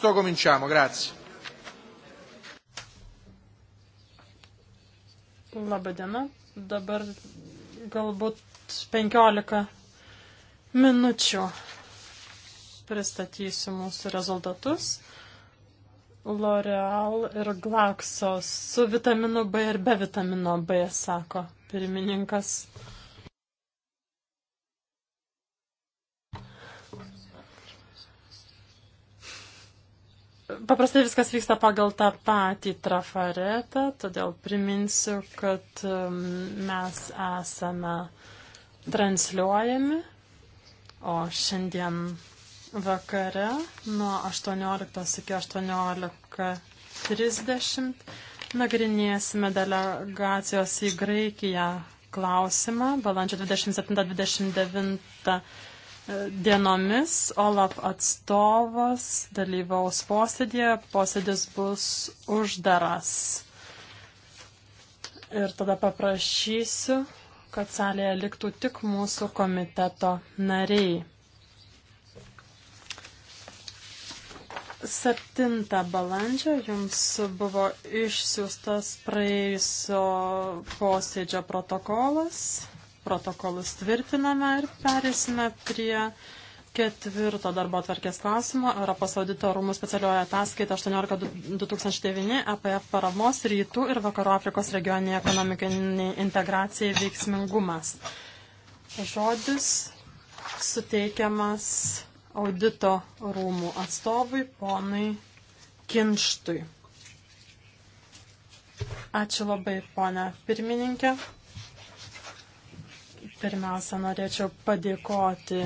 posto, cominciamo, grazie. Labadiena, dabar galbūt 15 minučių pristatysiu mūsų rezultatus. L'Oreal ir Glaxos su vitaminu B ir be vitamino B, sako pirmininkas. Paprastai viskas vyksta pagal tą patį trafaretą, todėl priminsiu, kad um, mes esame transliuojami, o šiandien vakare nuo 18 iki 18.30 nagrinėsime delegacijos į Graikiją klausimą balandžio 27-29 dienomis Olaf atstovas dalyvaus posėdėje, posėdis bus uždaras. Ir tada paprašysiu, kad salėje liktų tik mūsų komiteto nariai. 7 balandžio jums buvo išsiųstas praėjusio posėdžio protokolas protokolus tvirtiname ir perėsime prie ketvirto darbo atvarkės klausimo. Europos audito rūmų specialioje ataskaita 18.2009 apie paramos rytų ir vakarų Afrikos regioninė ekonomikinė integracija ir veiksmingumas. Žodis suteikiamas audito rūmų atstovui ponui Kinštui. Ačiū labai, ponia pirmininkė. Pirmiausia, norėčiau padėkoti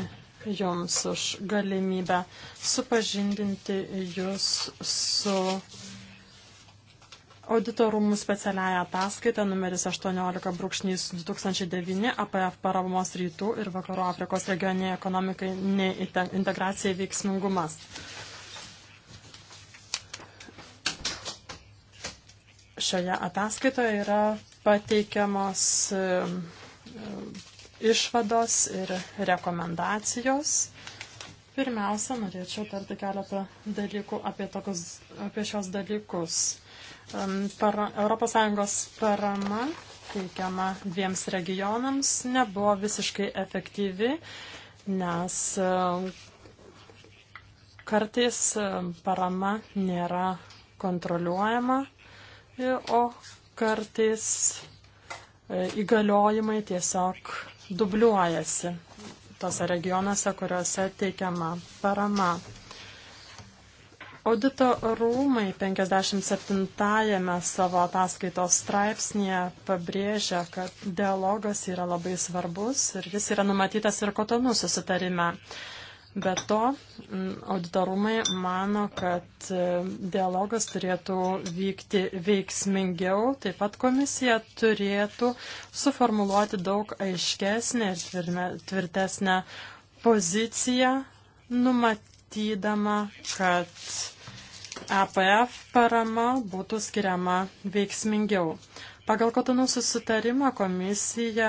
Jums už galimybę supažindinti Jūs su auditorumų specialiaja ataskaita numeris 18.2009 APF paramos rytų ir vakarų Afrikos regioniai ekonomikai integracijai veiksmingumas. Šioje ataskaitoje yra pateikiamos išvados ir rekomendacijos. Pirmiausia, norėčiau tarti keletą dalykų apie, tokius, apie šios dalykus. Para, ES parama teikiama dviems regionams nebuvo visiškai efektyvi, nes e, kartais e, parama nėra kontroliuojama, o kartais e, įgaliojimai tiesiog dubliuojasi tose regionuose, kuriuose teikiama parama. Audito rūmai 57-ame savo ataskaitos straipsnėje pabrėžia, kad dialogas yra labai svarbus ir jis yra numatytas ir kotonų susitarime. Be to, auditorumai mano, kad e, dialogas turėtų vykti veiksmingiau, taip pat komisija turėtų suformuluoti daug aiškesnę ir tvirtesnę poziciją, numatydama, kad EPF parama būtų skiriama veiksmingiau. Pagal kotonų susitarimą komisija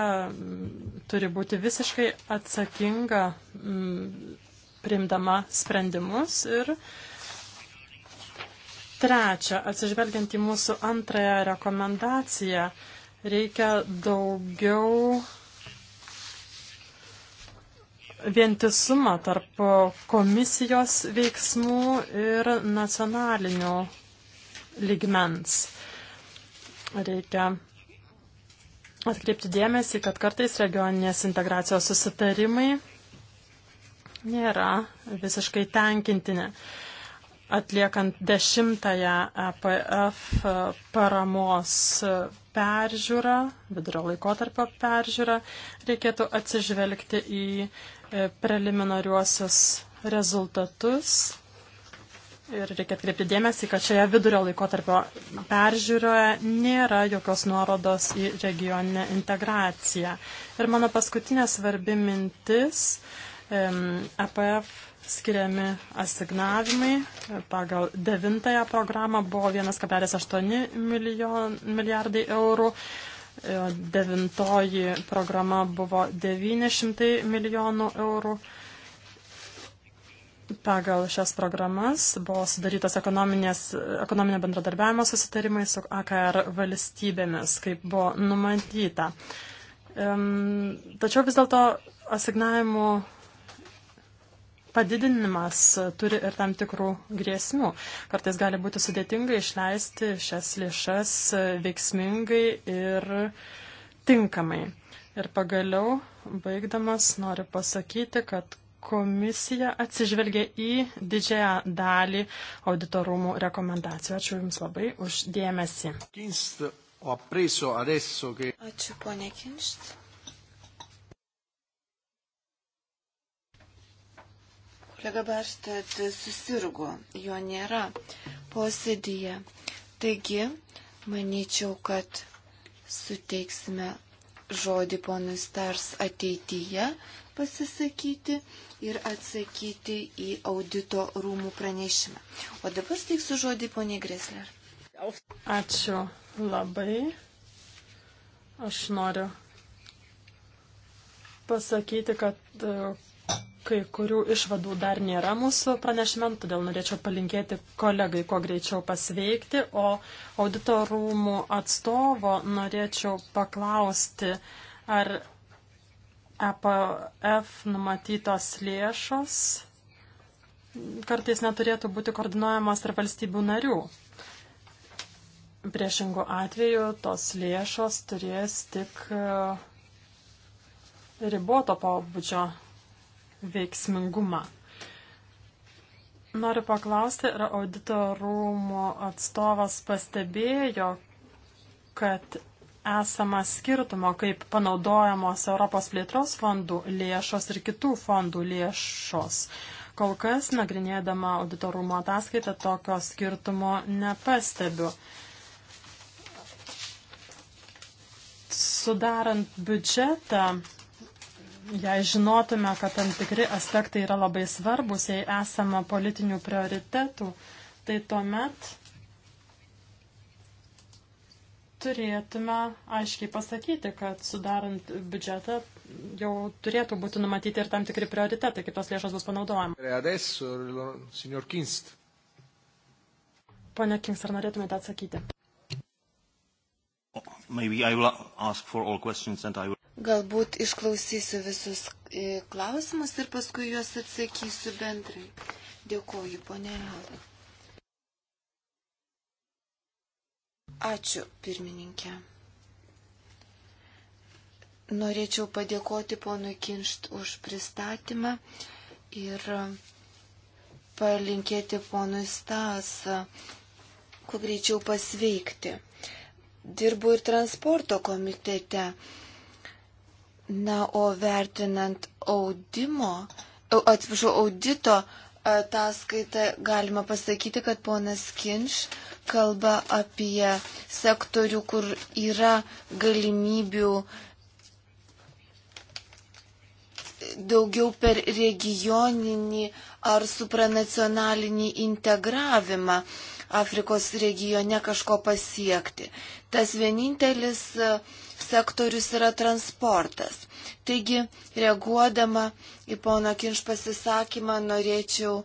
turi būti visiškai atsakinga primdama sprendimus ir trečia, atsižvelgiant į mūsų antrąją rekomendaciją, reikia daugiau vientisumą tarp komisijos veiksmų ir nacionalinių lygmens. Reikia atkreipti dėmesį, kad kartais regioninės integracijos susitarimai nėra visiškai tenkintinė. Atliekant dešimtąją EPF paramos peržiūrą, vidurio laikotarpio peržiūrą, reikėtų atsižvelgti į e, preliminariuosius rezultatus Ir reikia atkreipti dėmesį, kad šioje vidurio laikotarpio peržiūroje nėra jokios nuorodos į regioninę integraciją. Ir mano paskutinė svarbi mintis EPF e skiriami asignavimai pagal devintąją programą buvo 1,8 milijardai eurų. E, devintoji programa buvo 900 milijonų eurų. Pagal šias programas buvo sudarytas ekonominio bendradarbiavimo susitarimai su AKR valstybėmis, kaip buvo numatyta. Tačiau vis dėlto asignavimų padidinimas turi ir tam tikrų grėsmių. Kartais gali būti sudėtinga išleisti šias lėšas veiksmingai ir tinkamai. Ir pagaliau, baigdamas, noriu pasakyti, kad komisija atsižvelgia į didžiąją dalį auditorumų rekomendacijų. Ačiū Jums labai už dėmesį. Ačiū, ponė Kinšt. Kolega Baštat susirgo, jo nėra posėdyje. Taigi, manyčiau, kad suteiksime žodį ponui Stars ateityje pasisakyti ir atsakyti į audito rūmų pranešimą. O dabar steiksiu žodį poniai Gresler. Ačiū labai. Aš noriu pasakyti, kad kai kurių išvadų dar nėra mūsų pranešime, todėl norėčiau palinkėti kolegai kuo greičiau pasveikti, o audito rūmų atstovo norėčiau paklausti, ar EPF numatytos lėšos kartais neturėtų būti koordinuojamas tarp valstybių narių. Priešingų atveju tos lėšos turės tik e, riboto pobūdžio veiksmingumą. Noriu paklausti, ar audito rūmų atstovas pastebėjo, kad esama skirtumo, kaip panaudojamos Europos plėtros fondų lėšos ir kitų fondų lėšos. Kol kas, nagrinėdama auditorumo ataskaitą, tokio skirtumo nepastebiu. Sudarant biudžetą, jei žinotume, kad tam tikri aspektai yra labai svarbus, jei esama politinių prioritetų, tai tuomet turėtume aiškiai pasakyti, kad sudarant biudžetą jau turėtų būti numatyti ir tam tikri prioritetai, kaip tos lėšos bus panaudojamos. Pone Kings, ar norėtumėte atsakyti? Galbūt išklausysiu visus e, klausimus ir paskui juos atsakysiu bendrai. Dėkuoju, ponė Alai. Ačiū, pirmininkė. Norėčiau padėkoti ponui Kinšt už pristatymą ir palinkėti ponui Stas kuo greičiau pasveikti. Dirbu ir transporto komitete Na, o vertinant audimo, atsiprašau, audito ataskaitą, galima pasakyti, kad ponas Kinš kalba apie sektorių, kur yra galimybių daugiau per regioninį ar supranacionalinį integravimą. Uh, Afrikos regione kažko pasiekti. Tas vienintelis e, sektorius yra transportas. Taigi, reaguodama į pono Kinš pasisakymą, norėčiau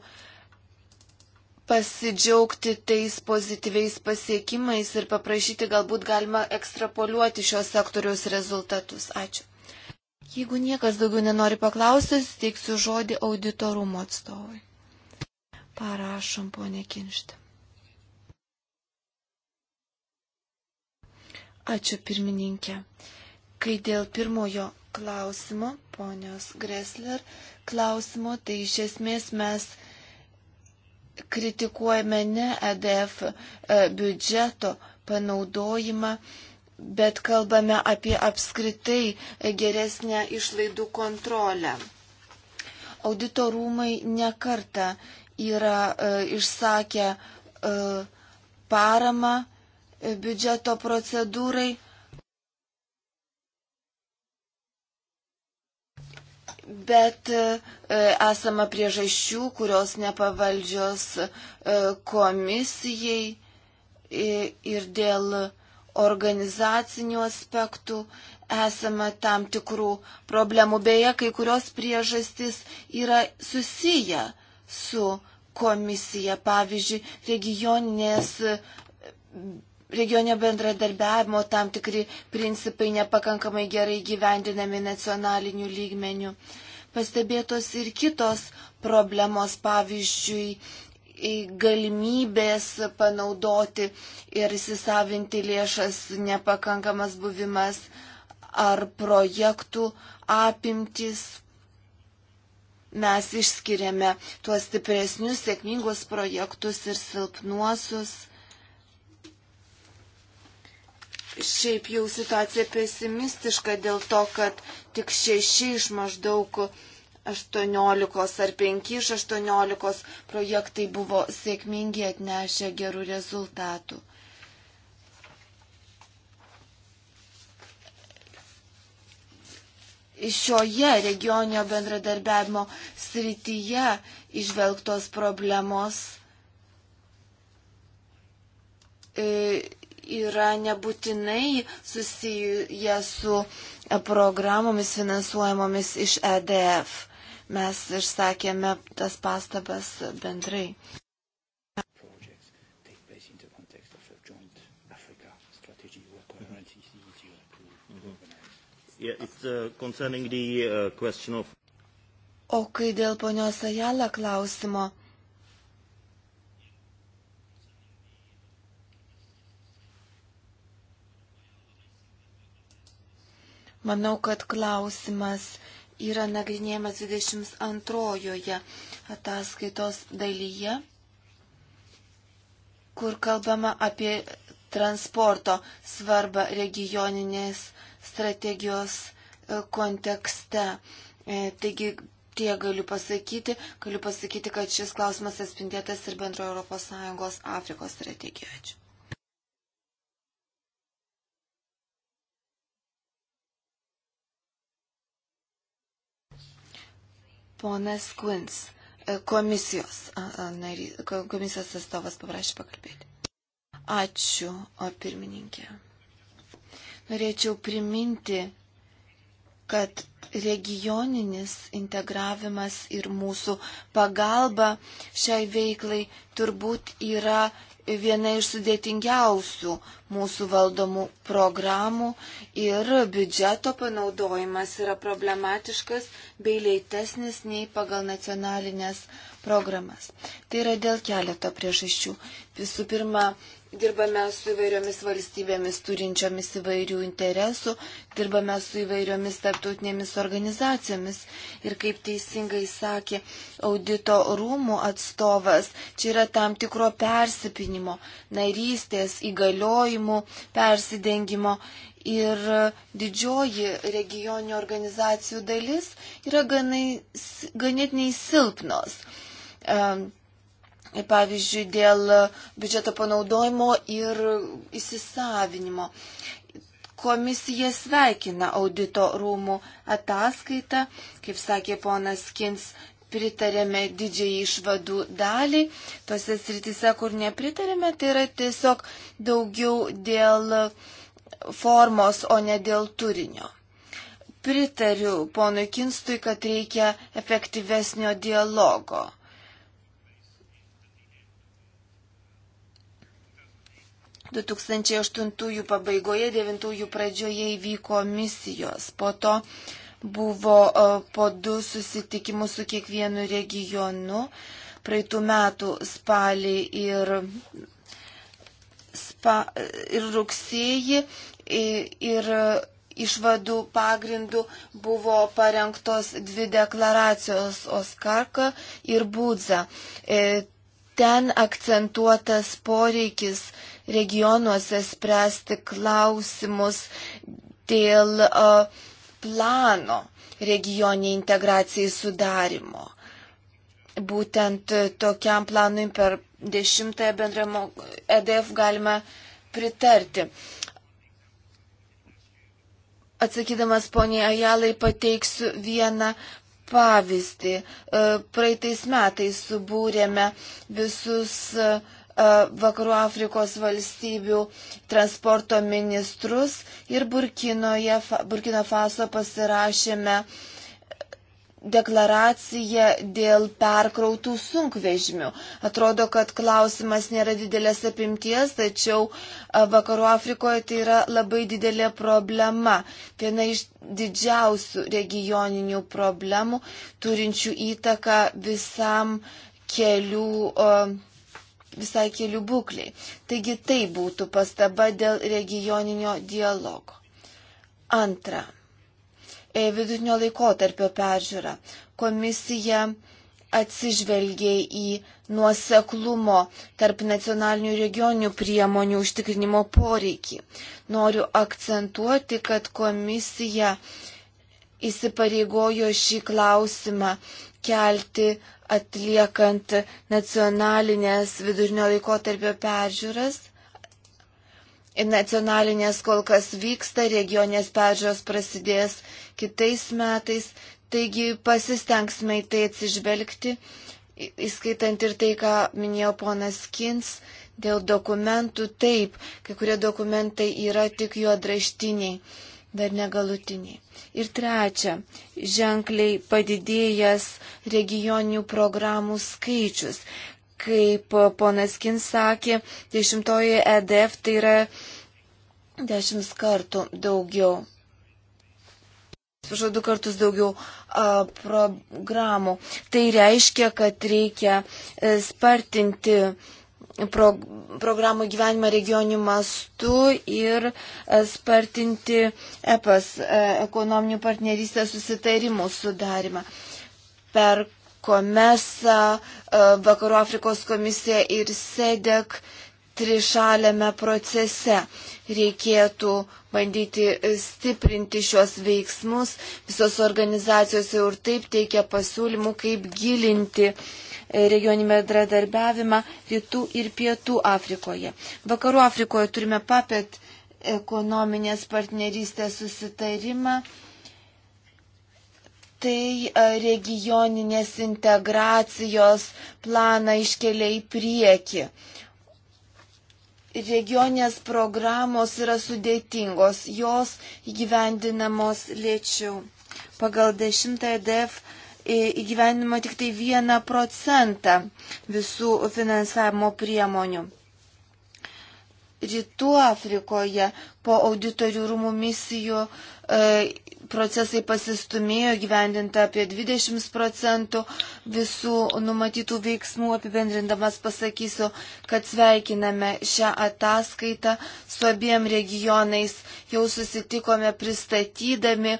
pasidžiaugti tais pozityviais pasiekimais ir paprašyti, galbūt galima ekstrapoliuoti šios sektoriaus rezultatus. Ačiū. Jeigu niekas daugiau nenori paklausti, teiksiu žodį auditorumo atstovui. Parašom, ponė Kinštė. Ačiū pirmininkė. Kai dėl pirmojo klausimo, ponios Gresler, klausimo, tai iš esmės mes kritikuojame ne EDF e, biudžeto panaudojimą, bet kalbame apie apskritai geresnę išlaidų kontrolę. Auditorumai nekarta yra e, išsakę e, paramą biudžeto procedūrai. Bet e, esama priežasčių, kurios nepavaldžios e, komisijai ir dėl organizacinių aspektų esama tam tikrų problemų. Beje, kai kurios priežastys yra susiję su komisija, pavyzdžiui, regioninės regionio bendradarbiavimo tam tikri principai nepakankamai gerai gyvendinami nacionaliniu lygmeniu. Pastebėtos ir kitos problemos, pavyzdžiui, galimybės panaudoti ir įsisavinti lėšas nepakankamas buvimas ar projektų apimtis. Mes išskiriame tuos stipresnius, sėkmingus projektus ir silpnuosius. Šiaip jau situacija pesimistiška dėl to, kad tik šeši iš maždaug 18 ar 5 iš 18 projektai buvo sėkmingi atnešę gerų rezultatų. Šioje regioninio bendradarbiavimo srityje išvelgtos problemos e, yra nebūtinai susiję su e, programomis finansuojamomis iš EDF. Mes išsakėme tas pastabas bendrai. Mm-hmm. Yeah, uh, uh of... O kai dėl ponios Ajala klausimo, Manau, kad klausimas yra nagrinėjamas 22 ataskaitos dalyje, kur kalbama apie transporto svarbą regioninės strategijos e, kontekste. E, taigi tiek galiu pasakyti. Galiu pasakyti, kad šis klausimas atspindėtas ir bendro ES Afrikos strategijoje. Ačiū. Ponas Kvins, e, komisijos, nary, komisijos atstovas paprašė pakalbėti. Ačiū, o pirmininkė. Norėčiau priminti, kad regioninis integravimas ir mūsų pagalba šiai veiklai turbūt yra viena iš sudėtingiausių mūsų valdomų programų ir biudžeto panaudojimas yra problematiškas bei leitesnis nei pagal nacionalinės programas. Tai yra dėl keleto priežasčių. Visų pirma, Dirbame su įvairiomis valstybėmis turinčiomis įvairių interesų, dirbame su įvairiomis tarptautinėmis organizacijomis. Ir kaip teisingai sakė audito rūmų atstovas, čia yra tam tikro persipinimo, narystės, įgaliojimų, persidengimo. Ir didžioji regioninių organizacijų dalis yra ganai, ganėtinai silpnos. Um, E, pavyzdžiui, dėl biudžeto panaudojimo ir įsisavinimo. Komisija sveikina audito rūmų ataskaitą, kaip sakė ponas Kins, pritarėme didžiai išvadų daliai. Tose sritise, kur nepritarėme, tai yra tiesiog daugiau dėl formos, o ne dėl turinio. Pritariu ponui Kinstui, kad reikia efektyvesnio dialogo 2008 pabaigoje, 2009 pradžioje įvyko misijos. Po to buvo e, po du susitikimus su kiekvienu regionu. Praeitų metų spalį ir, spa, ir rugsėjį. Ir, ir išvadų pagrindų buvo parengtos dvi deklaracijos Oskarka ir Būdza. E, ten akcentuotas poreikis regionuose spręsti klausimus dėl plano regioniai integracijai sudarimo. Būtent tokiam planui per dešimtąją bendrą EDF galime pritarti. Atsakydamas poniai Ajalai pateiksiu vieną pavyzdį. E, praeitais metais subūrėme visus uh, E, Vakarų Afrikos valstybių transporto ministrus ir Burkinoje, Burkino Faso pasirašėme deklaraciją dėl perkrautų sunkvežimių. Atrodo, kad klausimas nėra didelės apimties, tačiau e, Vakarų Afrikoje tai yra labai didelė problema. Viena iš didžiausių regioninių problemų, turinčių įtaką visam kelių e, visai kelių būkliai. Taigi tai būtų pastaba dėl regioninio dialogo. Antra. E, vidutinio laikotarpio peržiūra. Komisija atsižvelgė į nuoseklumo tarp nacionalinių regioninių priemonių užtikrinimo poreikį. Noriu akcentuoti, kad komisija įsipareigojo šį klausimą kelti atliekant nacionalinės vidurinio laikotarpio peržiūras. Nacionalinės kol kas vyksta, regionės peržiūros prasidės kitais metais, taigi pasistengsime į tai atsižvelgti, įskaitant ir tai, ką minėjo ponas Kins, dėl dokumentų taip, kai kurie dokumentai yra tik juodraštiniai dar negalutiniai. Ir trečia, ženkliai padidėjęs regioninių programų skaičius. Kaip ponas Kin sakė, dešimtoji EDF tai yra dešimt kartų daugiau. Atsiprašau, du kartus daugiau a, programų. Tai reiškia, kad reikia e, spartinti a, pro, programų gyvenimą regionių mastų ir e, spartinti EPAS e, ekonominių partnerystės susitarimų sudarimą. Per Komesą, e, Vakarų Afrikos komisiją ir SEDEK trišalėme procese reikėtų bandyti stiprinti šios veiksmus. Visos organizacijos jau ir taip teikia pasiūlymų, kaip gilinti uh, regioninį bendradarbiavimą rytų ir pietų Afrikoje. Vakarų Afrikoje turime papet ekonominės partnerystės susitarimą. Tai e, regioninės integracijos planą iškelia į priekį regionės programos yra sudėtingos, jos įgyvendinamos lėčiau. Pagal 10 DF įgyvenimo tik tai vieną procentą visų finansavimo priemonių. Rytų Afrikoje po auditorių rūmų misijų e, procesai pasistumėjo gyvendinta apie 20 procentų visų numatytų veiksmų. Apibendrindamas pasakysiu, kad sveikiname šią ataskaitą su abiem regionais. Jau susitikome pristatydami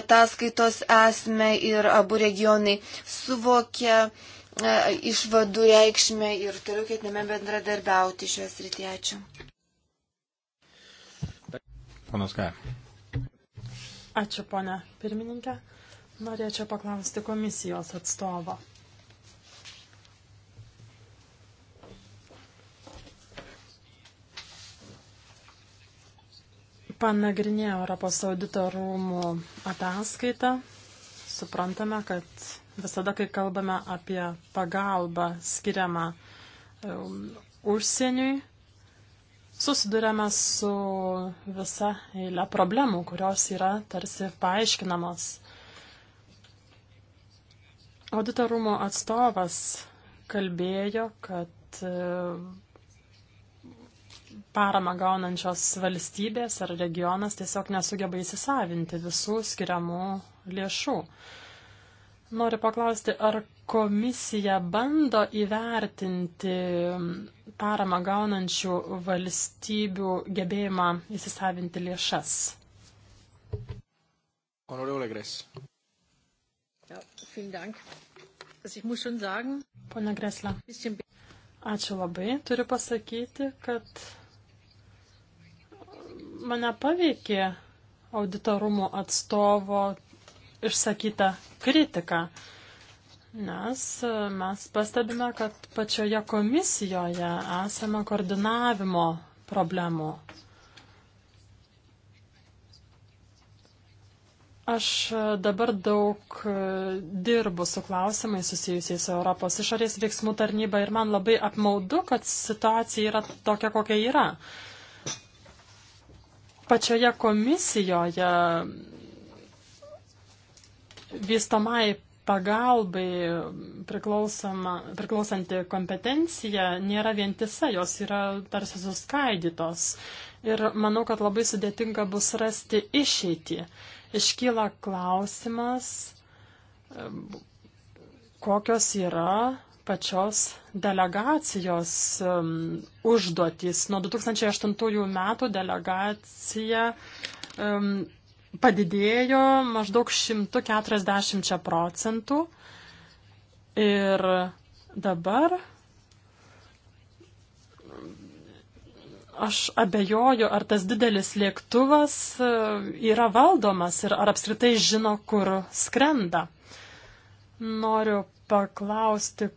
ataskaitos esmę ir abu regionai suvokia e, išvadų reikšmę ir toliau ketiname bendradarbiauti šios rytį. Ačiū. Panas Ką. Ačiū, ponia pirmininkė. Norėčiau paklausti komisijos atstovo. Panagrinėję Europos audito rūmų ataskaitą, suprantame, kad visada, kai kalbame apie pagalbą skiriamą um, užsieniui, susidurėme su visa eile problemų, kurios yra tarsi paaiškinamos. Auditorumo atstovas kalbėjo, kad paramą gaunančios valstybės ar regionas tiesiog nesugeba įsisavinti visų skiriamų lėšų. Noriu paklausti, ar komisija bando įvertinti paramą gaunančių valstybių gebėjimą įsisavinti lėšas? Honorable Gres. Ja, vielen Dank. Also ich muss schon sagen, Pone Gresla, ačiū labai. Turiu pasakyti, kad Mane paveikė auditorumų atstovo išsakyta kritika, nes e, mes pastebime, kad pačioje komisijoje esame koordinavimo problemų. Aš e, dabar daug e, dirbu su klausimais susijusiais su Europos išorės veiksmų tarnyba ir man labai apmaudu, kad situacija yra tokia, kokia yra. Uh, pačioje komisijoje vystomai pagalbai priklausanti kompetencija nėra vientisa, jos yra tarsi suskaidytos. Ir manau, kad labai sudėtinga bus rasti išeitį. Iškyla klausimas, e, kokios yra pačios delegacijos um, užduotys. Nuo 2008 metų delegacija um, padidėjo maždaug 140 procentų ir dabar aš abejoju, ar tas didelis lėktuvas uh, yra valdomas ir ar apskritai žino, kur skrenda. Noriu paklausti,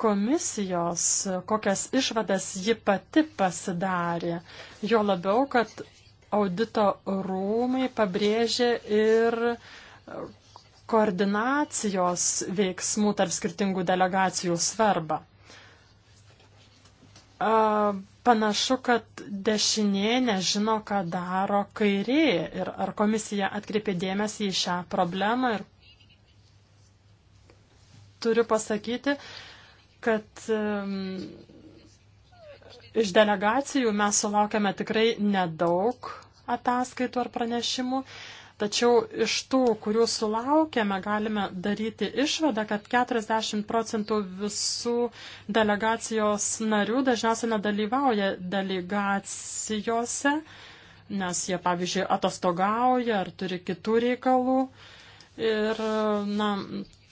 komisijos, kokias išvadas ji pati pasidarė. Jo labiau, kad audito rūmai pabrėžė ir koordinacijos veiksmų tarp skirtingų delegacijų svarbą. Panašu, kad dešinė nežino, ką daro kairė ir ar komisija atkreipė dėmesį į šią problemą ir turiu pasakyti, kad iš delegacijų mes sulaukėme tikrai nedaug ataskaitų ar pranešimų, tačiau iš tų, kurių sulaukėme, galime daryti išvadą, kad 40 procentų visų delegacijos narių dažniausiai nedalyvauja delegacijose, nes jie, pavyzdžiui, atostogauja ar turi kitų reikalų. Ir, na,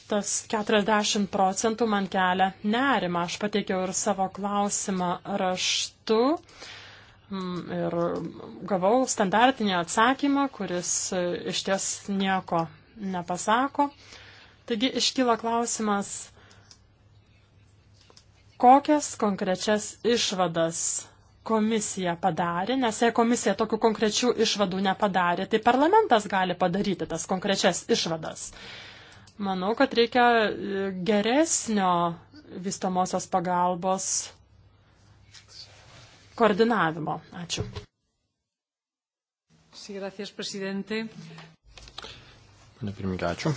tas 40 procentų man kelia nerimą. Aš pateikiau ir savo klausimą raštu mm, ir gavau standartinį atsakymą, kuris e, iš ties nieko nepasako. Taigi iškyla klausimas, kokias konkrečias išvadas komisija padarė, nes jei komisija tokių konkrečių išvadų nepadarė, tai parlamentas gali padaryti tas konkrečias išvadas. Manau, kad reikia e, geresnio vystamosios pagalbos koordinavimo. Ačiū. Sí, gracias, presidente. Pane pirmininkė, ačiū.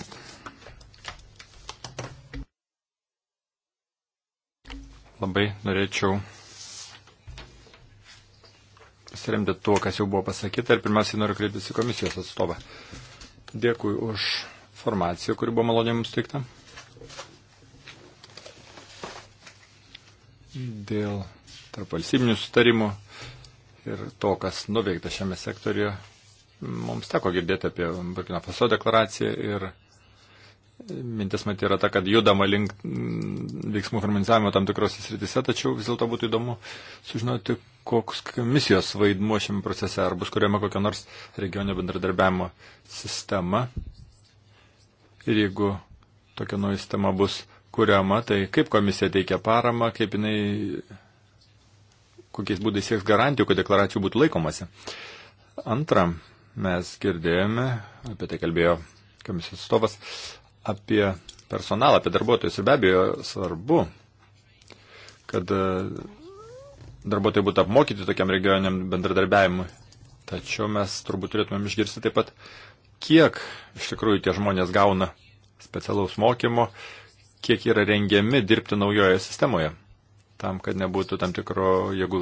Labai norėčiau pasiremti tuo, kas jau buvo pasakyta ir pirmiausiai noriu kreiptis į komisijos atstovą. Dėkui už informaciją, kuri buvo maloniai mums teikta. Dėl tarp valstybinių sutarimų ir to, kas nuveikta šiame sektorijoje, mums teko girdėti apie Burkina Faso deklaraciją ir mintis matyti yra ta, kad judama link mm, veiksmų harmonizavimo tam tikrose sritise, tačiau vis dėlto būtų įdomu sužinoti, koks misijos vaidmuo šiame procese, ar bus kuriama kokia nors regioninio bendradarbiavimo sistema, Ir jeigu tokia nauja sistema bus kuriama, tai kaip komisija teikia paramą, kaip jinai, kokiais būdais sieks garantijų, kad deklaracijų būtų laikomasi. Antra, mes girdėjome, apie tai kalbėjo komisijos atstovas, apie personalą, apie darbuotojus. Ir be abejo svarbu, kad e, darbuotojai būtų apmokyti tokiam regioniniam bendradarbiavimui. Tačiau mes turbūt turėtumėm išgirsti taip pat, kiek iš tikrųjų tie žmonės gauna specialaus mokymo, kiek yra rengiami dirbti naujoje sistemoje, tam, kad nebūtų tam tikro jėgų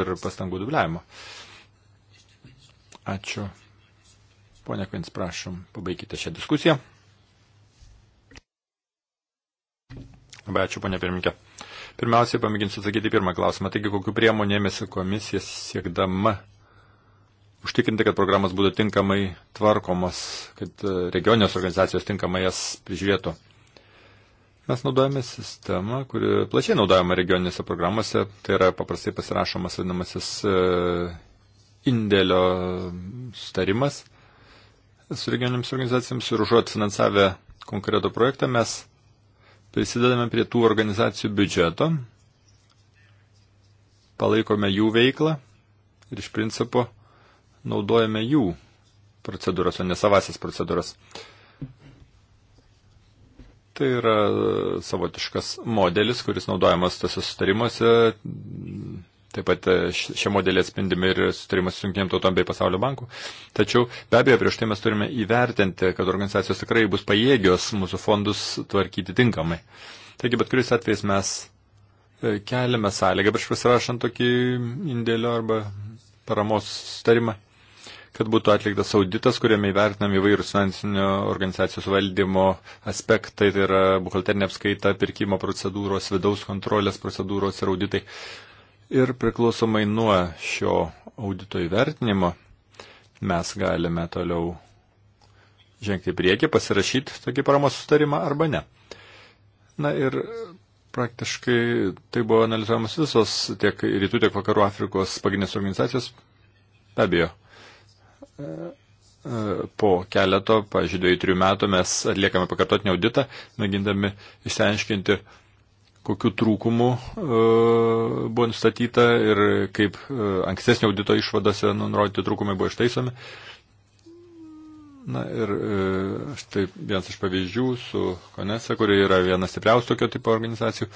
ir pastangų dubliavimo. Ačiū. Pone Kvins, prašom, pabaikite šią diskusiją. Labai ačiū, ponė pirmininkė. Pirmiausiai pamėginsiu atsakyti pirmą klausimą. Taigi, kokiu priemonėmis komisija siekdama užtikrinti, kad programas būtų tinkamai tvarkomas, kad e, regioninės organizacijos tinkamai jas prižiūrėtų. Mes naudojame sistemą, kuri plačiai naudojama regioninėse programuose, tai yra paprastai pasirašomas vadinamasis e, indėlio starimas su regioninėms organizacijoms ir užuot finansavę konkretų projektą mes prisidedame prie tų organizacijų biudžeto, palaikome jų veiklą ir iš principo naudojame jų procedūras, o ne savasias procedūras. Tai yra savotiškas modelis, kuris naudojamas tose sustarimuose. Taip pat šie modeliai atspindimi ir sutarimas su jungtinėm tautom bei pasaulio banku. Tačiau be abejo, prieš tai mes turime įvertinti, kad organizacijos tikrai bus pajėgios mūsų fondus tvarkyti tinkamai. Taigi, bet kuris atvejais mes e, keliame sąlygą prieš pasirašant tokį indėlio arba paramos sutarimą kad būtų atliktas auditas, kuriame įvertinami įvairūs finansinio organizacijos valdymo aspektai, tai yra buhalterinė apskaita, pirkimo procedūros, vidaus kontrolės procedūros ir auditai. Ir priklausomai nuo šio audito įvertinimo mes galime toliau žengti į priekį, pasirašyti tokį paramos sustarimą arba ne. Na ir praktiškai tai buvo analizuojamas visos tiek rytų, tiek vakarų Afrikos pagrindinės organizacijos. Be abejo, po keleto, pažiūrėjau, dviejų, trijų metų mes atliekame pakartotinį auditą, mėgindami išsiaiškinti, kokiu trūkumu e, buvo nustatyta ir kaip e, ankstesnio audito išvadose nurodyti trūkumai buvo ištaisomi. Na ir e, štai vienas iš pavyzdžių su Konesa, kuri yra viena stipriausių tokio tipo organizacijų.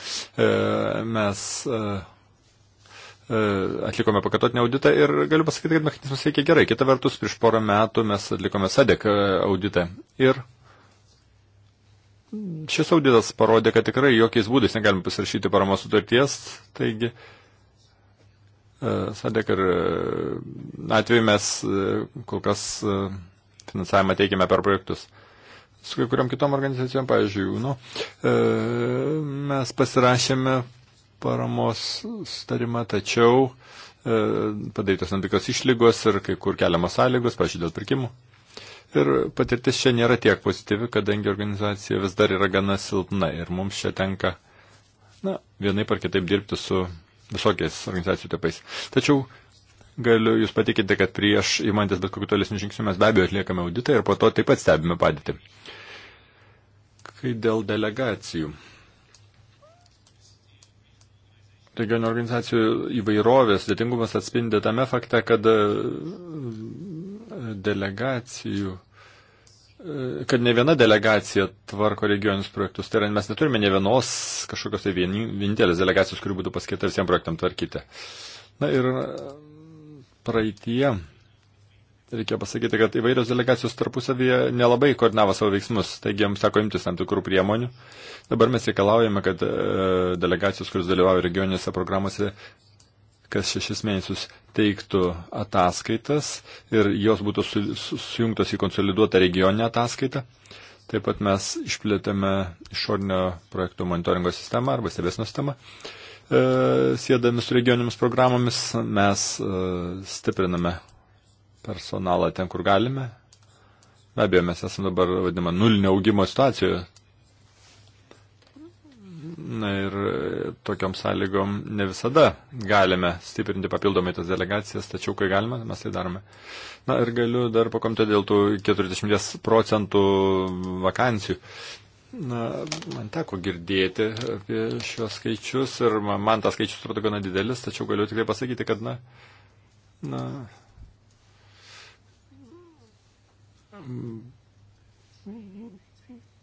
Mes E, atlikome pakatotinį auditą ir galiu pasakyti, kad mechanizmas veikia gerai. Kita vertus, prieš porą metų mes atlikome SADEK auditą ir šis auditas parodė, kad tikrai jokiais būdais negalime pasirašyti paramos sutarties, taigi e, SADEK ir e, atveju mes kol kas finansavimą teikiame per projektus su kai kuriam kitom organizacijom, pavyzdžiui, nu, mes pasirašėme paramos starimą, tačiau e, padarytos tam tikros išlygos ir kai kur keliamos sąlygos, pažiūrėjau, dėl pirkimų. Ir patirtis čia nėra tiek pozityvi, kadangi organizacija vis dar yra gana silpna ir mums čia tenka, na, vienaip ar kitaip dirbti su visokiais organizacijų tapais. Tačiau galiu Jūs patikinti, kad prieš įmantis bet kokiu tolesniu žingsniu mes be abejo atliekame auditą ir po to taip pat stebime padėtį. Kai dėl delegacijų regionų organizacijų įvairovės sudėtingumas atspindi tame fakte, kad e, delegacijų e, kad ne viena delegacija tvarko regionius projektus. Tai yra, mes neturime ne vienos kažkokios tai vienintelės delegacijos, kuri būtų paskirta visiems projektam tvarkyti. Na ir praeitie reikia pasakyti, kad įvairios delegacijos tarpusavyje nelabai koordinavo savo veiksmus, taigi jiems teko imtis tam tikrų priemonių. Dabar mes reikalaujame, kad e, delegacijos, kuris dalyvauja regioninėse programuose, kas šešis mėnesius teiktų ataskaitas ir jos būtų su, su, sujungtos į konsoliduotą regioninę ataskaitą. Taip pat mes išplėtėme išorinio projektų monitoringo sistemą arba stebėsnio sistemą. E, sėdami su regioninėmis programomis mes e, stipriname personalą ten, kur galime. Be abejo, mes esame dabar vadinama nulinio augimo situacijoje. Na ir e, tokiom sąlygom ne visada galime stiprinti papildomai tas delegacijas, tačiau kai galime, mes tai darome. Na ir galiu dar pakomti dėl tų 40 procentų vakancijų. Na, man teko girdėti apie šios skaičius ir man tas skaičius atrodo gana didelis, tačiau galiu tikrai pasakyti, kad, na, na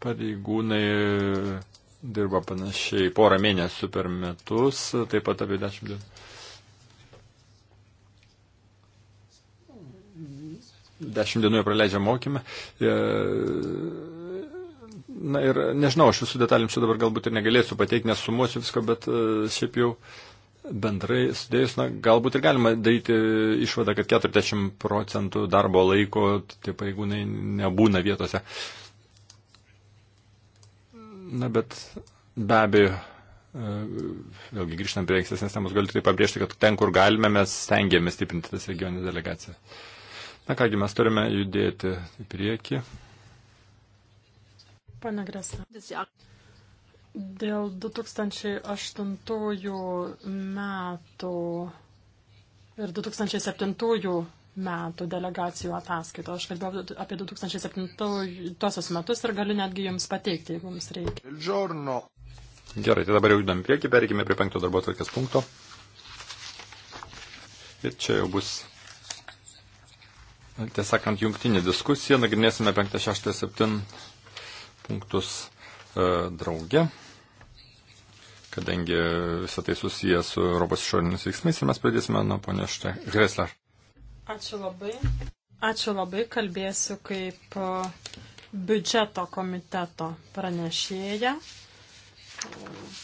pareigūnai dirba panašiai porą mėnesių per metus, taip pat apie 10 dienų. 10 dienų jie praleidžia mokymę. E, na ir nežinau, aš visų detalių čia dabar galbūt ir negalėsiu pateikti, nes sumuosiu visko, bet e, šiaip jau uh, bendrai sudėjus, na, galbūt ir galima daryti išvadą, kad 40 procentų darbo laiko tie pareigūnai nebūna vietose. Na, bet be abejo, e, vėlgi grįžtant prie ankstesnės temos, galiu tai pabrėžti, kad ten, kur galime, mes stengiamės stiprinti tas regioninės delegacijas. Na kągi, mes turime judėti į priekį. Pane Gresa. Dėl 2008 metų ir 2007 metų delegacijų ataskaito. Aš kalbėjau apie 2007 metus ir galiu netgi jums pateikti, jeigu jums reikia. Giorno. Gerai, tai dabar jau judam prieki, perikime prie penkto darbo atvarkės punkto. Ir čia jau bus, tiesąkant, jungtinė diskusija. Nagrinėsime penktą, šeštą, septintą punktus E, drauge, kadangi visą tai susiję su Europos išorinius veiksmais ir tai mes pradėsime nuo ponės Gresler. Ačiū labai. Ačiū labai, kalbėsiu kaip e, biudžeto komiteto pranešėja.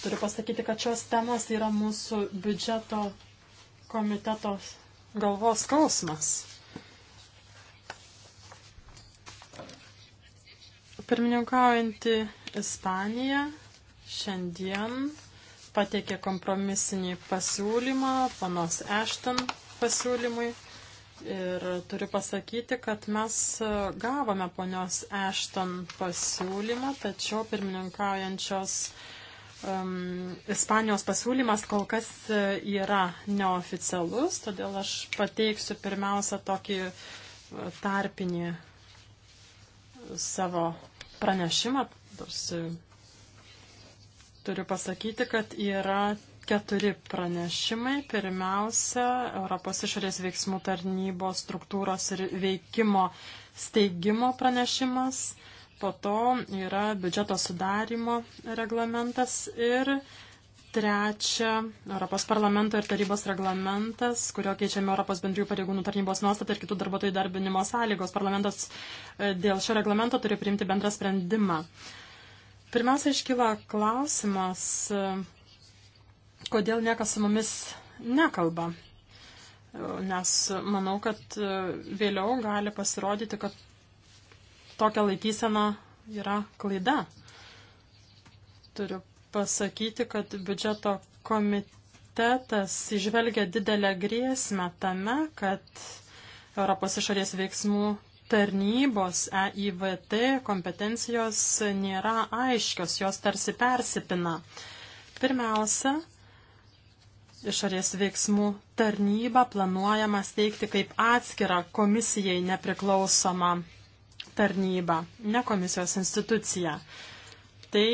Turiu pasakyti, kad šios temos yra mūsų biudžeto komiteto galvos skausmas. Pirmininkaujantį Ispanija šiandien pateikė kompromisinį pasiūlymą, panos Ešton pasiūlymui. Ir turiu pasakyti, kad mes gavome ponios Ešton pasiūlymą, tačiau pirmininkaujančios um, Ispanijos pasiūlymas kol kas uh, yra neoficialus, todėl aš pateiksiu pirmiausia tokį uh, tarpinį savo pranešimą, aspektus. E, turiu pasakyti, kad yra keturi pranešimai. Pirmiausia, Europos išorės veiksmų tarnybos struktūros ir veikimo steigimo pranešimas. Po to yra biudžeto sudarimo reglamentas ir trečia Europos parlamento ir tarybos reglamentas, kurio keičiame Europos bendrijų pareigūnų tarnybos nuostatą ir kitų darbuotojų darbinimo sąlygos. Parlamentas e, dėl šio reglamento turi priimti bendrą sprendimą. Uh, Pirmiausia, iškyla klausimas, kodėl niekas su mumis nekalba. Nes manau, kad e, vėliau gali pasirodyti, kad tokia laikysena yra klaida. Turiu pasakyti, kad biudžeto komitetas išvelgia didelę grėsmę tame, kad Europos išorės veiksmų tarnybos EIVT kompetencijos nėra aiškios, jos tarsi persipina. Pirmiausia, išorės veiksmų tarnybą planuojama steigti kaip atskirą komisijai nepriklausomą tarnybą, ne komisijos instituciją. Tai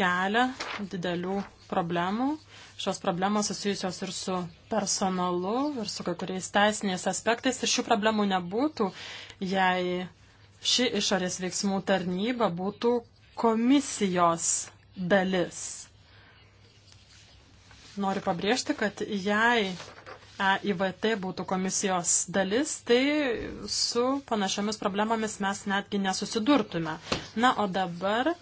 kelia didelių problemų. Šios problemos susijusios ir su personalu, ir su kai kuriais teisiniais aspektais. Ir šių problemų nebūtų, jei ši išorės veiksmų tarnyba būtų komisijos dalis. Noriu pabrėžti, kad jei EIVT būtų komisijos dalis, tai su panašiomis problemomis mes netgi nesusidurtume. Na, o dabar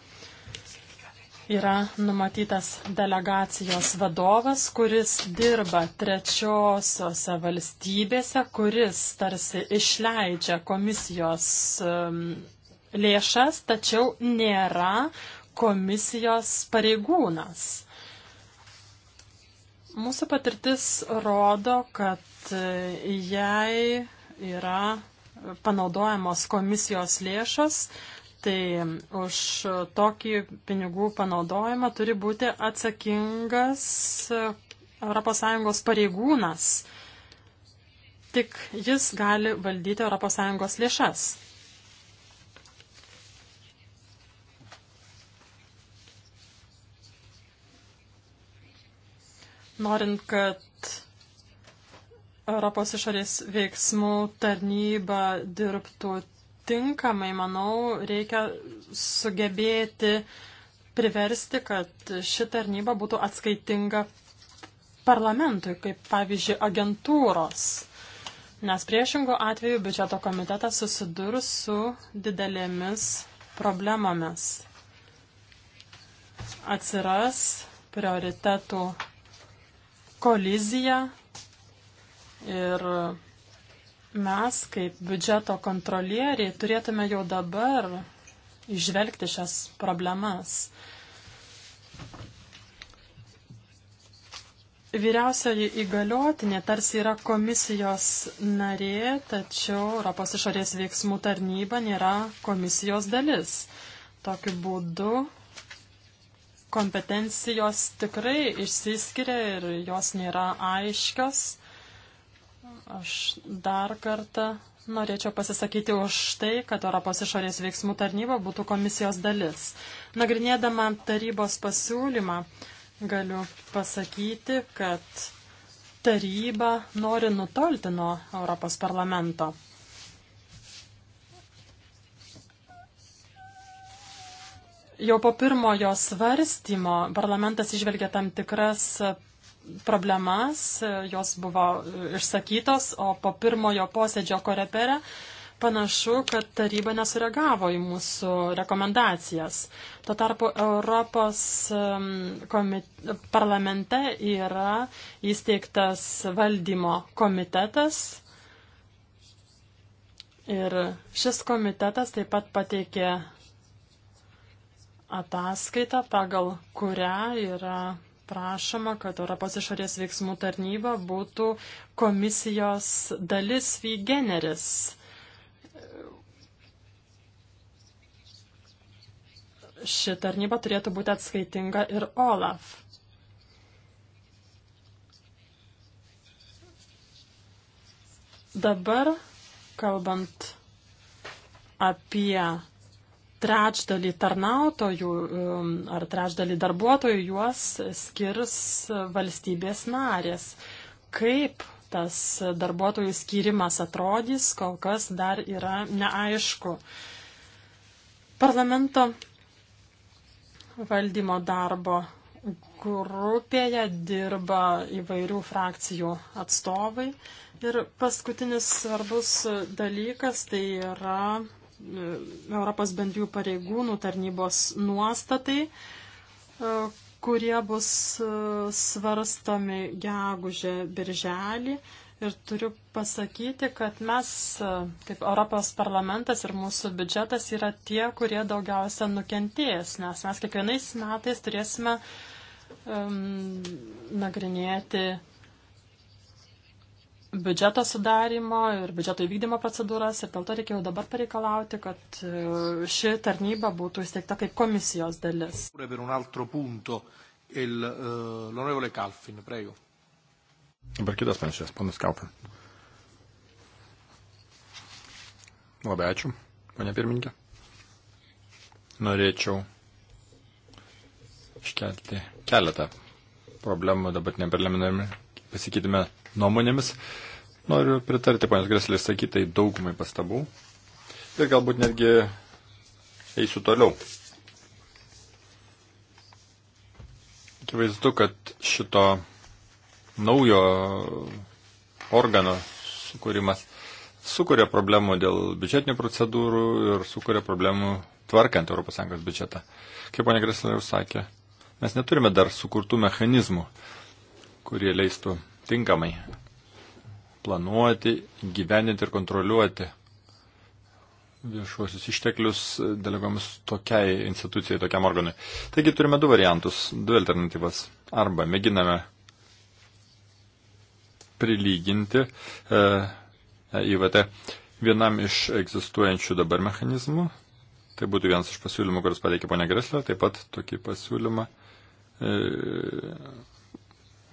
yra numatytas delegacijos vadovas, kuris dirba trečiosiose valstybėse, kuris tarsi išleidžia komisijos um, lėšas, tačiau nėra komisijos pareigūnas. Mūsų patirtis rodo, kad uh, jei yra panaudojamos komisijos lėšos, Tai už tokį pinigų panaudojimą turi būti atsakingas ES pareigūnas. Tik jis gali valdyti ES lėšas. norint, kad Europos išorės veiksmų tarnyba dirbtų tinkamai, manau, reikia sugebėti priversti, kad ši tarnyba būtų atskaitinga parlamentui, kaip pavyzdžiui agentūros. Nes priešingų atveju biudžeto komitetas susidurs su didelėmis problemomis. Atsiras prioritetų kolizija ir mes, kaip biudžeto kontrolieriai, turėtume jau dabar išvelgti šias problemas. Vyriausioji įgaliotinė tarsi yra komisijos narė, tačiau Europos išorės veiksmų tarnyba nėra komisijos dalis. Tokiu būdu kompetencijos tikrai išsiskiria ir jos nėra aiškios. Aš dar kartą norėčiau pasisakyti už tai, kad Europos išorės veiksmų tarnyba būtų komisijos dalis. Nagrinėdama tarybos pasiūlymą, galiu pasakyti, kad taryba nori nutolti nuo Europos parlamento. Jau po pirmojo svarstymo parlamentas išvelgia tam tikras problemas, jos buvo išsakytos, o po pirmojo posėdžio korepere panašu, kad taryba nesureagavo į mūsų rekomendacijas. Tuo tarpu Europos komite, parlamente yra įsteigtas valdymo komitetas. Ir šis komitetas taip pat pateikė ataskaitą, pagal kurią yra prašoma, kad Europos išorės veiksmų tarnyba būtų komisijos dalis vygeneris. Ši tarnyba turėtų būti atskaitinga ir OLAF. Dabar, kalbant apie trečdalį tarnautojų um, ar trečdalį darbuotojų juos skirs valstybės narės. Kaip tas darbuotojų skyrimas atrodys, kol kas dar yra neaišku. Parlamento valdymo darbo grupėje dirba įvairių frakcijų atstovai. Ir paskutinis svarbus dalykas tai yra E, Europos bendrių pareigūnų tarnybos nuostatai, e, kurie bus e, svarstomi gegužę birželį. Ir turiu pasakyti, kad mes, kaip Europos parlamentas ir mūsų biudžetas, yra tie, kurie daugiausia nukentės, nes mes kiekvienais metais turėsime um, nagrinėti biudžeto sudarimo ir biudžeto įvykdymo procedūras ir dėl to reikėjo dabar pareikalauti, kad e, ši tarnyba būtų įsteigta kaip komisijos dalis. E, dabar kitas panašės, panas Kalpin. Labai ačiū, ponia pirmininkė. Norėčiau iškelti keletą problemų dabartiniam preliminariam pasikeitime nuomonėmis. Noriu pritarti, ponės Greslės, sakytai daugumai pastabų. Ir galbūt netgi eisiu toliau. Akivaizdu, kad šito naujo organo sukūrimas sukuria problemų dėl biudžetinių procedūrų ir sukuria problemų tvarkant ES biudžetą. Kaip ponia Greslė jau sakė, mes neturime dar sukurtų mechanizmų, kurie leistų tinkamai planuoti, gyveninti ir kontroliuoti viešuosius išteklius delegomis tokiai institucijai, tokiam organui. Taigi turime du variantus, dvi alternatyvas. Arba mėginame prilyginti e, e IVT vienam iš egzistuojančių dabar mechanizmų. Tai būtų vienas iš pasiūlymų, kuris pateikė ponia Greslė. Taip pat tokį pasiūlymą e,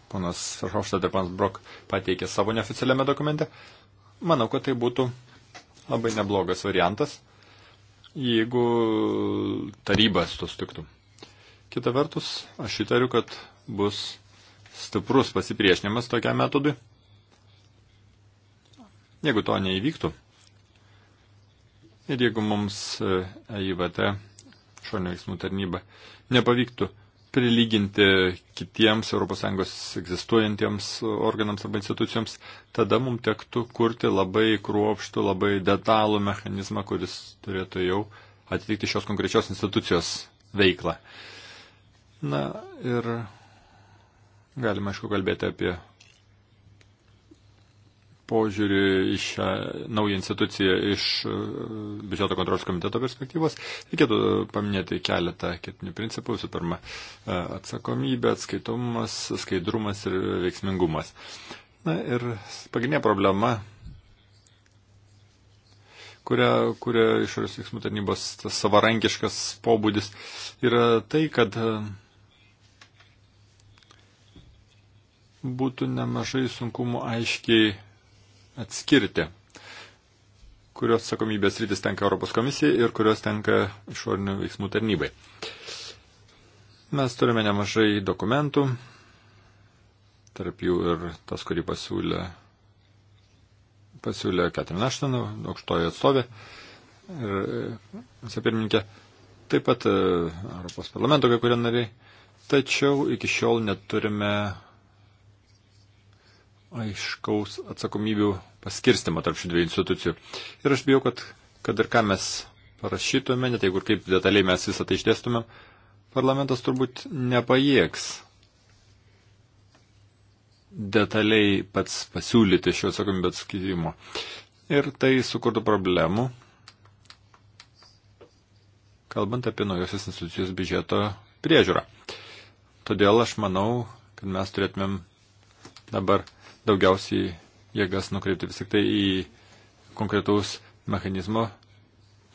ponas Hofstad ir ponas Brok pateikė savo neoficialiame dokumente. Manau, kad tai būtų labai neblogas variantas, jeigu tarybas to stiktų. Kita vertus, aš įtariu, kad bus stiprus pasipriešinimas tokiam metodui. Jeigu to neįvyktų ir jeigu mums EIVT, e šonio veiksmų tarnyba, nepavyktų prilyginti kitiems ES egzistuojantiems organams arba institucijoms, tada mums tektų kurti labai kruopštų, labai detalų mechanizmą, kuris turėtų jau atitikti šios konkrečios institucijos veiklą. Na ir galima, aišku, kalbėti apie požiūrį į šią naują instituciją iš e, biudžeto kontrolės komiteto perspektyvos, reikėtų e, paminėti keletą ketinių principų. Visų pirma, e, atsakomybė, atskaitomumas, skaidrumas ir veiksmingumas. Na ir pagrindinė problema, kurią, kurią išorės veiksmų tarnybos tas savarankiškas pobūdis, yra tai, kad būtų nemažai sunkumų aiškiai atskirti, kurios atsakomybės rytis tenka Europos komisijai ir kurios tenka išorinių veiksmų tarnybai. Mes turime nemažai dokumentų, tarp jų ir tas, kurį pasiūlė, pasiūlė Ketrin Aštanų, aukštojo atstovė ir e, visapirminkė, taip pat e, Europos parlamento kai kurie nariai, tačiau iki šiol neturime aiškaus atsakomybių paskirstimo tarp šių dviejų institucijų. Ir aš bijau, kad, kad ir ką mes parašytume, net jeigu ir kaip detaliai mes visą tai išdėstume, parlamentas turbūt nepajėgs detaliai pats pasiūlyti šio atsakomybės atskirimo. Ir tai sukurtų problemų, kalbant apie naujosios institucijos biudžeto priežiūrą. Todėl aš manau, kad mes turėtumėm dabar daugiausiai jėgas nukreipti vis tik tai į konkretaus mechanizmo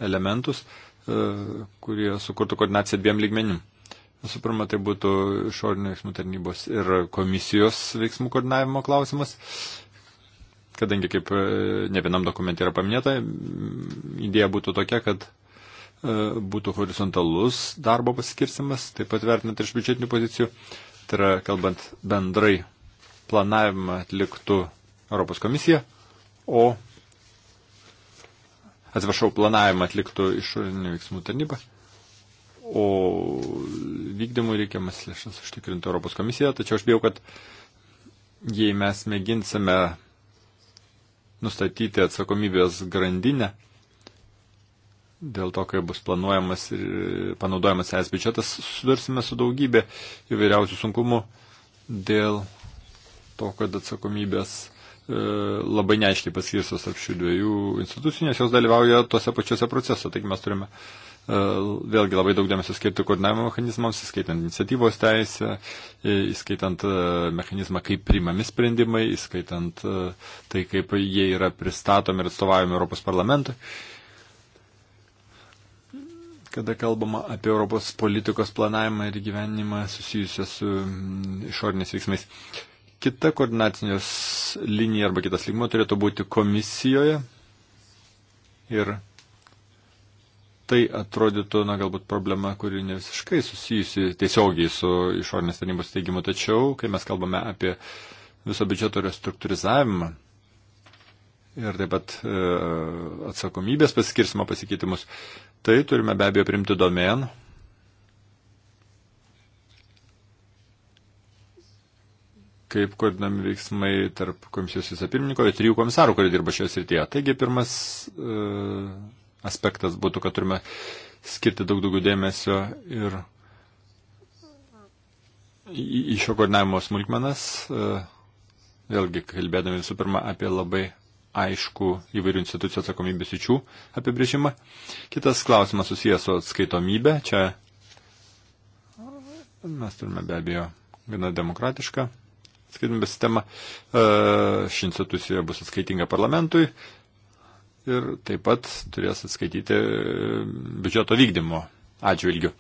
elementus, e, kurie sukurtų koordinaciją dviem lygmenim. Visų pirma, tai būtų išorinio veiksmų tarnybos ir komisijos veiksmų koordinavimo klausimas, kadangi kaip e, ne vienam dokumentui yra paminėta, idėja būtų tokia, kad e, būtų horizontalus darbo paskirstimas, taip pat vertinant iš biudžetinių pozicijų, tai yra kalbant bendrai planavimą atliktų Europos komisija, o atsiprašau, planavimą atliktų išorinių veiksmų tarnyba, o vykdymų reikiamas lėšas užtikrintų Europos komisija, tačiau aš bijau, kad jei mes mėginsime nustatyti atsakomybės grandinę, dėl to, kai bus planuojamas ir panaudojamas es biudžetas, sudarsime su daugybė įvairiausių sunkumų dėl to, kad atsakomybės e, labai neaiškiai paskirsios tarp šių dviejų institucijų, nes jos dalyvauja tuose pačiuose procesuose. Taigi mes turime e, vėlgi labai daug dėmesio skirti koordinavimo mechanizmams, įskaitant iniciatyvos teisę, e, įskaitant mechanizmą, kaip priimami sprendimai, įskaitant tai, kaip jie yra pristatomi ir atstovaujami Europos parlamentui. Kada kalbama apie Europos politikos planavimą ir gyvenimą susijusią su mm, išoriniais veiksmais. Uh, Kita koordinacinės linija arba kitas lygmo turėtų būti komisijoje ir tai atrodytų, na, galbūt problema, kuri ne visiškai susijusi tiesiogiai su išorinės tarnybos teigimu, tačiau, kai mes kalbame apie viso biudžeto restruktūrizavimą ir taip pat e, atsakomybės paskirsimo pasikeitimus, tai turime be abejo primti domen kaip koordinami veiksmai tarp komisijos visapirmininko ir trijų komisarų, kurie dirba šioje srityje. Taigi pirmas e, aspektas būtų, kad turime skirti daug daugiau dėmesio ir į šio koordinavimo smulkmenas, e, vėlgi kalbėdami visų pirma apie labai aišku įvairių institucijų atsakomybės ryčių apibrėžimą. Kitas klausimas susijęs su atskaitomybė. Čia mes turime be abejo gana demokratišką skaitminę sistemą. E, ši institucija bus atskaitinga parlamentui ir taip pat turės atskaityti e, biudžeto vykdymo atžvilgių.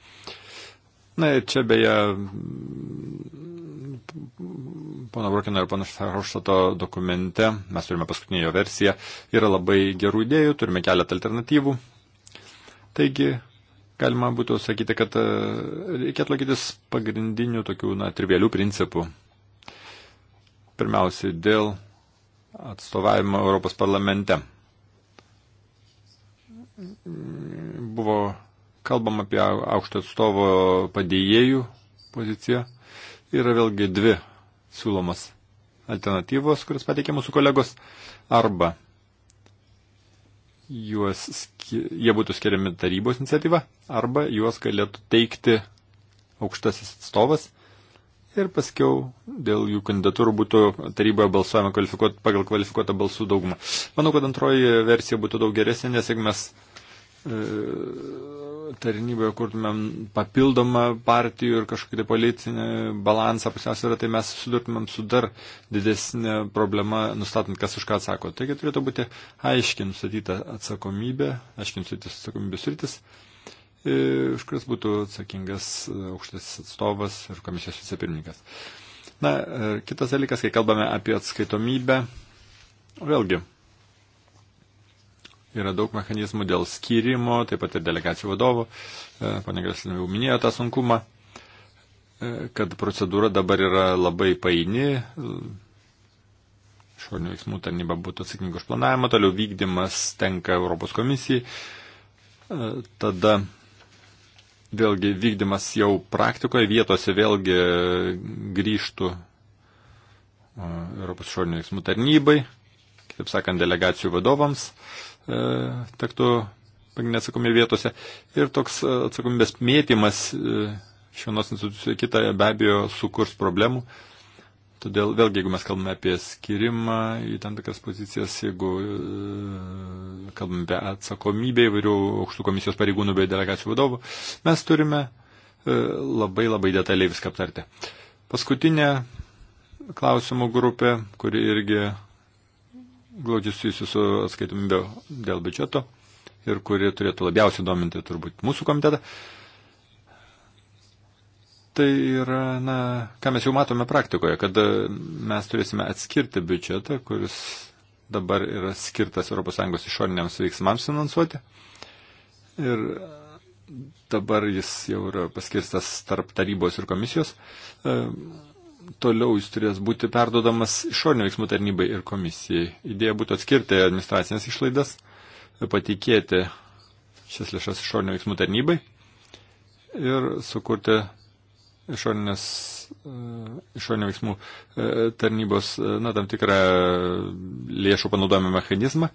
Na ir čia beje, pono Brokino ir pono Šarštato dokumente, mes turime paskutinę jo versiją, yra labai gerų idėjų, turime keletą alternatyvų. Taigi, galima būtų sakyti, kad e, reikėtų laikytis pagrindinių tokių, na, trivėlių principų. Pirmiausiai dėl atstovavimo Europos parlamente. Buvo kalbam apie aukšto atstovo padėjėjų poziciją. Yra vėlgi dvi siūlomas alternatyvos, kuris pateikė mūsų kolegos, arba juos, jie būtų skiriami tarybos iniciatyva, arba juos galėtų teikti aukštasis atstovas ir paskiau dėl jų kandidatūrų būtų taryboje balsuojama kvalifikuot, pagal kvalifikuotą balsų daugumą. Manau, kad antroji versija būtų daug geresnė, nes jeigu mes e, tarnyboje kurtumėm papildomą partijų ir kažkokį tai politinį balansą pusiausvyrą, tai mes susidurtumėm su dar didesnė problema, nustatant, kas už ką atsako. Taigi turėtų būti aiškiai nustatyta atsakomybė, aiškiai nustatytas atsakomybės rytis. Atsakomybė E, už kuris būtų atsakingas e, aukštasis atstovas ir komisijos vicepirmininkas. Na, e, kitas dalykas, kai kalbame apie atskaitomybę, vėlgi yra daug mechanizmų dėl skyrimo, taip pat ir delegacijų vadovų. Pane Grasinė jau minėjo tą sunkumą, kad procedūra dabar yra labai paini. Šornių veiksmų tarnyba būtų atsakinga už planavimą, toliau vykdymas tenka Europos komisijai. Tada vėlgi vykdymas jau praktikoje vietose vėlgi grįžtų Europos šorinių veiksmų tarnybai, kitaip sakant, delegacijų vadovams e, tektų pagrindinė atsakomybė vietose. Ir toks e, atsakomybės mėtymas e, iš vienos institucijos į kitą be abejo sukurs problemų, Todėl vėlgi, jeigu mes kalbame apie skirimą į tam tikras pozicijas, jeigu e, kalbame apie atsakomybę įvairių aukštų komisijos pareigūnų bei delegacijų vadovų, mes turime e, labai labai detaliai viską aptarti. Paskutinė klausimų grupė, kuri irgi glaudžiai susijusi su atskaitomybė dėl biudžeto ir kuri turėtų labiausiai dominti turbūt mūsų komitetą, Tai yra, na, ką mes jau matome praktikoje, kad e, mes turėsime atskirti biudžetą, kuris dabar yra skirtas ES išoriniams veiksmams finansuoti. Ir dabar jis jau yra paskirstas tarp tarybos ir komisijos. E, toliau jis turės būti perdodamas išorinių veiksmų tarnybai ir komisijai. Idėja būtų atskirti administracinės išlaidas, patikėti šias lėšas išorinių veiksmų tarnybai ir sukurti išorinės, e, išorinio veiksmų e, tarnybos, e, na, tam tikrą lėšų panaudojimo mechanizmą.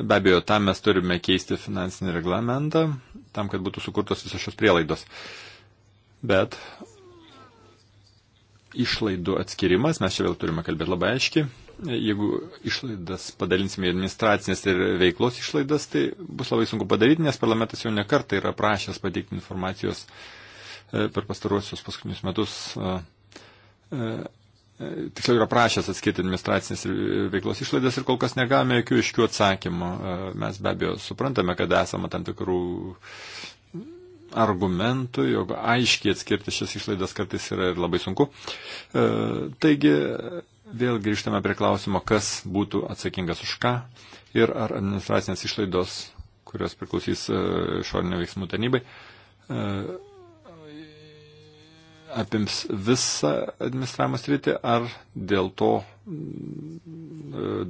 Be abejo, tam mes turime keisti finansinį reglamentą, tam, kad būtų sukurtos visos šios prielaidos. Bet išlaidų atskirimas, mes čia vėl turime kalbėti labai aiškiai, jeigu išlaidas padalinsime į administracinės ir veiklos išlaidas, tai bus labai sunku padaryti, nes parlamentas jau nekartą yra prašęs pateikti informacijos uh, E, per pastaruosius paskutinius metus, e, e, tiksliau yra prašęs atskirti administracinės veiklos išlaidas ir kol kas negavome jokių iškių atsakymų. Mes be abejo suprantame, kad esame tam tikrų argumentų, jog aiškiai atskirti šias išlaidas kartais yra ir labai sunku. Taigi, vėl grįžtame prie klausimo, kas būtų atsakingas už ką ir ar administracinės išlaidos, kurios priklausys išorinio veiksmų tarnybai, apims visą administravimo sritį, ar dėl to mm,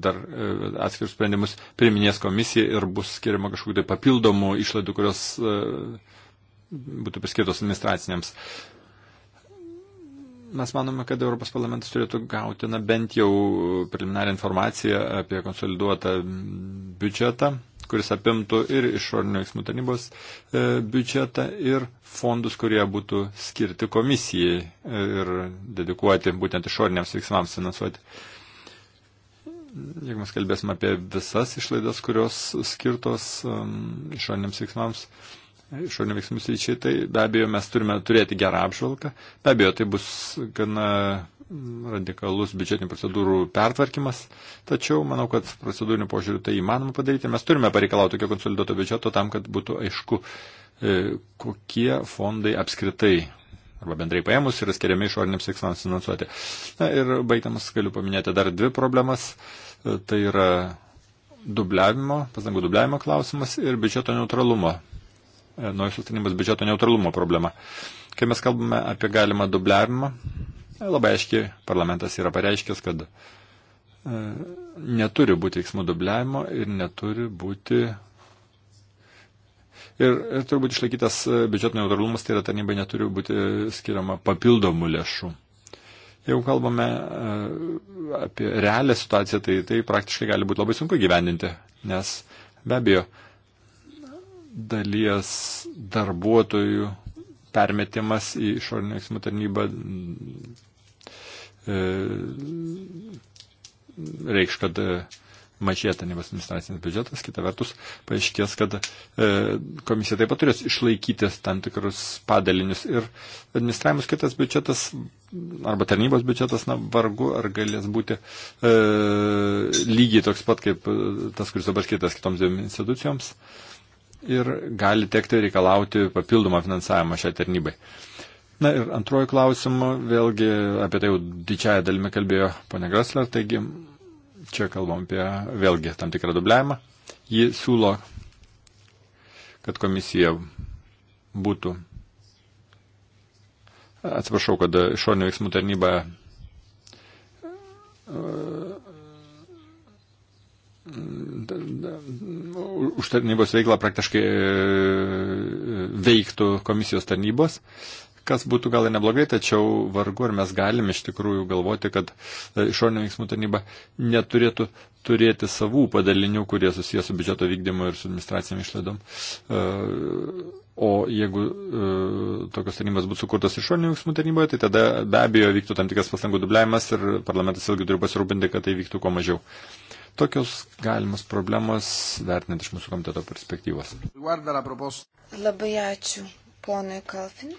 dar e, atskirius sprendimus priminės komisija ir bus skiriama kažkokiu tai papildomų išlaidų, kurios e, būtų paskirtos administracinėms mes manome, kad Europos parlamentas turėtų gauti na, bent jau preliminarią informaciją apie konsoliduotą biudžetą, kuris apimtų ir išorinio veiksmų tarnybos e, biudžetą ir fondus, kurie būtų skirti komisijai ir dedikuoti būtent išoriniams veiksmams finansuoti. Jeigu mes kalbėsim apie visas išlaidas, kurios skirtos um, išoriniams veiksmams, uh, išorinio veiksmų sryčiai, tai be abejo mes turime turėti gerą apžvalgą. Be abejo, tai bus gana mm, radikalus biudžetinių procedūrų pertvarkymas, tačiau manau, kad procedūrinių požiūrių tai įmanoma padaryti. Mes turime pareikalauti tokio konsoliduoto biudžeto tam, kad būtų aišku, e, kokie fondai apskritai arba bendrai paėmus yra skiriami išoriniams tikslams finansuoti. Na ir baigtamas galiu paminėti dar dvi problemas. E, tai yra dubliavimo, pasangų dubliavimo klausimas ir biudžeto neutralumo E, naujosios tarnybos biudžeto neutralumo problema. Kai mes kalbame apie galimą dubliavimą, e, labai aiškiai parlamentas yra pareiškęs, kad e, neturi būti veiksmų dubliavimo ir neturi būti. Ir, ir turi būti išlaikytas biudžeto neutralumas, tai yra tarnybai neturi būti skiriama papildomų lėšų. Jeigu kalbame apie realią situaciją, tai tai praktiškai gali būti labai sunku gyvendinti, nes be abejo, dalies darbuotojų permetimas į išorinio veiksmų tarnybą e, reikš, kad e, mažėja tarnybos administracinis biudžetas, kita vertus paaiškės, kad e, komisija taip pat turės išlaikyti tam tikrus padalinius ir administravimus kitas biudžetas arba tarnybos biudžetas, na, vargu ar galės būti e, lygiai toks pat kaip tas, kuris dabar skirtas kitoms institucijoms. E, ir gali tekti reikalauti papildomą finansavimą šią tarnybai. Na ir antroji klausimų, vėlgi apie tai jau didžiąją dalimi kalbėjo ponė Grasler, taigi čia kalbam apie vėlgi tam tikrą dubliavimą. Ji siūlo, kad komisija būtų, atsiprašau, kad išorinių veiksmų tarnyba Nu, už tarnybos veiklą praktiškai e, veiktų komisijos tarnybos, kas būtų gal ir neblogai, tačiau vargu ar mes galime iš tikrųjų galvoti, kad e, išorinio veiksmų tarnyba neturėtų turėti savų padalinių, kurie susijęs su biudžeto vykdymu ir su administracijom išlaidom. E, o jeigu tokios tarnybos būtų sukurtos išorinio veiksmų tarnyboje, tai tada be abejo vyktų tam tikras pastangų dubliavimas ir parlamentas ilgi turi pasirūpinti, kad tai vyktų kuo mažiau. Uh, Tokios galimas problemos vertinant iš mūsų komiteto perspektyvos. Labai ačiū ponui Kalfin.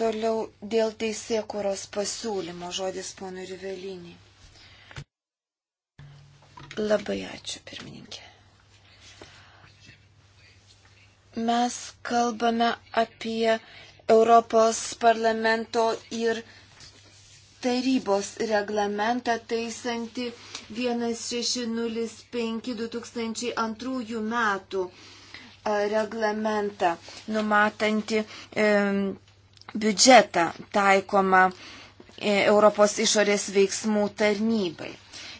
Toliau dėl teisėkuros pasiūlymo žodis ponui Rivelinį. Labai ačiū, pirmininkė. Mes kalbame apie Europos parlamento ir tarybos reglamentą taisanti 1605-2002 metų e, reglamentą, numatanti e, biudžetą taikomą e, Europos išorės veiksmų tarnybai.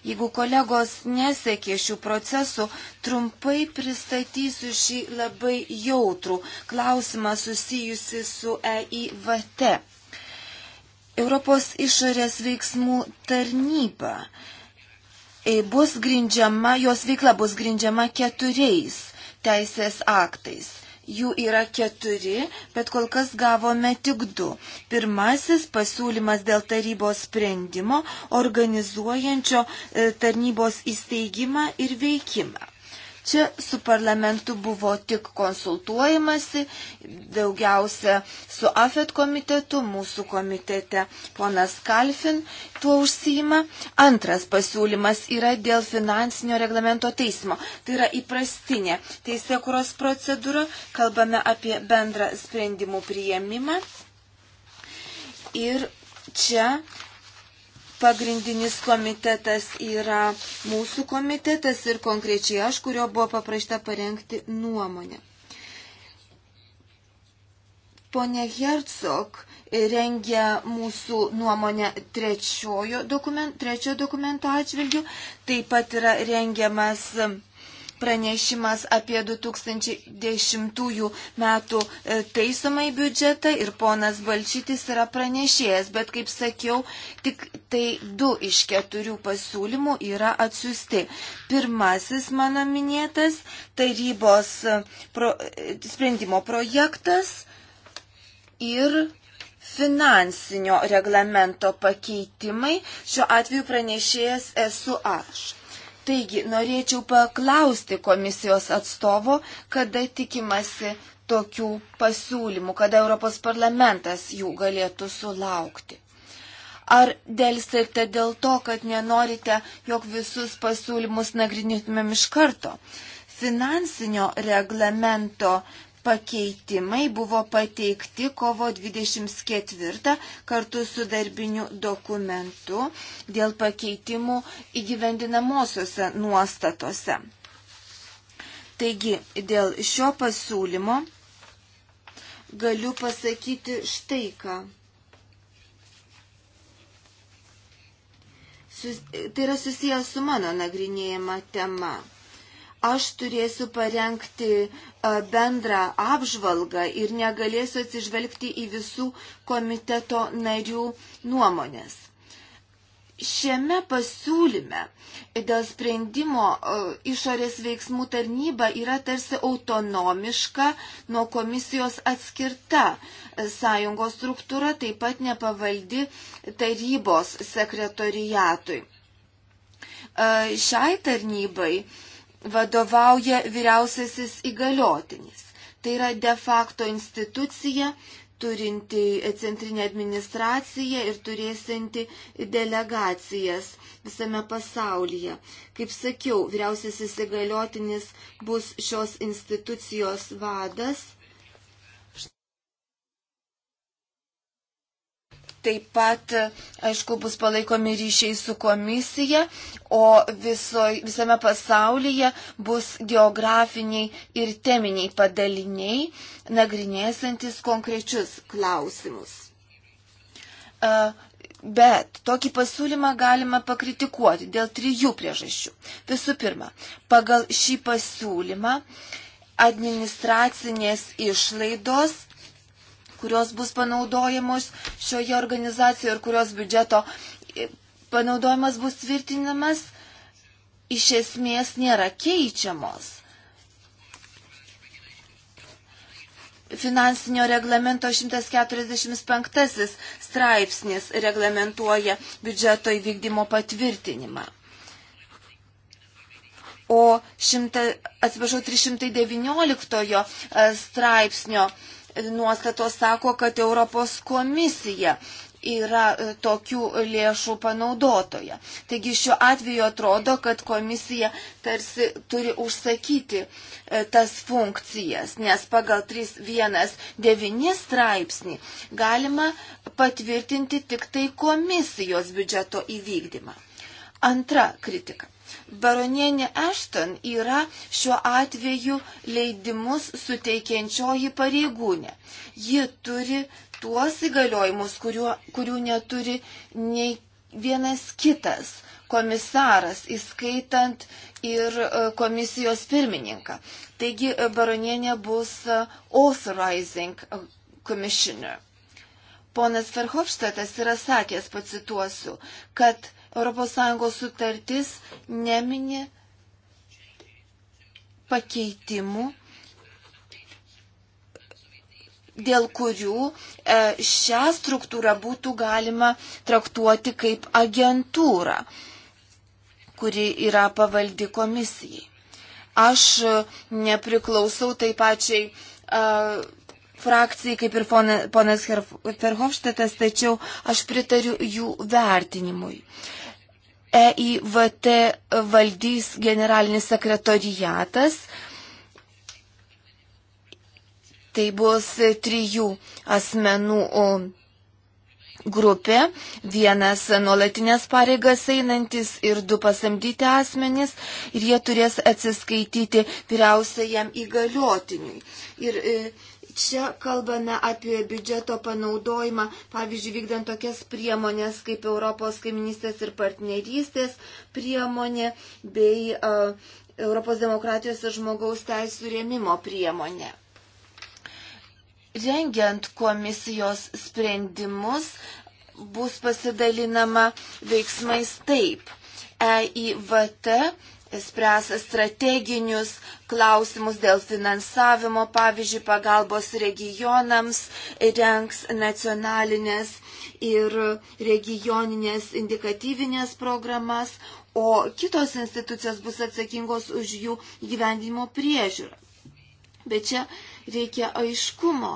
Jeigu kolegos nesekė šių procesų, trumpai pristatysiu šį labai jautrų klausimą susijusi su EIVT Europos išorės veiksmų tarnyba e, bus grindžiama, jos veikla bus grindžiama keturiais teisės aktais. Jų yra keturi, bet kol kas gavome tik du. Pirmasis pasiūlymas dėl tarybos sprendimo organizuojančio e, tarnybos įsteigimą ir veikimą. Čia su parlamentu buvo tik konsultuojamasi, daugiausia su AFET komitetu, mūsų komitete ponas Kalfin tuo užsima. Antras pasiūlymas yra dėl finansinio reglamento teismo. Tai yra įprastinė teisėkuros procedūra, kalbame apie bendrą sprendimų priėmimą. Ir čia Pagrindinis komitetas yra mūsų komitetas ir konkrečiai aš, kurio buvo paprašta parengti nuomonę. Pone Hercog rengia mūsų nuomonę trečiojo dokument, trečio dokumento atžvilgių, taip pat yra rengiamas pranešimas apie 2010 metų e, taisomai biudžetą ir ponas Balčytis yra pranešėjas, bet kaip sakiau, tik tai du iš keturių pasiūlymų yra atsiusti. Pirmasis mano minėtas tarybos e, pro, e, sprendimo projektas ir finansinio reglamento pakeitimai. Šiuo atveju pranešėjas esu aš. Taigi, norėčiau paklausti komisijos atstovo, kada tikimasi tokių pasiūlymų, kada Europos parlamentas jų galėtų sulaukti. Ar dėlsite dėl to, kad nenorite, jog visus pasiūlymus nagrinėtumėm iš karto? Finansinio reglamento pakeitimai buvo pateikti kovo 24 kartu su darbiniu dokumentu dėl pakeitimų įgyvendinamosiose nuostatose. Taigi, dėl šio pasiūlymo galiu pasakyti štai ką. Sus, tai yra susijęs su mano nagrinėjama tema aš turėsiu parengti e, bendrą apžvalgą ir negalėsiu atsižvelgti į visų komiteto narių nuomonės. Šiame pasiūlyme dėl sprendimo e, išorės veiksmų tarnyba yra tarsi autonomiška, nuo komisijos atskirta e, sąjungos struktūra, taip pat nepavaldi tarybos sekretoriatui. Šiai tarnybai vadovauja vyriausiasis įgaliotinis. Tai yra de facto institucija, turinti centrinę administraciją ir turėsinti delegacijas visame pasaulyje. Kaip sakiau, vyriausiasis įgaliotinis bus šios institucijos vadas Taip pat, aišku, bus palaikomi ryšiai su komisija, o viso, visame pasaulyje bus geografiniai ir teminiai padaliniai, nagrinėsantis konkrečius klausimus. Bet tokį pasiūlymą galima pakritikuoti dėl trijų priežasčių. Visų pirma, pagal šį pasiūlymą administracinės išlaidos kurios bus panaudojamos šioje organizacijoje ir kurios biudžeto e, panaudojimas bus tvirtinamas, iš esmės nėra keičiamos. Finansinio reglamento 145 straipsnis reglamentuoja biudžeto įvykdymo patvirtinimą. O 100, atsiprašau, 319 e, straipsnio uh, nuostatos sako, kad Europos komisija yra e, tokių lėšų panaudotoja. Taigi šiuo atveju atrodo, kad komisija tarsi turi užsakyti e, tas funkcijas, nes pagal 3.1.9 straipsnį galima patvirtinti tik tai komisijos biudžeto įvykdymą. Antra kritika. Baronienė Ešton yra šiuo atveju leidimus suteikiančioji pareigūnė. Ji turi tuos įgaliojimus, kuriuo, kurių neturi nei vienas kitas komisaras, įskaitant ir e, komisijos pirmininką. Taigi e, baronienė bus e, authorizing commissioner. Ponas Verhofštatas yra sakęs, pacituosiu, kad ES sutartis nemini pakeitimų, dėl kurių e, šią struktūrą būtų galima traktuoti kaip agentūrą, kuri yra pavaldi komisijai. Aš nepriklausau taip pačiai e, frakcijai, kaip ir ponas Ferhofštetas, tačiau aš pritariu jų vertinimui. EIVT valdys generalinis sekretorijatas. Tai bus trijų asmenų grupė, vienas nuolatinės pareigas einantis ir du pasamdyti asmenys ir jie turės atsiskaityti vyriausiajam įgaliotiniui. Ir, ir e, Čia kalbame apie biudžeto panaudojimą, pavyzdžiui, vykdant tokias priemonės kaip Europos kaiminystės ir partnerystės priemonė bei uh, Europos demokratijos ir žmogaus teisų rėmimo priemonė. Rengiant komisijos sprendimus bus pasidalinama veiksmais taip. EIVT spręs strateginius klausimus dėl finansavimo, pavyzdžiui, pagalbos regionams, renks nacionalinės ir regioninės indikatyvinės programas, o kitos institucijos bus atsakingos už jų gyvendimo priežiūrą. Bet čia reikia aiškumo,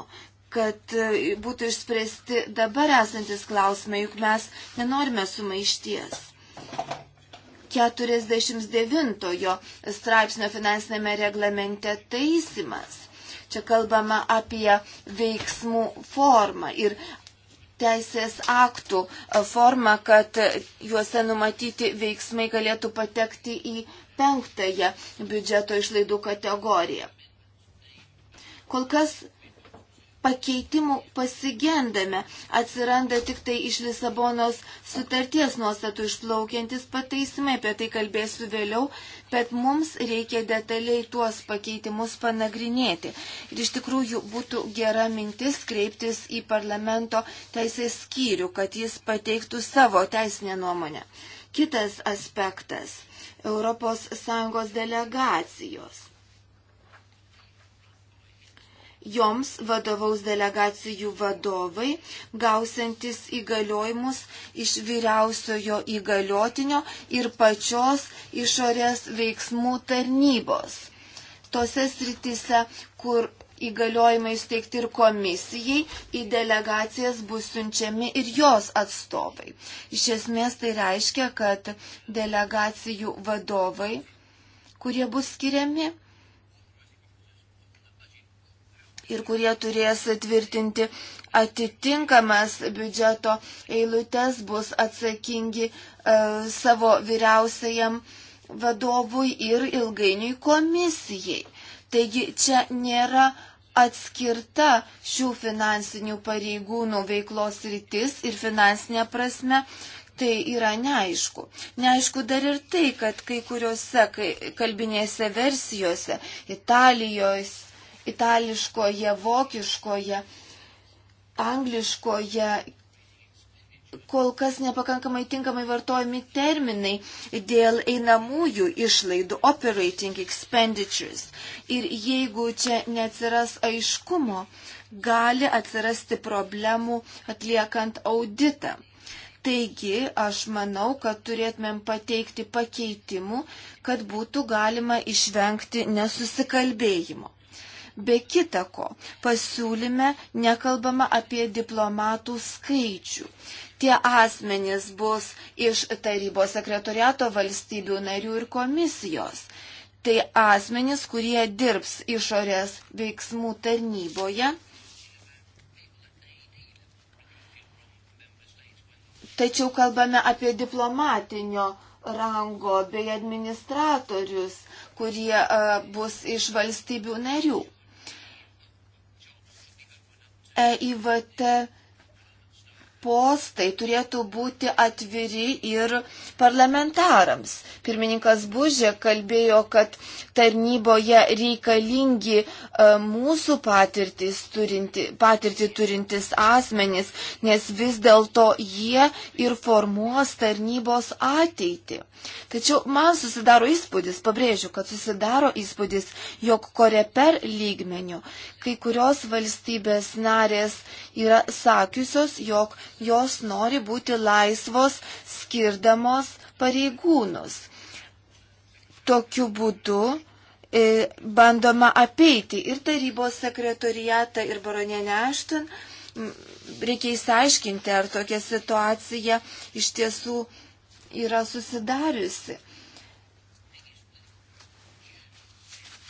kad būtų išspręsti dabar esantis klausimai, juk mes nenorime sumaišties. 49 straipsnio finansinėme reglamente taisimas. Čia kalbama apie veiksmų formą ir teisės aktų formą, kad juose numatyti veiksmai galėtų patekti į penktąją biudžeto išlaidų kategoriją. Kol kas pakeitimų pasigendame. Atsiranda tik tai iš Lisabonos sutarties nuostatų išplaukiantis pataisimai, apie tai kalbėsiu vėliau, bet mums reikia detaliai tuos pakeitimus panagrinėti. Ir iš tikrųjų būtų gera mintis kreiptis į parlamento teisės skyrių, kad jis pateiktų savo teisinę nuomonę. Kitas aspektas - ES delegacijos. Joms vadovaus delegacijų vadovai, gausantis įgaliojimus iš vyriausiojo įgaliotinio ir pačios išorės veiksmų tarnybos. Tose sritise, kur įgaliojimai suteikti ir komisijai, į delegacijas bus siunčiami ir jos atstovai. Iš esmės tai reiškia, kad delegacijų vadovai, kurie bus skiriami, ir kurie turės tvirtinti atitinkamas biudžeto eilutes, bus atsakingi e, savo vyriausiajam vadovui ir ilgainiui komisijai. Taigi čia nėra atskirta šių finansinių pareigūnų veiklos rytis ir finansinė prasme. Tai yra neaišku. Neaišku dar ir tai, kad kai kuriuose kalbinėse versijose, Italijos, itališkoje, vokiškoje, angliškoje kol kas nepakankamai tinkamai vartojami terminai dėl einamųjų išlaidų operating expenditures. Ir jeigu čia neatsiras aiškumo, gali atsirasti problemų atliekant auditą. Taigi, aš manau, kad turėtumėm pateikti pakeitimų, kad būtų galima išvengti nesusikalbėjimo. Be kitako, pasiūlyme nekalbama apie diplomatų skaičių. Tie asmenys bus iš tarybos sekretoriato valstybių narių ir komisijos. Tai asmenys, kurie dirbs išorės veiksmų tarnyboje. Tačiau kalbame apie diplomatinio rango bei administratorius, kurie a, e, bus iš valstybių narių. EIVT postai turėtų būti atviri ir parlamentarams. Pirmininkas Bužė kalbėjo, kad tarnyboje reikalingi e, mūsų turinti, patirtį turintis asmenys, nes vis dėlto jie ir formuos tarnybos ateitį. Tačiau man susidaro įspūdis, pabrėžiu, kad susidaro įspūdis, jog koreper lygmenių kai kurios valstybės narės yra sakiusios, jog jos nori būti laisvos skirdamos pareigūnus. Tokiu būdu e, bandoma apeiti ir tarybos sekretoriatą, ir baronienę Ašton. Reikia įsiaiškinti, ar tokia situacija iš tiesų yra susidariusi.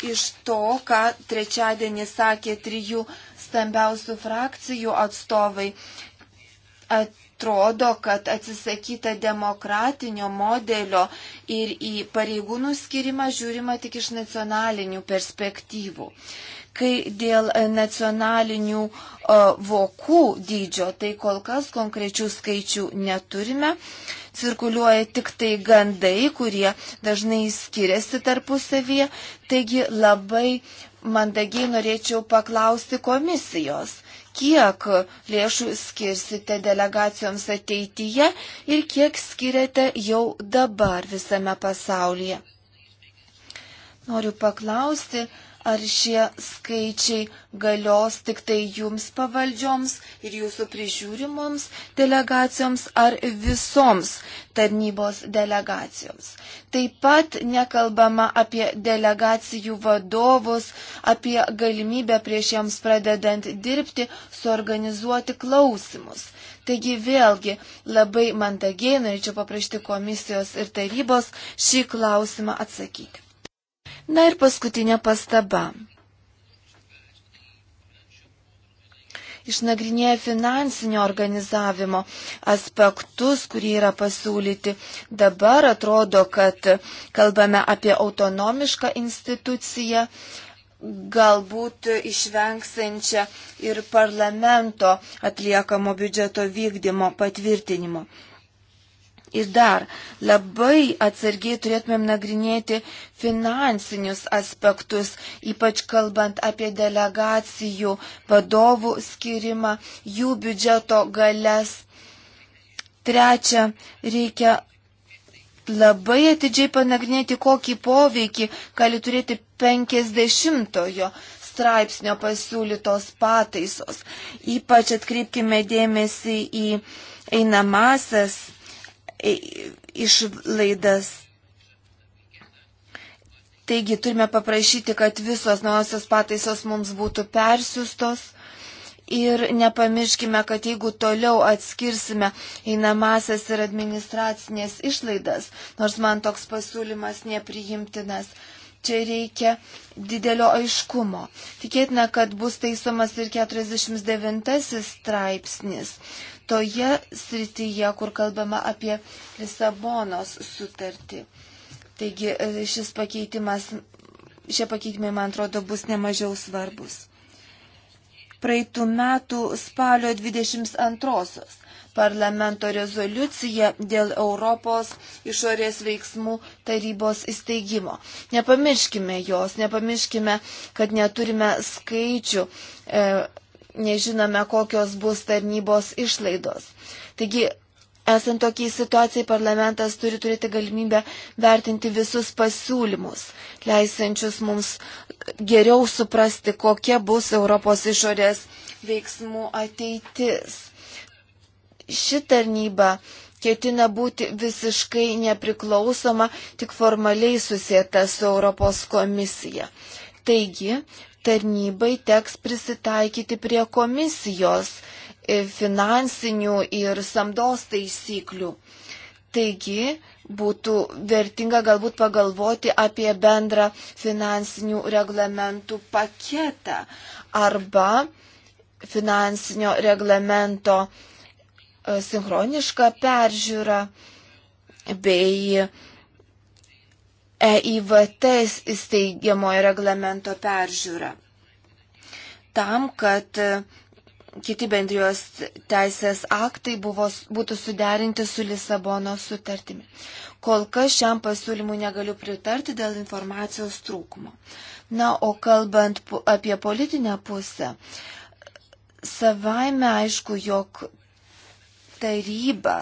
iš to, ką trečiadienį sakė trijų stambiausių frakcijų atstovai, atrodo, kad atsisakyta demokratinio modelio ir į pareigūnų skirimą žiūrima tik iš nacionalinių perspektyvų. Kai dėl nacionalinių e, vokų dydžio, tai kol kas konkrečių skaičių neturime. Cirkuliuoja tik tai gandai, kurie dažnai skiriasi tarpusavyje. Taigi labai mandagiai norėčiau paklausti komisijos kiek lėšų skirsite delegacijoms ateityje ir kiek skiriate jau dabar visame pasaulyje. Noriu paklausti, ar šie skaičiai galios tik tai jums pavaldžioms ir jūsų prižiūrimoms delegacijoms ar visoms tarnybos delegacijoms. Taip pat nekalbama apie delegacijų vadovus, apie galimybę prieš jiems pradedant dirbti suorganizuoti klausimus. Taigi vėlgi labai mandagiai norėčiau paprašyti komisijos ir tarybos šį klausimą atsakyti. Na ir paskutinė pastaba. Išnagrinėję finansinio organizavimo aspektus, kurie yra pasiūlyti, dabar atrodo, kad kalbame apie autonomišką instituciją, galbūt išvengsančią ir parlamento atliekamo biudžeto vykdymo patvirtinimo. Ir dar labai atsargiai turėtumėm nagrinėti finansinius aspektus, ypač kalbant apie delegacijų vadovų skirimą, jų biudžeto galės. Trečia, reikia labai atidžiai panagrinėti, kokį poveikį gali turėti 50-ojo straipsnio pasiūlytos pataisos. Ypač atkreipkime dėmesį į einamasias išlaidas. Taigi turime paprašyti, kad visos naujosios pataisos mums būtų persiustos. Ir nepamirškime, kad jeigu toliau atskirsime einamasias ir administracinės išlaidas, nors man toks pasiūlymas nepriimtinas, čia reikia didelio aiškumo. Tikėtina, kad bus taisomas ir 49 straipsnis toje srityje, kur kalbama apie Lisabonos sutartį. Taigi e, šis pakeitimas, šie pakeitimai, man atrodo, bus nemažiau svarbus. Praeitų metų spalio 22-osios parlamento rezoliucija dėl Europos išorės veiksmų tarybos įsteigimo. Nepamirškime jos, nepamirškime, kad neturime skaičių. E, nežinome, kokios bus tarnybos išlaidos. Taigi, esant tokiai situacijai, parlamentas turi turėti galimybę vertinti visus pasiūlymus, leisančius mums geriau suprasti, kokia bus Europos išorės veiksmų ateitis. Ši tarnyba ketina būti visiškai nepriklausoma, tik formaliai susieta su Europos komisija. Taigi, tarnybai teks prisitaikyti prie komisijos e, finansinių ir samdos taisyklių. Taigi būtų vertinga galbūt pagalvoti apie bendrą finansinių reglamentų paketą arba finansinio reglamento e, sinchronišką peržiūrą bei EIVT steigiamojo reglamento peržiūrą. Tam, kad e, kiti bendrijos teisės aktai buvo, būtų suderinti su Lisabono sutartimi. Kol kas šiam pasiūlymui negaliu pritarti dėl informacijos trūkumo. Na, o kalbant apie politinę pusę, savaime aišku, jog taryba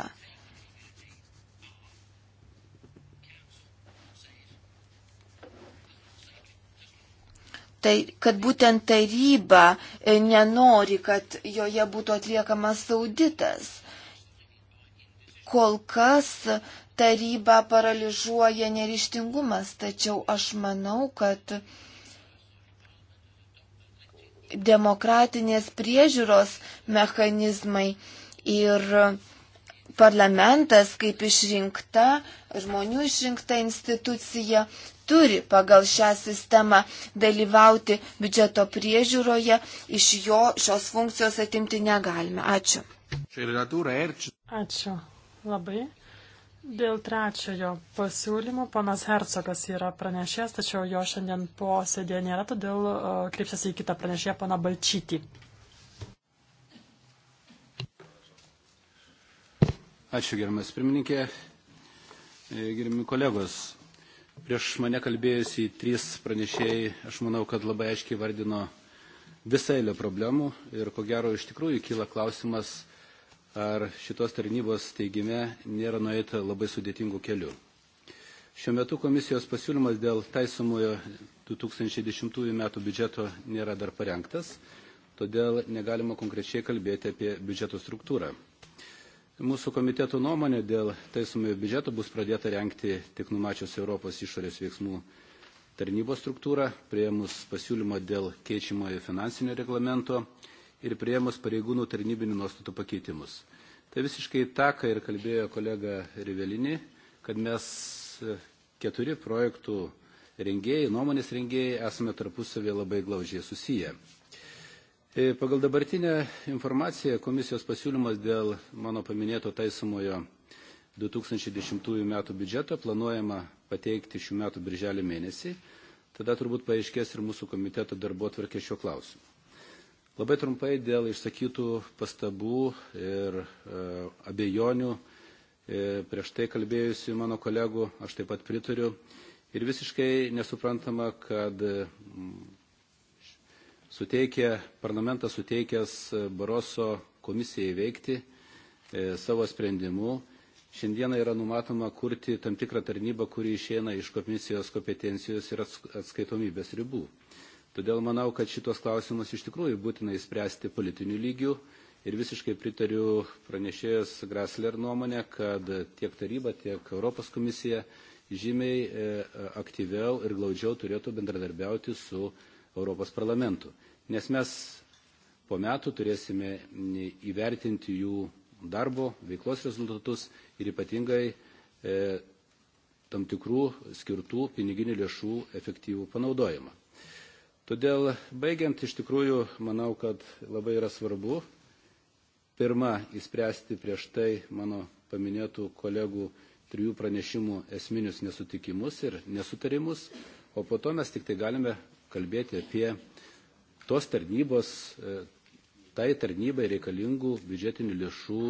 tai, kad būtent taryba e, nenori, kad joje būtų atliekamas auditas. Kol kas taryba paralyžuoja nerištingumas, tačiau aš manau, kad demokratinės priežiūros mechanizmai ir parlamentas kaip išrinkta, žmonių išrinkta institucija turi pagal šią sistemą dalyvauti biudžeto priežiūroje, iš jo šios funkcijos atimti negalime. Ačiū. Ačiū labai. Dėl trečiojo pasiūlymo ponas Hercogas yra pranešęs, tačiau jo šiandien posėdėje nėra, todėl kreipsiasi į kitą pranešėją, pana Balčytį. Ačiū, gerbiamas pirmininkė, e, gerbimi kolegos. Prieš mane kalbėjusi trys pranešėjai, aš manau, kad labai aiškiai vardino visą eilę problemų ir ko gero iš tikrųjų kyla klausimas, ar šitos tarnybos teigime nėra nuėta labai sudėtingų kelių. Šiuo metu komisijos pasiūlymas dėl taisomojo 2010 m. biudžeto nėra dar parengtas, todėl negalima konkrečiai kalbėti apie biudžeto struktūrą. Mūsų komiteto nuomonė dėl taisomojo biudžeto bus pradėta renkti tik numačios Europos išorės veiksmų tarnybos struktūrą, prieimus pasiūlymo dėl keičiamojo finansinio reglamento ir prieimus pareigūnų tarnybinių nuostatų pakeitimus. Tai visiškai tą, ką ir kalbėjo kolega Rivelini, kad mes e, keturi projektų rengėjai, nuomonės rengėjai esame tarpusavėje labai glaužiai susiję. E, pagal dabartinę informaciją komisijos pasiūlymas dėl mano paminėto taisomojo 2010 metų biudžeto planuojama pateikti šių metų birželio mėnesį. Tada turbūt paaiškės ir mūsų komiteto darbo tvarkė šio klausimu. Labai trumpai dėl išsakytų pastabų ir e, abejonių e, prieš tai kalbėjusių mano kolegų, aš taip pat pritariu. Ir visiškai nesuprantama, kad suteikė, parlamentas suteikęs e, Baroso komisijai veikti e, savo sprendimu. Šiandieną yra numatoma kurti tam tikrą tarnybą, kuri išeina iš komisijos kompetencijos ir atskaitomybės ribų. Todėl manau, kad šitos klausimus iš tikrųjų būtina įspręsti politinių lygių ir visiškai pritariu pranešėjos Grasler nuomonė, kad tiek taryba, tiek Europos komisija žymiai e, aktyviau ir glaudžiau turėtų bendradarbiauti su Europos parlamentu. Nes mes po metų turėsime įvertinti jų darbo, veiklos rezultatus ir ypatingai e, tam tikrų skirtų piniginių lėšų efektyvų panaudojimą. Todėl, baigiant, iš tikrųjų, manau, kad labai yra svarbu, pirma, įspręsti prieš tai mano paminėtų kolegų trijų pranešimų esminius nesutikimus ir nesutarimus, o po to mes tik tai galime kalbėti apie tos tarnybos, e, tai tarnybai reikalingų biudžetinių lėšų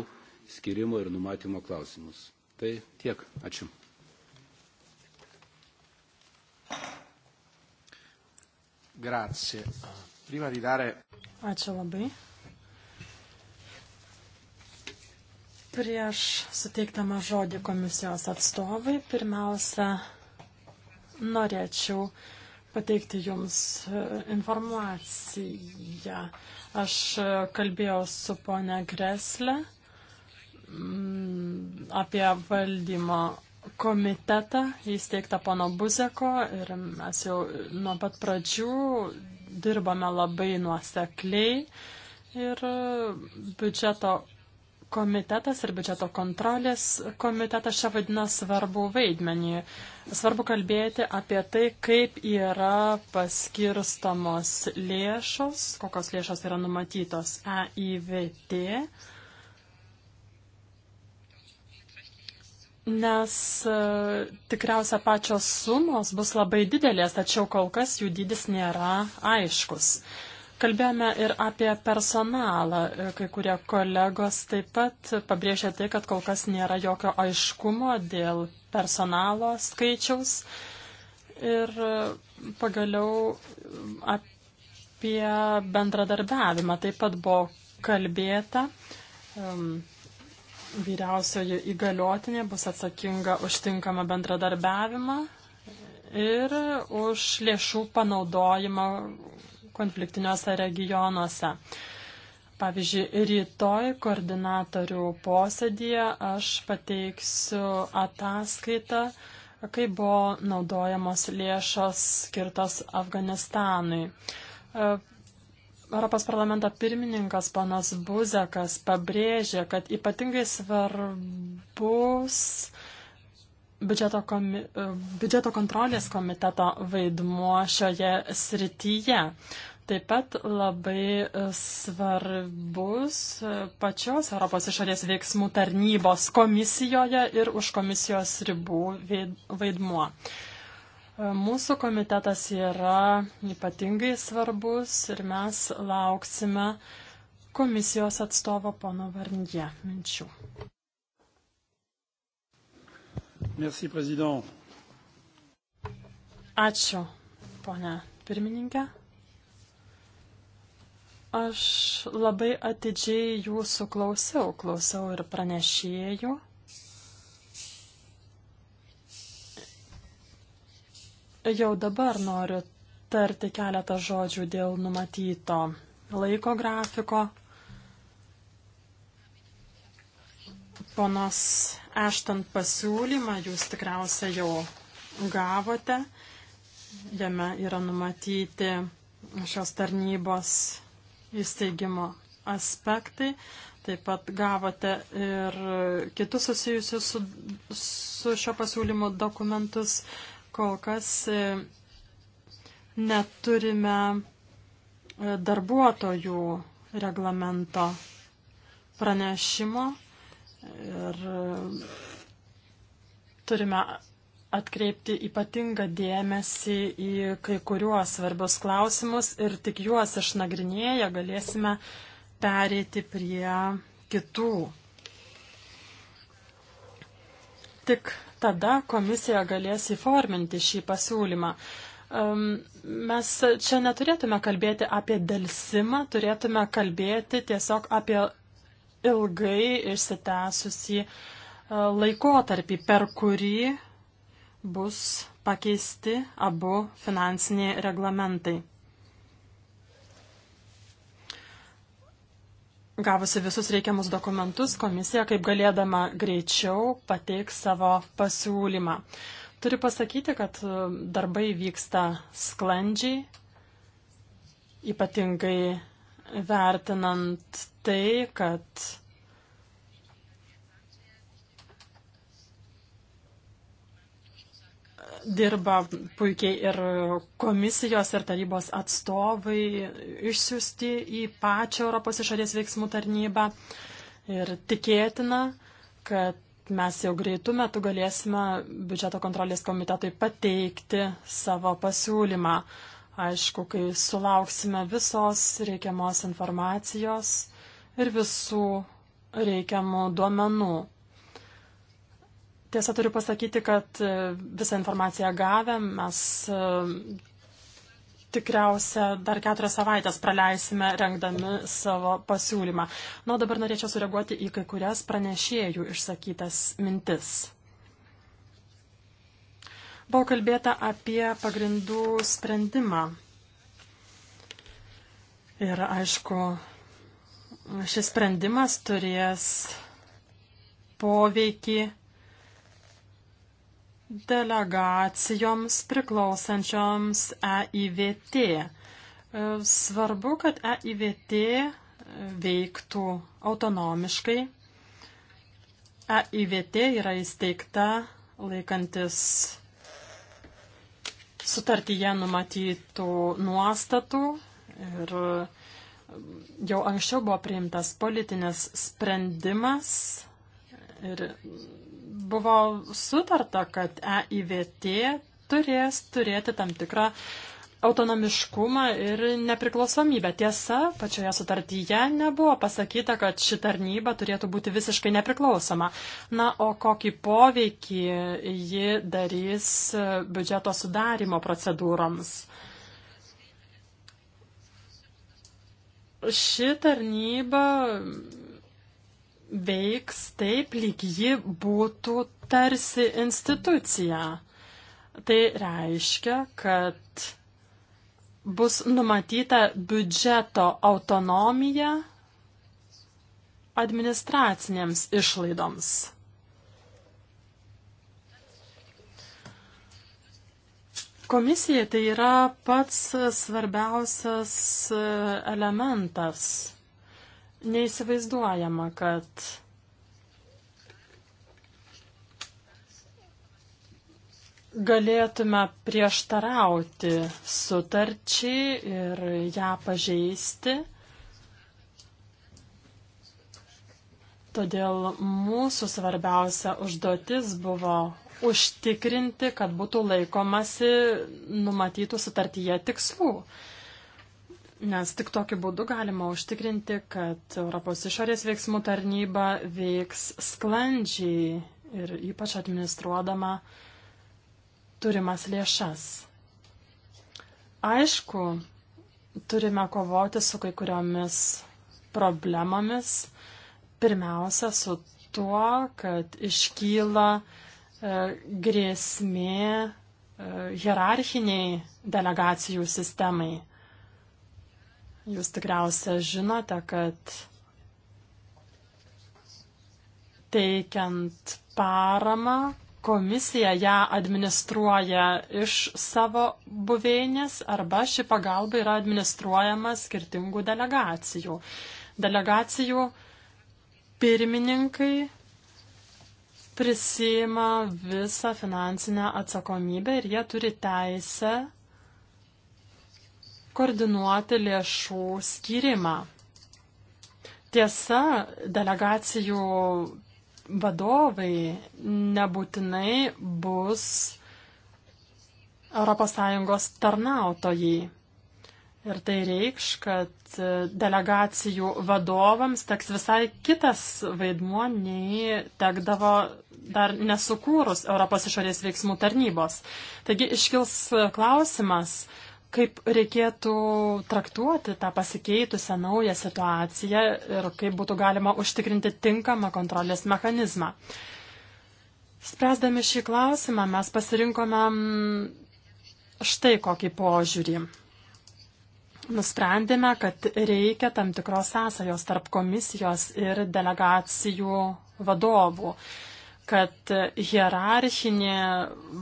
skirimo ir numatymo klausimus. Tai tiek. Ačiū. Grazie. Prima di dare... Ačiū labai. Prieš suteiktama žodį komisijos atstovai, pirmiausia, norėčiau uh, pateikti Jums e, informaciją. Aš e, kalbėjau su ponia Gresle mm, apie valdymo komitetą įsteigtą pono Buzeko ir mes jau nuo pat pradžių dirbame labai nuosekliai ir e, biudžeto komitetas ir biudžeto kontrolės komitetas čia vadina svarbu vaidmenį. Svarbu kalbėti apie tai, kaip yra paskirstamos lėšos, kokios lėšos yra numatytos EIVT. Nes e, tikriausia pačios sumos bus labai didelės, tačiau kol kas jų dydis nėra aiškus. Kalbėjome ir apie personalą. Kai kurie kolegos taip pat pabrėžė tai, kad kol kas nėra jokio aiškumo dėl personalo skaičiaus. Ir pagaliau apie bendradarbiavimą taip pat buvo kalbėta. Vyriausioji įgaliotinė bus atsakinga už tinkamą bendradarbiavimą ir už lėšų panaudojimą konfliktiniuose regionuose. Pavyzdžiui, rytoj koordinatorių posėdėje aš pateiksiu ataskaitą, kaip buvo naudojamos lėšos skirtos Afganistanui. E, Europos parlamento pirmininkas panas Buzekas pabrėžė, kad ypatingai svarbus biudžeto, komi, e, biudžeto kontrolės komiteto vaidmuo šioje srityje. Taip pat labai e, svarbus e, pačios Europos išorės veiksmų tarnybos komisijoje ir už komisijos ribų vaidmuo. E, mūsų komitetas yra ypatingai svarbus ir mes lauksime komisijos atstovo pono Varnie minčių. Merci, Ačiū, ponia pirmininkė. Aš labai atidžiai jūsų klausiau, klausiau ir pranešėjų. Jau dabar noriu tarti keletą žodžių dėl numatyto laiko grafiko. Ponos Eštant pasiūlymą jūs tikriausiai jau gavote. Jame yra numatyti šios tarnybos įsteigimo aspektai. Taip pat gavote ir kitus susijusius su, su šio pasiūlymo dokumentus. Kol kas e, neturime e, darbuotojų reglamento pranešimo ir e, turime atkreipti ypatingą dėmesį į kai kuriuos svarbius klausimus ir tik juos išnagrinėję galėsime pereiti prie kitų. Tik tada komisija galės įforminti šį pasiūlymą. Mes čia neturėtume kalbėti apie delsimą, turėtume kalbėti tiesiog apie ilgai išsitęsusį e, laikotarpį, per kurį bus pakeisti abu finansiniai reglamentai. Gavusi visus reikiamus dokumentus, komisija kaip galėdama greičiau pateiks savo pasiūlymą. Turiu pasakyti, kad e, darbai vyksta sklandžiai, ypatingai vertinant tai, kad dirba puikiai ir komisijos ir tarybos atstovai išsiųsti į pačią Europos išorės veiksmų tarnybą. Ir tikėtina, kad mes jau greitų metų galėsime biudžeto kontrolės komitetui pateikti savo pasiūlymą. Aišku, kai sulauksime visos reikiamos informacijos ir visų reikiamų duomenų. Tiesa, turiu pasakyti, kad e, visą informaciją gavę mes e, tikriausia dar keturias savaitės praleisime rengdami savo pasiūlymą. Na, nu, dabar norėčiau sureaguoti į kai kurias pranešėjų išsakytas mintis. Buvo kalbėta apie pagrindų sprendimą. Ir aišku, šis sprendimas turės poveikį delegacijoms priklausančioms EIVT. E, svarbu, kad EIVT veiktų autonomiškai. EIVT yra įsteigta laikantis sutartyje numatytų nuostatų ir jau anksčiau buvo priimtas politinis sprendimas ir buvo sutarta, kad EIVT turės turėti tam tikrą autonomiškumą ir nepriklausomybę. Tiesa, pačioje sutartyje nebuvo pasakyta, kad ši tarnyba turėtų būti visiškai nepriklausoma. Na, o kokį poveikį ji darys biudžeto sudarimo procedūroms? Ši tarnyba veiks taip, lyg ji būtų tarsi institucija. Tai reiškia, kad bus numatyta biudžeto autonomija administracinėms išlaidoms. Komisija tai yra pats svarbiausias elementas Neįsivaizduojama, kad galėtume prieštarauti sutarčiai ir ją pažeisti. Todėl mūsų svarbiausia užduotis buvo užtikrinti, kad būtų laikomasi numatytų sutartyje tikslų. Nes tik tokiu būdu galima užtikrinti, kad Europos išorės veiksmų tarnyba veiks sklandžiai ir ypač administruodama turimas lėšas. Aišku, turime kovoti su kai kuriomis problemomis. Pirmiausia, su tuo, kad iškyla e, grėsmė e, hierarchiniai delegacijų sistemai. Jūs tikriausia žinote, kad teikiant paramą komisija ją administruoja iš savo buveinės arba ši pagalba yra administruojama skirtingų delegacijų. Delegacijų pirmininkai prisima visą finansinę atsakomybę ir jie turi teisę koordinuoti lėšų skyrimą. Tiesa, delegacijų vadovai nebūtinai bus ES tarnautojai. Ir tai reikš, kad delegacijų vadovams teks visai kitas vaidmuo, nei tekdavo dar nesukūrus Europos išorės veiksmų tarnybos. Taigi iškils klausimas, kaip reikėtų traktuoti tą pasikeitusią naują situaciją ir kaip būtų galima užtikrinti tinkamą kontrolės mechanizmą. Spręsdami šį klausimą mes pasirinkome mm, štai kokį požiūrį. Nusprendėme, kad reikia tam tikros sąsajos tarp komisijos ir delegacijų vadovų kad hierarchinė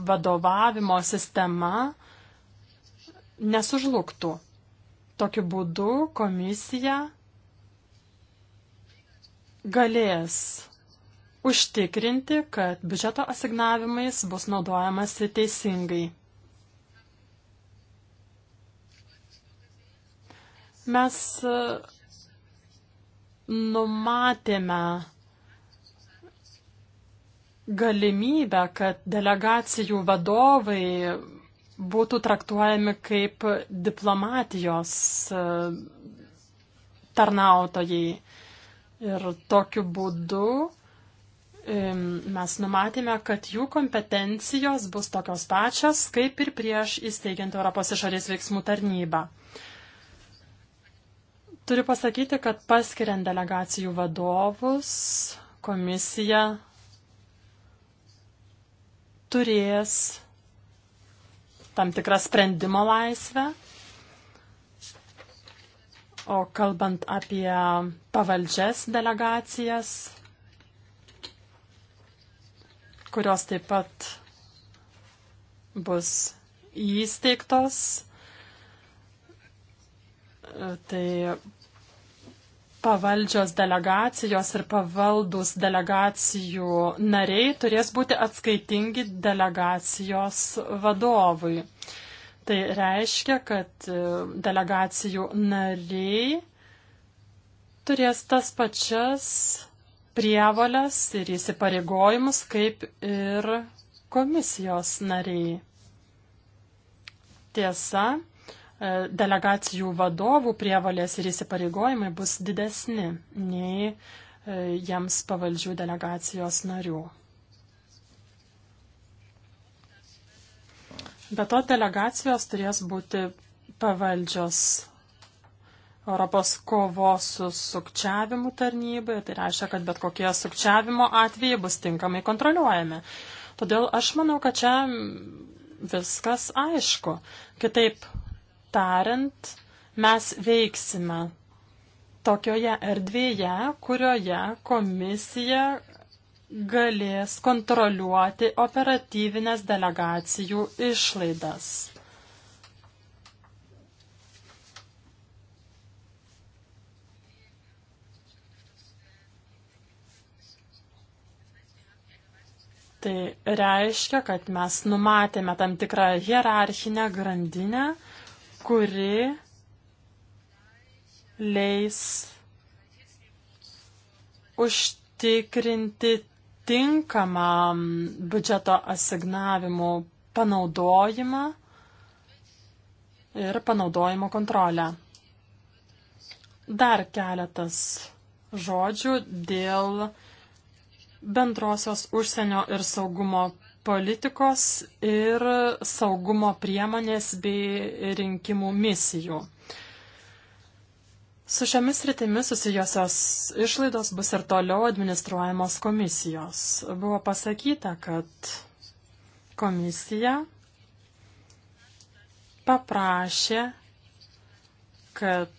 vadovavimo sistema nesužlugtų. Tokiu būdu komisija galės užtikrinti, kad biudžeto asignavimais bus naudojamasi teisingai. Mes e, numatėme galimybę, kad delegacijų vadovai būtų traktuojami kaip diplomatijos e, tarnautojai. Ir tokiu būdu e, mes numatėme, kad jų kompetencijos bus tokios pačios, kaip ir prieš įsteigiant Europos išorės veiksmų tarnybą. Turiu pasakyti, kad paskiriant delegacijų vadovus, komisija turės tam tikrą sprendimo laisvę. O kalbant apie pavaldžias delegacijas, kurios taip pat bus įsteigtos, tai pavaldžios delegacijos ir pavaldus delegacijų nariai turės būti atskaitingi delegacijos vadovui. Tai reiškia, kad e, delegacijų nariai turės tas pačias prievalės ir įsipareigojimus kaip ir komisijos nariai. Tiesa, E, delegacijų vadovų prievalės ir įsipareigojimai bus didesni nei e, jiems pavaldžių delegacijos narių. Be to delegacijos turės būti pavaldžios Europos kovos su sukčiavimu tarnybai, tai reiškia, kad bet kokie sukčiavimo atvejai bus tinkamai kontroliuojami. Todėl aš manau, kad čia viskas aišku. Kitaip tariant, mes veiksime tokioje erdvėje, kurioje komisija galės kontroliuoti operatyvinės delegacijų išlaidas. Tai reiškia, kad mes numatėme tam tikrą hierarchinę grandinę, kuri leis užtikrinti tinkamą biudžeto asignavimų panaudojimą ir panaudojimo kontrolę. Dar keletas žodžių dėl bendrosios užsienio ir saugumo politikos ir saugumo priemonės bei rinkimų misijų. Su šiomis rytimis susijusios išlaidos bus ir toliau administruojamos komisijos. Buvo pasakyta, kad komisija paprašė, kad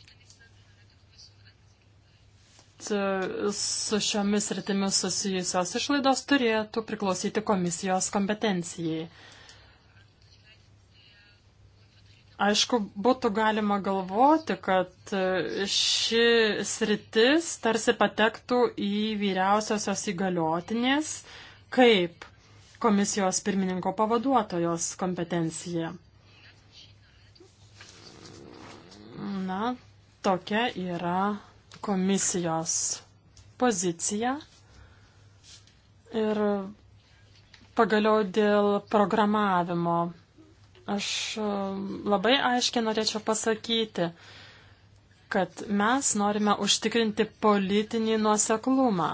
E, su šiomis rytimis susijusios išlaidos turėtų priklausyti komisijos kompetencijai. Aišku, būtų galima galvoti, kad e, ši sritis tarsi patektų į vyriausiosios įgaliotinės kaip komisijos pirmininko pavaduotojos kompetenciją. Na, tokia yra komisijos poziciją ir pagaliau dėl programavimo. Aš e, labai aiškiai norėčiau pasakyti, kad mes norime užtikrinti politinį nuoseklumą.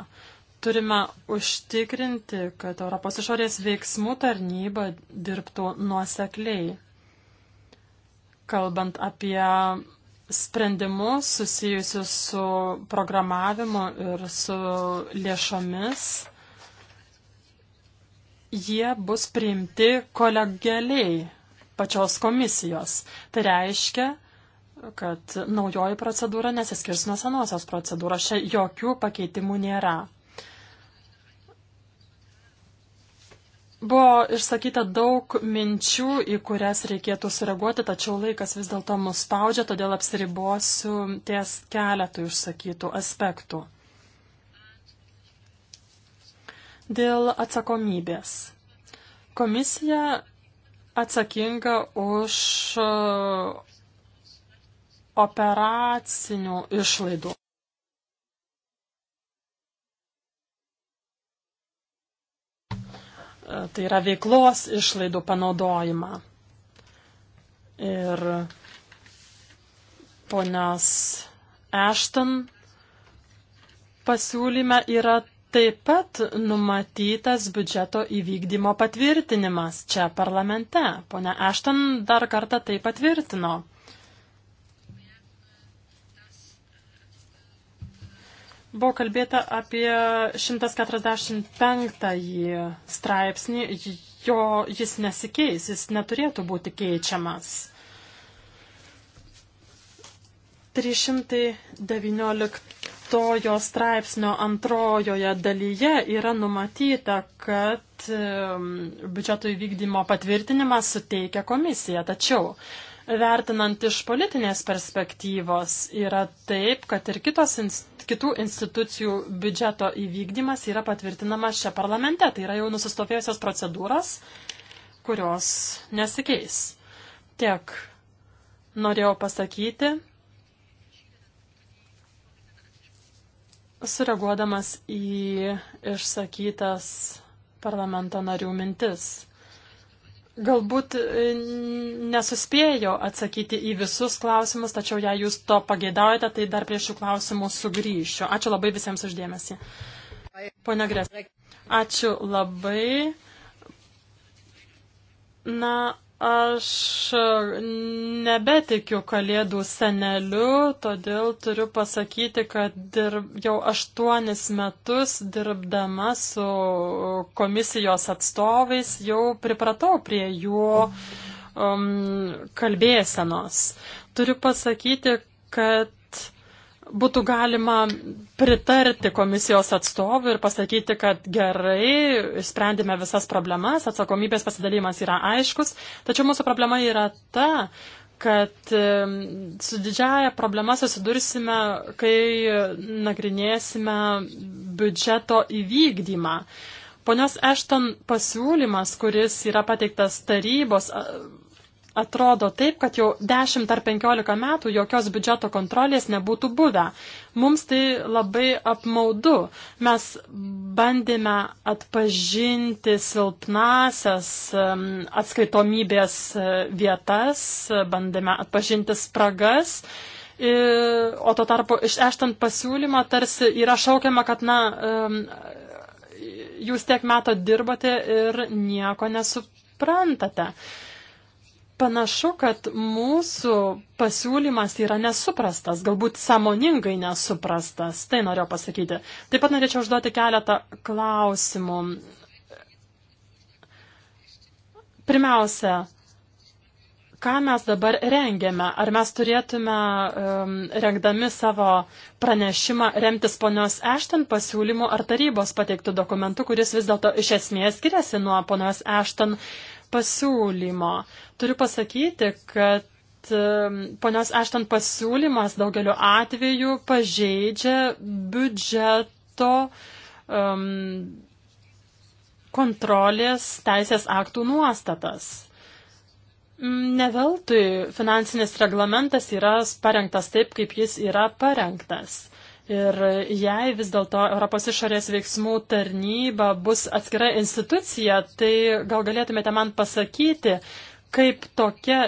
Turime užtikrinti, kad Europos išorės veiksmų tarnyba dirbtų nuosekliai. Kalbant apie sprendimus susijusius su programavimu ir su lėšomis, jie bus priimti kolegialiai pačios komisijos. Tai reiškia, kad naujoji procedūra nesiskirs nuo senosios procedūros. Šia jokių pakeitimų nėra. Buvo išsakyta daug minčių, į kurias reikėtų sureaguoti, tačiau laikas vis dėlto mus spaudžia, todėl apsiribosiu ties keletų išsakytų aspektų. Dėl atsakomybės. Komisija atsakinga už uh, operacinių išlaidų. E, tai yra veiklos išlaidų panaudojimą. Ir ponios Ešton pasiūlyme yra taip pat numatytas biudžeto įvykdymo patvirtinimas čia parlamente. Pone Ešton dar kartą tai patvirtino. Buvo kalbėta apie 145 straipsnį, jo jis nesikeis, jis neturėtų būti keičiamas. 319 straipsnio antrojoje dalyje yra numatyta, kad um, biudžeto įvykdymo patvirtinimas suteikia komisija, tačiau vertinant iš politinės perspektyvos yra taip, kad ir kitos institucijos kitų institucijų biudžeto įvykdymas yra patvirtinamas čia parlamente. Tai yra jau nusistovėjusios procedūros, kurios nesikeis. Tiek norėjau pasakyti, sureaguodamas į išsakytas parlamento narių mintis galbūt e, nesuspėjau atsakyti į visus klausimus, tačiau jei jūs to pageidaujate, tai dar prie šių klausimų sugrįšiu. Ačiū labai visiems uždėmesi. Pone Grės, ačiū labai. Na, Aš nebetikiu kalėdų seneliu, todėl turiu pasakyti, kad dirb, jau aštuonis metus dirbdama su komisijos atstovais jau pripratau prie jų um, kalbėsenos. Turiu pasakyti, kad būtų galima pritarti komisijos atstovui ir pasakyti, kad gerai, sprendėme visas problemas, atsakomybės pasidalymas yra aiškus, tačiau mūsų problema yra ta, kad su didžiaja problema susidursime, kai nagrinėsime biudžeto įvykdymą. Ponios Ešton pasiūlymas, kuris yra pateiktas tarybos, atrodo taip, kad jau 10 ar 15 metų jokios biudžeto kontrolės nebūtų buvę. Mums tai labai apmaudu. Mes bandėme atpažinti silpnasias atskaitomybės e, vietas, bandėme atpažinti spragas. O tuo tarpu iš eštant pasiūlymą tarsi yra šaukiama, kad, na, jūs tiek metų dirbate ir nieko nesupratate. Panašu, kad mūsų pasiūlymas yra nesuprastas, galbūt samoningai nesuprastas, tai noriu pasakyti. Taip pat norėčiau užduoti keletą klausimų. Pirmiausia, ką mes dabar rengiame? Ar mes turėtume, um, rengdami savo pranešimą, remtis ponios Ešten pasiūlymu ar tarybos pateiktų dokumentu, kuris vis dėlto iš esmės skiriasi nuo ponios Ešten uh, pasiūlymo. Turiu pasakyti, kad ponios Ešton pasiūlymas daugeliu atveju pažeidžia biudžeto um, kontrolės teisės aktų nuostatas. Ne veltui finansinis reglamentas yra parengtas taip, kaip jis yra parengtas. Ir jei vis dėlto Europos išorės veiksmų tarnyba bus atskira institucija, tai gal galėtumėte man pasakyti, kaip, tokia,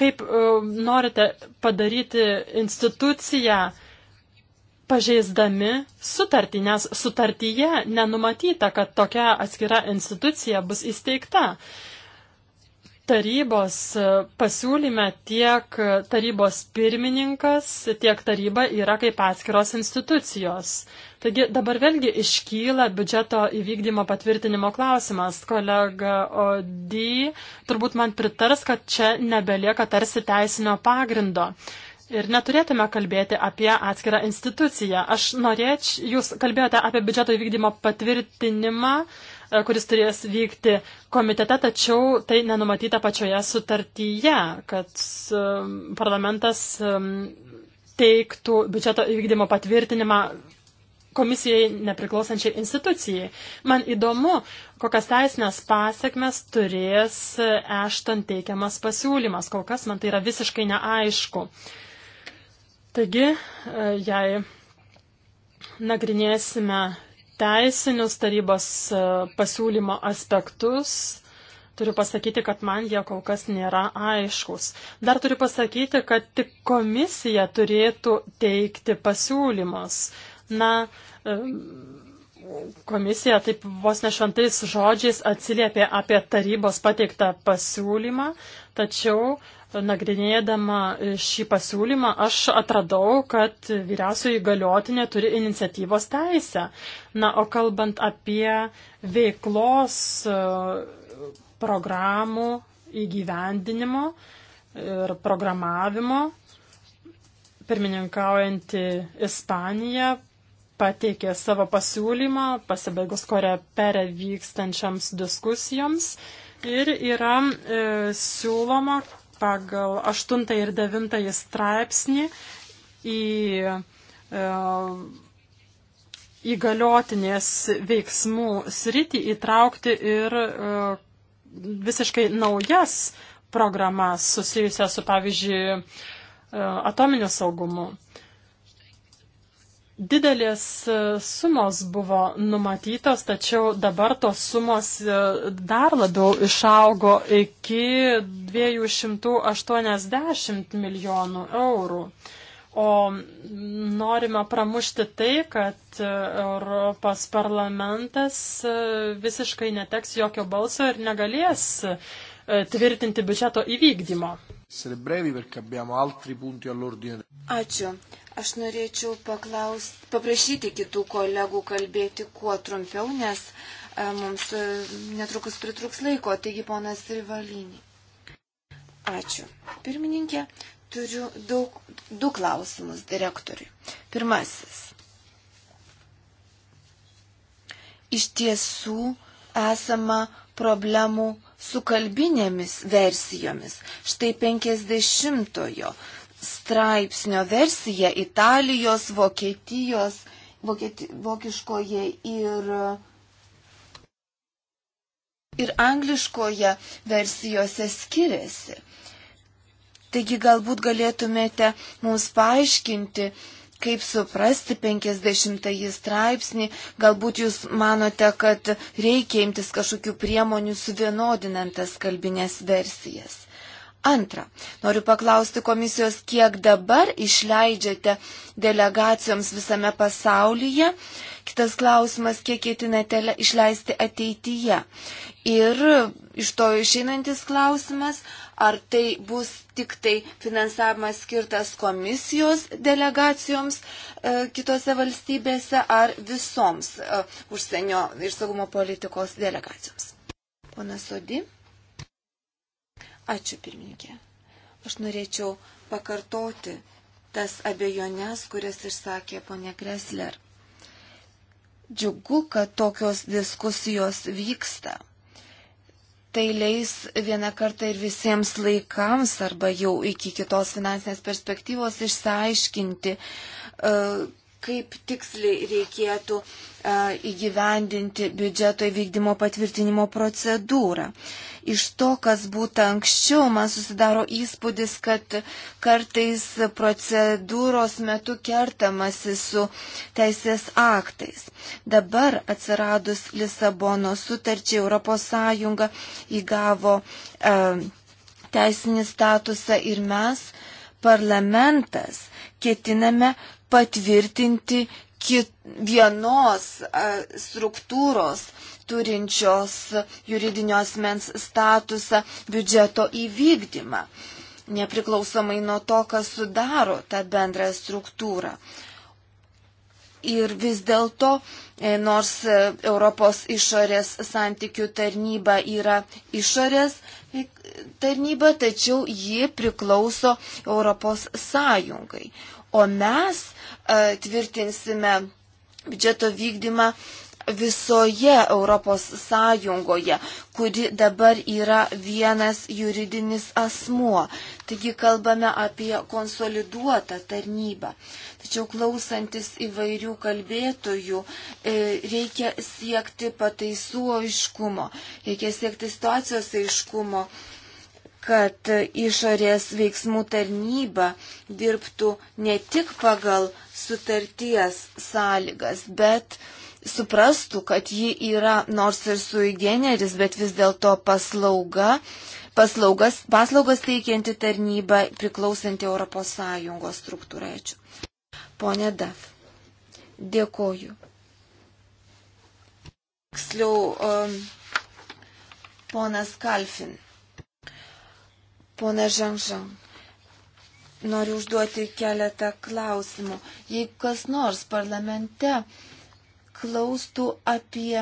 kaip uh, norite padaryti instituciją pažeisdami sutartį, nes sutartyje nenumatyta, kad tokia atskira institucija bus įsteigta. Uh, tarybos e, pasiūlyme tiek tarybos pirmininkas, tiek taryba yra kaip atskiros institucijos. Taigi dabar vėlgi iškyla biudžeto įvykdymo patvirtinimo klausimas. Kolega Odi turbūt man pritars, kad čia nebelieka tarsi teisinio pagrindo. Ir neturėtume kalbėti apie atskirą instituciją. Aš norėčiau, jūs kalbėjote apie biudžeto įvykdymo patvirtinimą. Uh, E, kuris turės vykti komitete, tačiau tai nenumatyta pačioje sutartyje, kad e, parlamentas e, teiktų biudžeto įvykdymo patvirtinimą komisijai nepriklausančiai institucijai. Man įdomu, kokias teisinės pasiekmes turės ešton teikiamas pasiūlymas. Kol kas man tai yra visiškai neaišku. Taigi, jei nagrinėsime teisinius tarybos e, pasiūlymo aspektus, turiu pasakyti, kad man jie kol kas nėra aiškus. Dar turiu pasakyti, kad tik komisija turėtų teikti pasiūlymus. Na, e, komisija taip vos nešventais žodžiais atsiliepė apie tarybos pateiktą pasiūlymą, tačiau nagrinėdama e, šį pasiūlymą, aš atradau, kad vyriausioji galiotinė turi iniciatyvos teisę. Na, o kalbant apie veiklos e, programų įgyvendinimo ir programavimo, pirmininkaujanti Ispanija pateikė savo pasiūlymą, pasibaigus korė perė vykstančiams diskusijoms ir yra e, siūloma, pagal 8 ir 9 straipsnį į e, įgaliotinės veiksmų sritį įtraukti ir e, visiškai naujas programas susijusias su, pavyzdžiui, e, atominiu saugumu. E, Didelės e, sumos buvo numatytos, tačiau dabar tos sumos e, dar labiau išaugo iki 280 milijonų eurų. O norime pramušti tai, kad e, Europos parlamentas visiškai neteks jokio balso ir negalės tvirtinti biudžeto įvykdymo. Ačiū. Aš norėčiau paklaus, paprašyti kitų kolegų kalbėti kuo trumpiau, nes e, mums e, netrukus pritruks laiko. Taigi, ponas Rivalinį. Ačiū. Pirmininkė, turiu daug, du klausimus direktoriui. Pirmasis. Iš tiesų esama problemų su kalbinėmis versijomis. Štai 50-ojo straipsnio versija Italijos, Vokietijos, Vokieti, vokiškoje ir, ir angliškoje versijose skiriasi. Taigi galbūt galėtumėte mums paaiškinti, kaip suprasti 50-ąjį straipsnį, galbūt jūs manote, kad reikia imtis kažkokių priemonių suvienodinant tas kalbinės versijas. Antra, noriu paklausti komisijos, kiek dabar išleidžiate delegacijoms visame pasaulyje. Kitas klausimas, kiek ketinate išleisti ateityje. Ir iš to išeinantis klausimas, ar tai bus tik tai finansavimas skirtas komisijos delegacijoms e, kitose valstybėse ar visoms e, užsienio ir saugumo politikos delegacijoms. Pana Sodi. Ačiū pirmininkė. Aš norėčiau pakartoti tas abejonės, kurias išsakė ponė Kresler. Džiugu, kad tokios diskusijos vyksta. Tai leis vieną kartą ir visiems laikams arba jau iki kitos finansinės perspektyvos išsiaiškinti, uh, kaip tiksliai reikėtų e, įgyvendinti biudžeto įvykdymo patvirtinimo procedūrą. Iš to, kas būtų anksčiau, man susidaro įspūdis, kad kartais procedūros metu kertamasi su teisės aktais. Dabar atsiradus Lisabono sutarčiai ES įgavo e, teisinį statusą ir mes, parlamentas, ketiname patvirtinti vienos struktūros turinčios juridinio asmens statusą biudžeto įvykdymą, nepriklausomai nuo to, kas sudaro tą bendrą struktūrą. Ir vis dėlto, e, nors e, Europos išorės santykių tarnyba yra išorės e, tarnyba, tačiau ji priklauso Europos sąjungai. O mes E, tvirtinsime biudžeto vykdymą visoje Europos Sąjungoje, kuri dabar yra vienas juridinis asmuo. Taigi kalbame apie konsoliduotą tarnybą. Tačiau klausantis įvairių kalbėtojų, e, reikia siekti pataisų aiškumo, reikia siekti situacijos aiškumo kad išorės veiksmų tarnyba dirbtų ne tik pagal sutarties sąlygas, bet suprastų, kad ji yra nors ir suigeneris, bet vis dėlto paslauga, paslaugas, paslaugas teikianti tarnyba priklausanti ES struktūrai. Ačiū. Pone Daf, dėkoju. Tiksliau, um, ponas Kalfin. Pone Žangžang, noriu užduoti keletą klausimų. Jei kas nors parlamente klaustų apie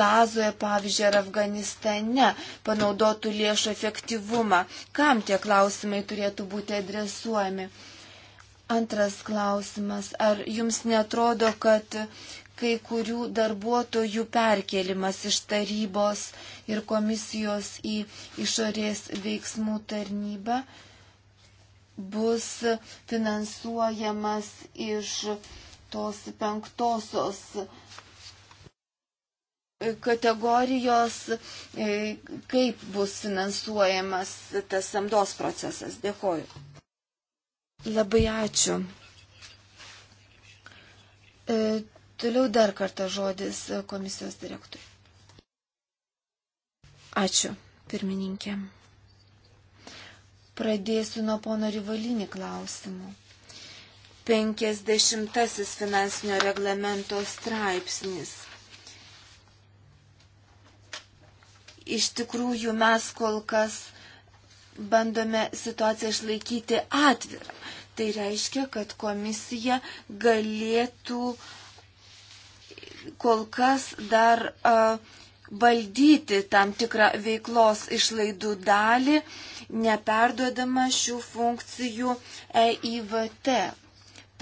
Gazoje, pavyzdžiui, ar Afganistane panaudotų lėšų efektyvumą, kam tie klausimai turėtų būti adresuojami? Antras klausimas. Ar jums netrodo, kad kai kurių darbuotojų perkelimas iš tarybos ir komisijos į išorės veiksmų tarnybą bus finansuojamas iš tos penktosios kategorijos, e, kaip bus finansuojamas tas samdos procesas. Dėkoju. Labai ačiū e, Toliau dar kartą žodis e, komisijos direktoriui. Ačiū, pirmininkė. Pradėsiu nuo pono Rivalinį klausimų. 50 finansinio reglamento straipsnis. Iš tikrųjų, mes kol kas bandome situaciją išlaikyti atvirą. Tai reiškia, kad komisija galėtų uh, kol kas dar valdyti tam tikrą veiklos išlaidų dalį, neperduodama šių funkcijų EIVT.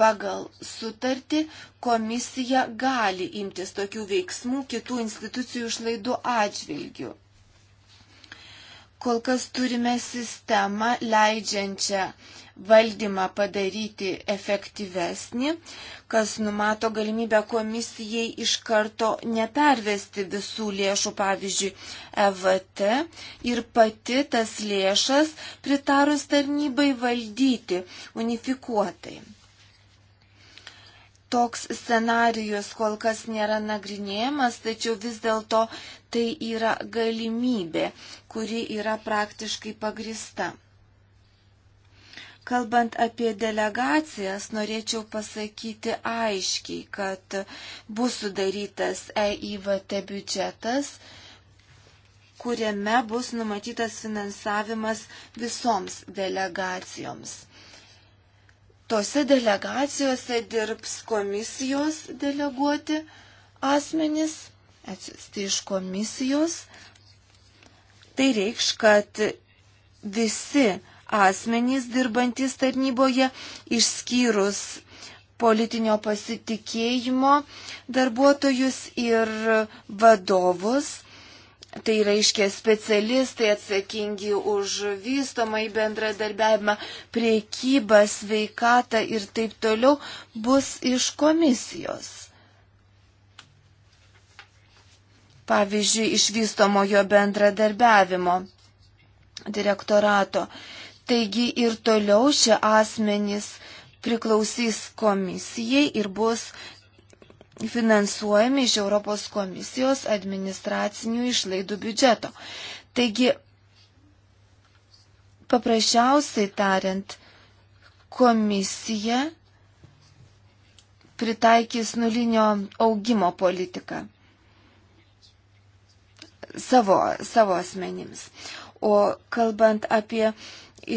Pagal sutartį komisija gali imtis tokių veiksmų kitų institucijų išlaidų atžvilgių. Kol kas turime sistemą leidžiančią valdymą padaryti efektyvesnį, kas numato galimybę komisijai iš karto nepervesti visų lėšų, pavyzdžiui, EVT ir pati tas lėšas pritarus tarnybai valdyti unifikuotai. Toks scenarijus kol kas nėra nagrinėjamas, tačiau vis dėlto tai yra galimybė, kuri yra praktiškai pagrista. Kalbant apie delegacijas, norėčiau pasakyti aiškiai, kad bus sudarytas EIVT biudžetas, kuriame bus numatytas finansavimas visoms delegacijoms. Tose delegacijose dirbs komisijos deleguoti asmenys, atsisti iš komisijos. Tai reikš, kad visi asmenys dirbantis tarnyboje, išskyrus politinio pasitikėjimo darbuotojus ir vadovus. Tai reiškia specialistai atsakingi už vystomą į bendradarbiavimą, priekybą, sveikatą ir taip toliau bus iš komisijos. Pavyzdžiui, iš vystomojo bendradarbiavimo direktorato. Taigi ir toliau šie asmenys priklausys komisijai ir bus finansuojami iš Europos komisijos administracinių išlaidų biudžeto. Taigi, paprasčiausiai tariant, komisija pritaikys nulinio augimo politiką savo, savo asmenims. O kalbant apie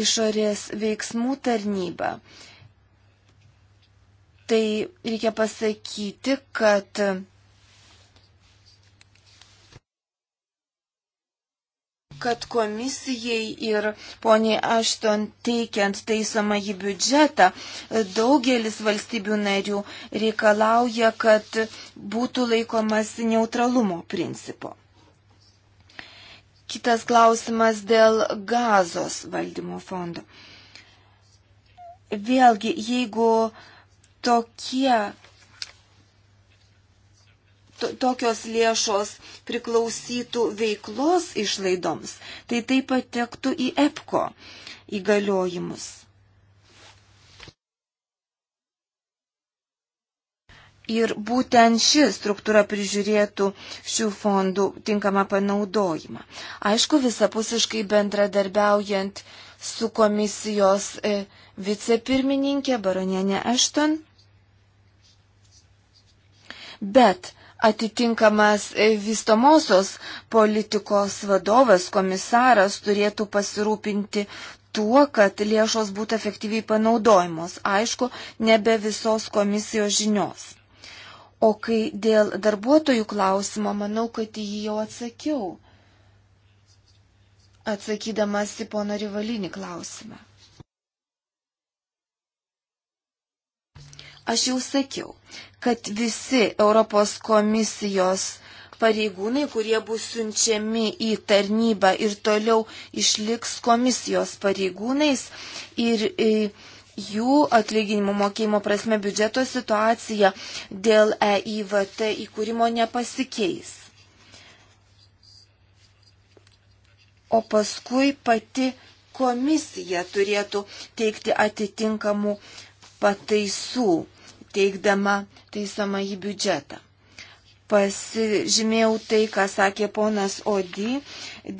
išorės veiksmų tarnybą. Tai reikia pasakyti, kad kad komisijai ir poniai Ašton teikiant taisomą į biudžetą, daugelis valstybių narių reikalauja, kad būtų laikomas neutralumo principo. Kitas klausimas dėl gazos valdymo fondo. Vėlgi, jeigu tokie, to, tokios lėšos priklausytų veiklos išlaidoms, tai tai patektų į EPCO įgaliojimus. ir būtent ši struktūra prižiūrėtų šių fondų tinkamą panaudojimą. Aišku, visapusiškai bendradarbiaujant su komisijos e, vicepirmininkė baronienė Ešton, bet atitinkamas e, vystomosios politikos vadovas, komisaras turėtų pasirūpinti tuo, kad lėšos būtų efektyviai panaudojamos, aišku, nebe visos komisijos žinios. O kai dėl darbuotojų klausimo, manau, kad jį jau atsakiau, atsakydamas į pono rivalinį klausimą. Aš jau sakiau, kad visi Europos komisijos pareigūnai, kurie bus siunčiami į tarnybą ir toliau išliks komisijos pareigūnais ir, ir e, jų atlyginimų mokėjimo prasme biudžeto situacija dėl EIVT įkūrimo nepasikeis. O paskui pati komisija turėtų teikti atitinkamų pataisų, teikdama teisamą į biudžetą. Pasižymėjau tai, ką sakė ponas Odi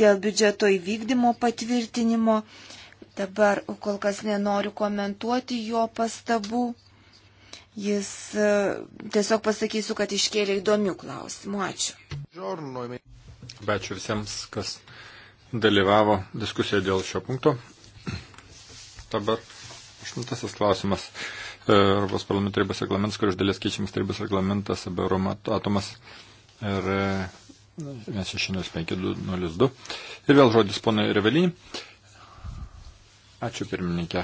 dėl biudžeto įvykdymo patvirtinimo. Dabar kol kas nenoriu komentuoti jo pastabų. Jis e, tiesiog pasakysiu, kad iškėlė įdomių klausimų. Ačiū. Ačiū visiems, kas dalyvavo diskusijoje dėl šio punkto. Dabar aštuntasis klausimas. E, Europos parlamento tarybos reglamentas, kur iš dalies keičiamas tarybos reglamentas apie Romo atomas ir 1652. E, ir vėl žodis ponai Revelinį. Ačiū pirmininkė.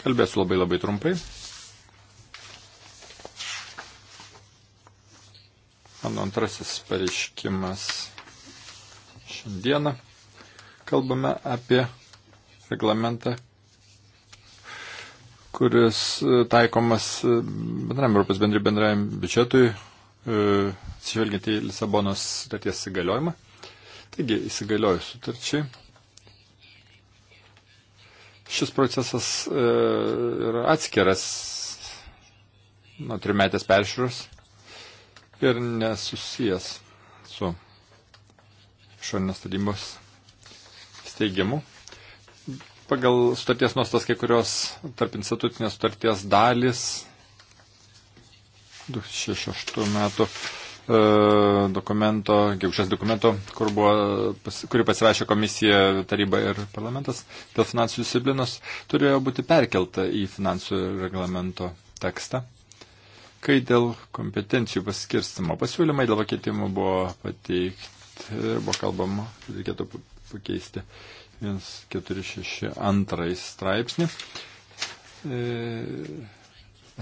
Kalbėsiu labai labai trumpai. Mano antrasis pareiškimas šiandieną. Kalbame apie reglamentą, kuris e, taikomas e, bendram Europos bendri bendrajam biudžetui, e, atsižvelgiant į Lisabonos sutarties įgaliojimą. Taigi, įsigaliojus sutarčiai, Šis procesas e, yra atskiras nuo trimetės peržiūros ir nesusijęs su šoninės tarybos steigimu. Pagal sutarties nuostas kai kurios tarp institucinės sutarties dalis 268 metų E, dokumento, gegužės dokumento, kur buvo, kurį pasirašė komisija, taryba ir parlamentas dėl finansų disciplinos, turėjo būti perkelta į finansų reglamento tekstą. Kai dėl kompetencijų paskirstimo pasiūlymai dėl pakeitimų buvo pateikti, buvo kalbama, reikėtų pakeisti 1462 straipsnį. E,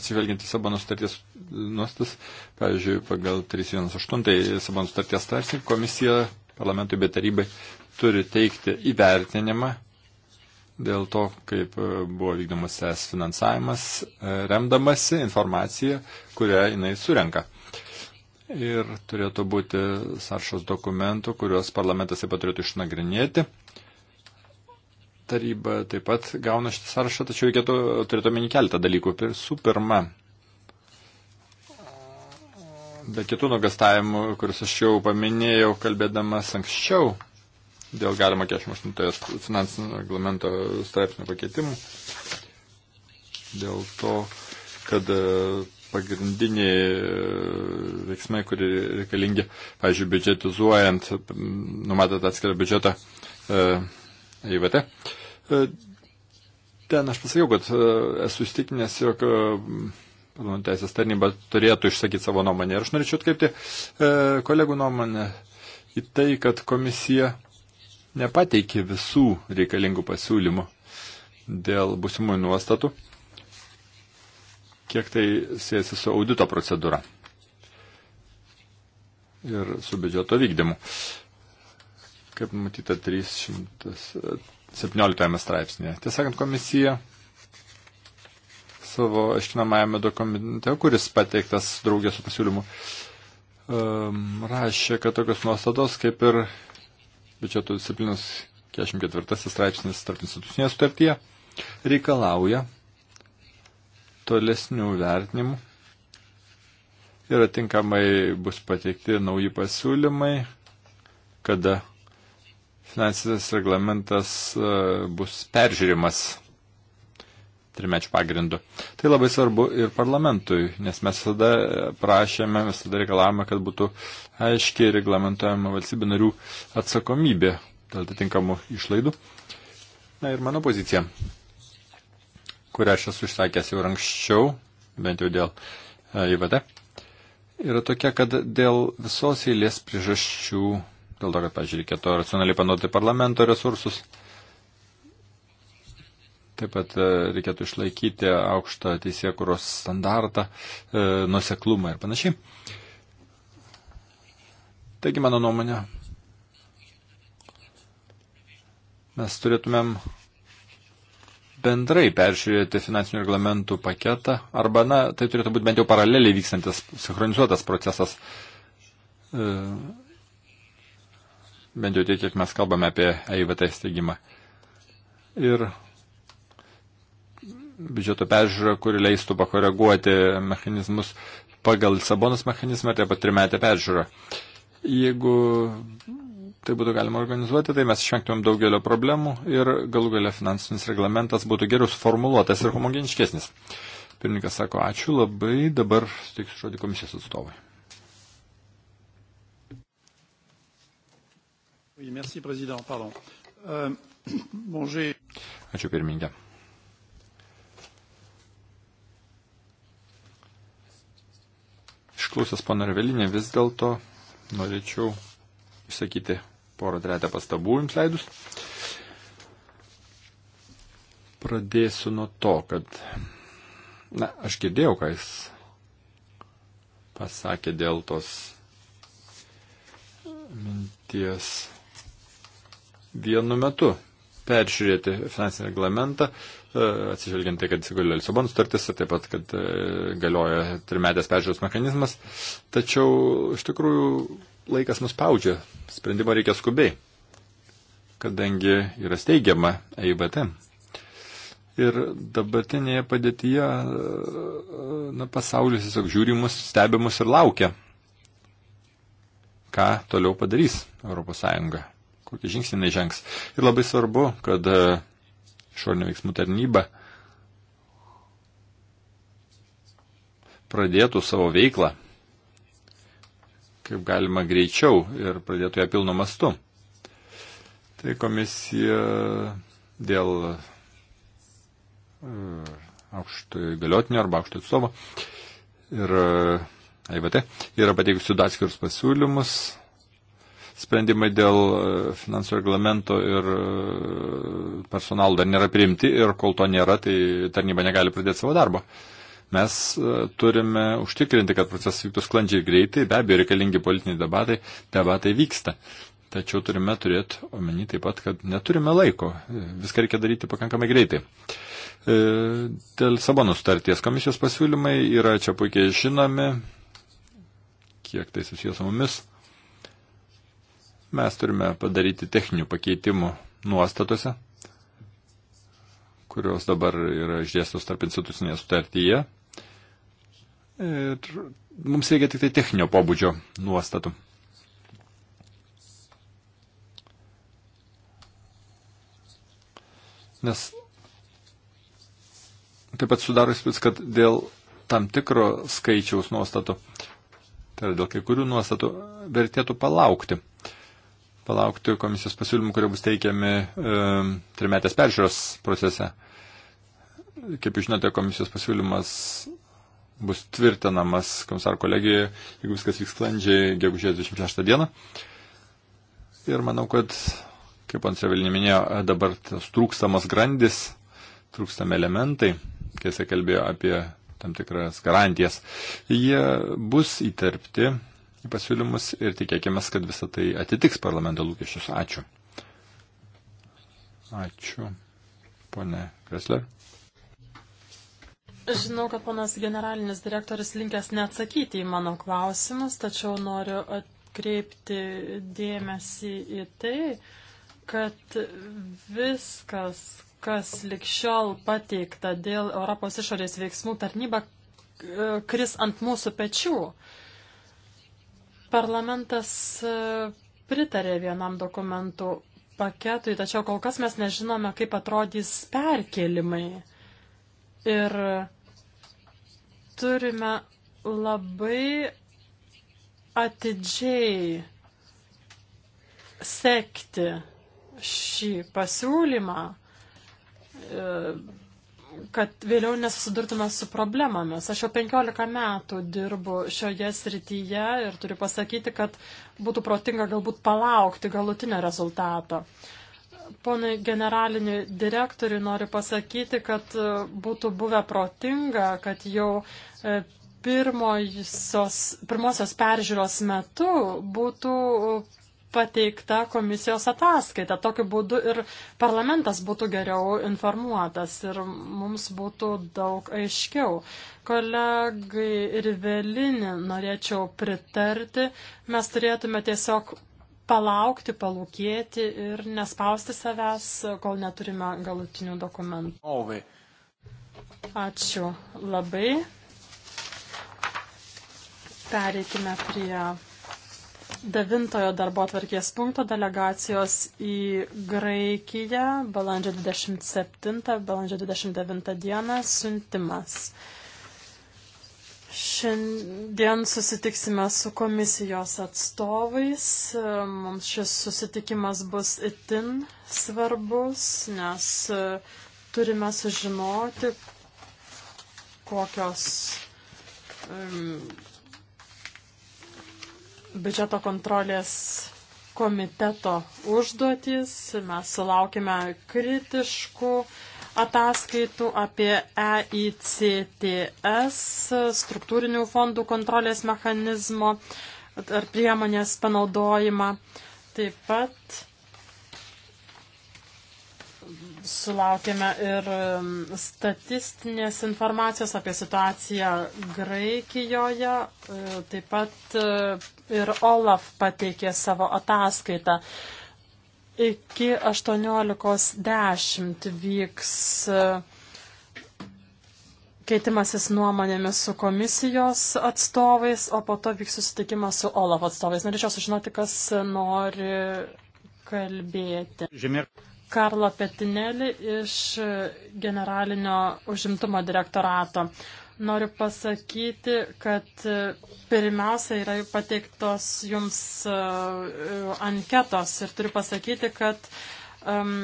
atsivelgiant į Sabono starties nuostas, pavyzdžiui, pagal 318 Sabono starties straipsnį komisija parlamentui bei tarybai turi teikti įvertinimą dėl to, kaip e, buvo vykdomas es finansavimas, e, remdamasi informacija, kurią jinai surenka. Ir turėtų būti saršos dokumentų, kuriuos parlamentas taip pat turėtų išnagrinėti taryba taip pat gauna šitą sąrašą, tačiau reikėtų turėti omeny keletą dalykų. Visų pirma, be kitų nugastavimų, kuris aš jau paminėjau kalbėdamas anksčiau dėl galima 48 finansinio reglamento straipsnio pakeitimų, dėl to, kad e, pagrindiniai e, veiksmai, kurie reikalingi, pavyzdžiui, biudžetizuojant, numatant atskirą biudžetą e, IVT, e, E, ten aš pasakiau, kad e, esu įstikinęs, jog nu, teisės tarnyba turėtų išsakyti savo nuomonę. Ir aš norėčiau atkreipti e, kolegų nuomonę į tai, kad komisija nepateikė visų reikalingų pasiūlymų dėl busimų nuostatų, kiek tai siejasi su audito procedūra ir su biudžeto vykdymu. Kaip matyta, 300, 17 straipsnėje. Tiesąkant, komisija savo aiškinamajame dokumente, kuris pateiktas draugės su pasiūlymu, um, rašė, kad tokios nuostatos kaip ir biudžeto disciplinos 44 straipsnis tarp institucinėje sutartyje reikalauja tolesnių vertinimų ir atinkamai bus pateikti nauji pasiūlymai, kada finansinis reglamentas e, bus peržiūrimas trimečių pagrindų. Tai labai svarbu ir parlamentui, nes mes tada prašėme, mes tada reikalavome, kad būtų aiškiai reglamentojama valstybė narių atsakomybė dėl atitinkamų išlaidų. Na ir mano pozicija, kurią aš esu išsakęs jau anksčiau, bent jau dėl e, IVD, yra tokia, kad dėl visos eilės priežasčių dėl to, kad, pažiūrėjau, reikėtų racionaliai panaudoti parlamento resursus. Taip pat e, reikėtų išlaikyti aukštą teisėkuros standartą, e, nuseklumą ir panašiai. Taigi, mano nuomonė, mes turėtumėm bendrai peržiūrėti finansinių reglamentų paketą, arba, na, tai turėtų būti bent jau paraleliai vykstantis, sinchronizuotas procesas. E, bent jau tiek, kiek mes kalbame apie EIVT steigimą. Ir biudžeto peržiūrą, kuri leistų pakoreguoti mechanizmus pagal Lisabonos mechanizmą, taip pat trimetę peržiūrą. Jeigu tai būtų galima organizuoti, tai mes išvengtumėm daugelio problemų ir galų galę finansinis reglamentas būtų geriau suformuluotas ir homogeniškesnis. Pirmininkas sako, ačiū labai, dabar teiksiu žodį komisijos atstovai. Oui, merci, prezident, pardon. Uh, bon, Ačiū pirmininkė. Išklausęs pana Revelinė, vis dėlto norėčiau išsakyti porą tretę pastabų jums leidus. Pradėsiu nuo to, kad, na, aš girdėjau, ką jis pasakė dėl tos minties vienu metu peržiūrėti finansinį reglamentą, e, atsižvelgiant tai, kad įsigaliojo Lisabono sutartis, taip pat, kad e, galioja trimetės peržiūros mechanizmas. Tačiau iš tikrųjų laikas nuspaudžia, sprendimo reikia skubiai, kadangi yra steigiama EIBT. Ir dabartinėje padėtyje e, na, pasaulis tiesiog žiūrimus, stebimus ir laukia, ką toliau padarys ES kokį žingsnį jinai žengs. Ir labai svarbu, kad e, išorinė veiksmų tarnyba pradėtų savo veiklą kaip galima greičiau ir pradėtų ją pilno mastu. Tai komisija dėl e, aukštojo įgaliotinio arba aukštojo atstovo ir e, AIVT yra pateikusi du atskirus pasiūlymus sprendimai dėl e, finansų reglamento ir e, personalo dar nėra priimti ir kol to nėra, tai tarnyba negali pradėti savo darbo. Mes e, turime užtikrinti, kad procesas vyktų sklandžiai ir greitai, be abejo reikalingi politiniai debatai, debatai vyksta. Tačiau turime turėti omeny taip pat, kad neturime laiko, viską reikia daryti pakankamai greitai. Dėl Sabono sutarties komisijos pasiūlymai yra čia puikiai žinomi, kiek tai susijęs su mumis Mes turime padaryti techninių pakeitimų nuostatose, kurios dabar yra išdėstos tarp institucinėje sutartyje. Ir mums reikia tik tai techninio pobūdžio nuostatų. Nes taip pat sudaro įspūdis, kad dėl tam tikro skaičiaus nuostatų, tai yra dėl kai kurių nuostatų, vertėtų palaukti palaukti komisijos pasiūlymų, kurie bus teikiami e, trimetės peržiūros procese. Kaip žinote, komisijos pasiūlymas bus tvirtinamas komisar kolegijoje, jeigu viskas vyks sklandžiai, gegužės 26 dieną. Ir manau, kad, kaip ant Sevelinė minėjo, dabar tas trūkstamas grandis, trūkstami elementai, kai jisai kalbėjo apie tam tikras garantijas, jie bus įterpti į pasiūlymus ir tikėkime, kad visą tai atitiks parlamento lūkesčius. Ačiū. Ačiū, ponė Kresler. Žinau, kad ponas generalinis direktoris linkęs neatsakyti į mano klausimus, tačiau noriu atkreipti dėmesį į tai, kad viskas, kas likščiol pateikta dėl Europos išorės veiksmų tarnyba, kris ant mūsų pečių. Parlamentas e, pritarė vienam dokumentų paketui, tačiau kol kas mes nežinome, kaip atrodys perkelimai. Ir turime labai atidžiai sekti šį pasiūlymą, e, kad vėliau nesusidurtume su problemomis. Aš jau 15 metų dirbu šioje srityje ir turiu pasakyti, kad būtų protinga galbūt palaukti galutinio rezultato. Ponai generaliniui direktoriui noriu pasakyti, kad e, būtų buvę protinga, kad jau e, pirmosios, pirmosios peržiūros metu būtų pateikta komisijos ataskaita. Tokiu būdu ir parlamentas būtų geriau informuotas ir mums būtų daug aiškiau. Kolegai ir vėlinį norėčiau pritarti. Mes turėtume tiesiog palaukti, palūkėti ir nespausti savęs, kol neturime galutinių dokumentų. Ačiū labai. Pereikime prie devintojo darbo atvarkės punkto delegacijos į Graikiją balandžio 27, balandžio 29 dieną siuntimas. Šiandien susitiksime su komisijos atstovais. Mums šis susitikimas bus itin svarbus, nes turime sužinoti, kokios biudžeto kontrolės komiteto užduotys. Mes sulaukime kritiškų ataskaitų apie EICTS, struktūrinių fondų kontrolės mechanizmo ar priemonės panaudojimą. Taip pat sulaukėme ir um, statistinės informacijos apie situaciją Graikijoje, uh, taip pat uh, ir Olaf pateikė savo ataskaitą. Iki 18.10 vyks uh, keitimasis nuomonėmis su komisijos atstovais, o po to vyks susitikimas su Olaf atstovais. Norėčiau sužinoti, kas nori kalbėti. Žemė. Karlo Petinelį iš generalinio užimtumo direktorato. Noriu pasakyti, kad pirmiausia yra pateiktos jums uh, anketos ir turiu pasakyti, kad um,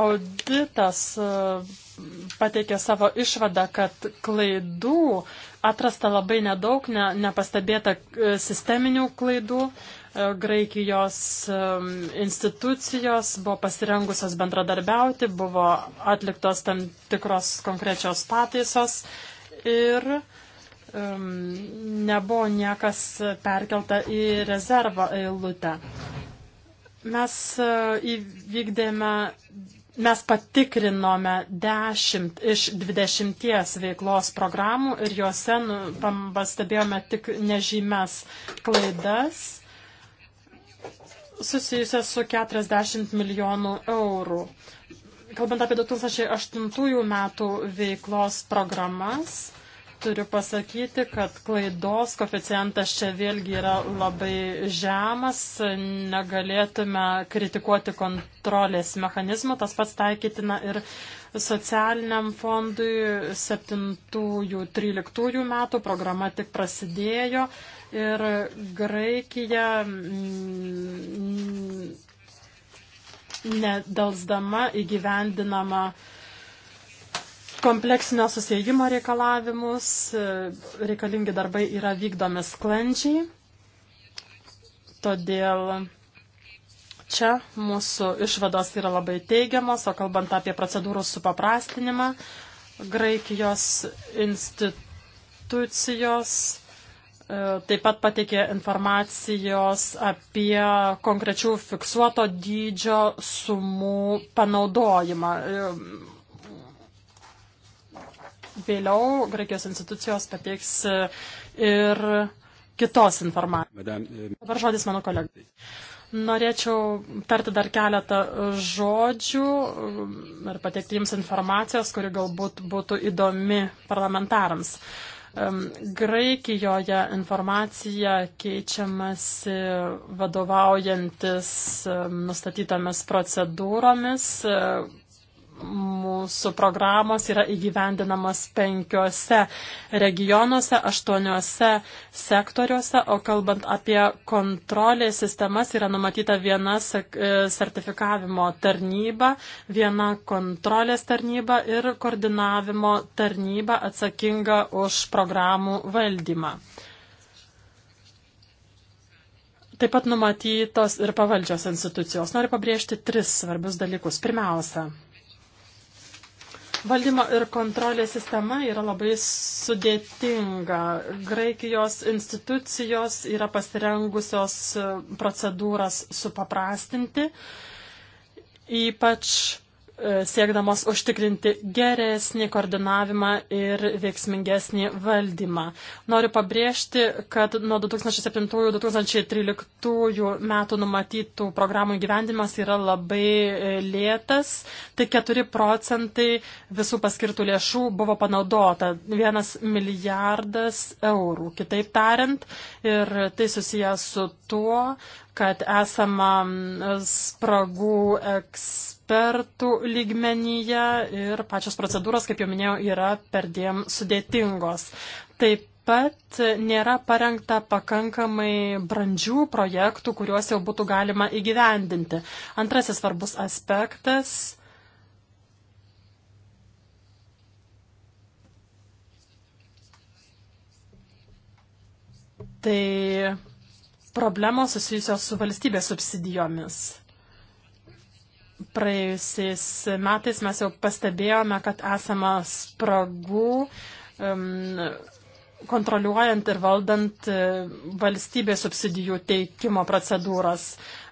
auditas uh, pateikė savo išvadą, kad klaidų atrasta labai nedaug, ne, nepastebėta uh, sisteminių klaidų. Uh, E, Graikijos e, institucijos buvo pasirengusios bendradarbiauti, buvo atliktos tam tikros konkrečios pataisos ir nebuvo niekas perkelta į rezervą eilutę. Mes e, įvykdėme, mes patikrinome 10 iš 20 veiklos programų ir juose nu, pastebėjome tik nežymes klaidas susijusias su 40 milijonų eurų. Kalbant apie 2008 metų veiklos programas, turiu pasakyti, kad klaidos koficijantas čia vėlgi yra labai žemas, negalėtume kritikuoti kontrolės mechanizmų, tas pats taikytina ir socialiniam fondui 7-13 metų programa tik prasidėjo, ir Graikija mm, nedalsdama įgyvendinama kompleksinio susijimo reikalavimus, reikalingi darbai yra vykdomi sklandžiai, todėl čia mūsų išvados yra labai teigiamos, o kalbant apie procedūrų supaprastinimą, Graikijos institucijos E, taip pat pateikė informacijos apie konkrečių fiksuoto dydžio sumų panaudojimą. E, vėliau Graikijos institucijos pateiks e, ir kitos informacijos. Dabar žodis mano kolegai. Norėčiau tarti dar keletą žodžių ir pateikti jums informacijos, kuri galbūt būtų įdomi parlamentarams. Uh, Graikijoje informacija keičiamasi vadovaujantis nustatytomis procedūromis, mūsų programos yra įgyvendinamas penkiose regionuose, aštuoniuose sektoriuose, o kalbant apie kontrolės sistemas yra numatyta viena e, sertifikavimo tarnyba, viena kontrolės tarnyba ir koordinavimo tarnyba atsakinga už programų valdymą. Taip pat numatytos ir pavaldžios institucijos. Noriu pabrėžti tris svarbius dalykus. Pirmiausia, Valdymo ir kontrolės sistema yra labai sudėtinga. Graikijos institucijos yra pasirengusios procedūras supaprastinti, ypač E, siekdamas užtikrinti geresnį koordinavimą ir veiksmingesnį valdymą. Noriu pabrėžti, kad nuo 2007-2013 metų numatytų programų įgyvendimas yra labai e, lėtas, tik 4 procentai visų paskirtų lėšų buvo panaudota, 1 milijardas eurų. Kitaip tariant, ir tai susijęs su tuo, kad esama spragų ekspertų lygmenyje ir pačios procedūros, kaip jau minėjau, yra perdėm sudėtingos. Taip pat nėra parengta pakankamai brandžių projektų, kuriuos jau būtų galima įgyvendinti. Antrasis svarbus aspektas. Tai problemos susijusios su valstybės subsidijomis. Praėjusiais metais mes jau pastebėjome, kad esama spragų um, kontroliuojant ir valdant e, valstybės subsidijų teikimo procedūras.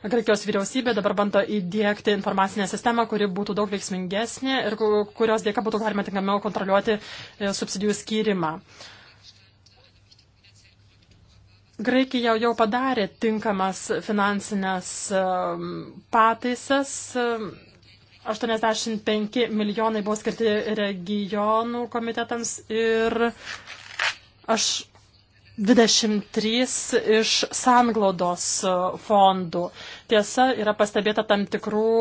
Graikijos vyriausybė dabar bando įdėkti informacinę sistemą, kuri būtų daug veiksmingesnė ir kurios dėka būtų galima tinkamiau kontroliuoti e, subsidijų skyrimą. Uh, Graikija jau padarė tinkamas finansinės um, pataisas. 85 milijonai buvo skirti regionų komitetams ir aš 23 iš sanglaudos uh, fondų. Tiesa, yra pastebėta tam tikrų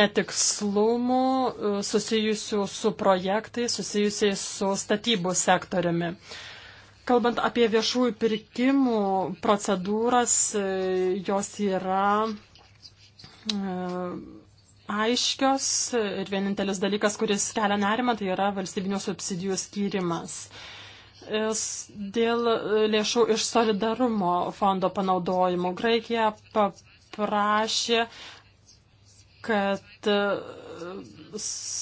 netikslumų uh, susijusių su projektais, susijusiais su statybų sektoriumi. Uh, Kalbant apie viešųjų pirkimų procedūras, e, jos yra e, aiškios ir vienintelis dalykas, kuris kelia nerimą, tai yra valstybinio subsidijų skyrimas. E, dėl lėšų iš solidarumo fondo panaudojimo Graikija paprašė, kad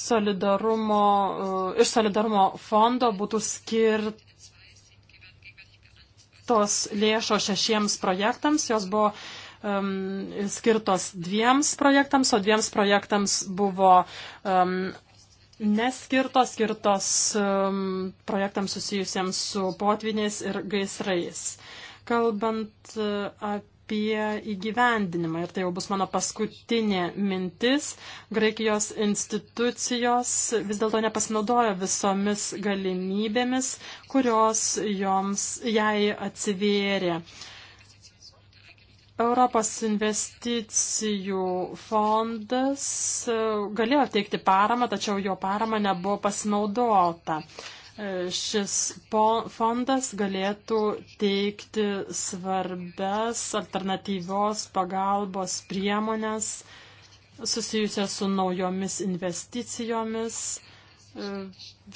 solidarumo, iš solidarumo fondo būtų skirt skirtos lėšos šešiems projektams, jos buvo um, skirtos dviems projektams, o dviems projektams buvo um, neskirtos, skirtos um, projektams susijusiems su potviniais ir gaisrais. Kalbant apie uh, apie įgyvendinimą. Ir tai jau bus mano paskutinė mintis. Graikijos institucijos vis dėlto nepasinaudojo visomis galimybėmis, kurios joms jai atsivėrė. Europos investicijų fondas uh, galėjo teikti paramą, tačiau jo parama nebuvo pasinaudota šis fondas galėtų teikti svarbias alternatyvios pagalbos priemonės susijusias su naujomis investicijomis, e,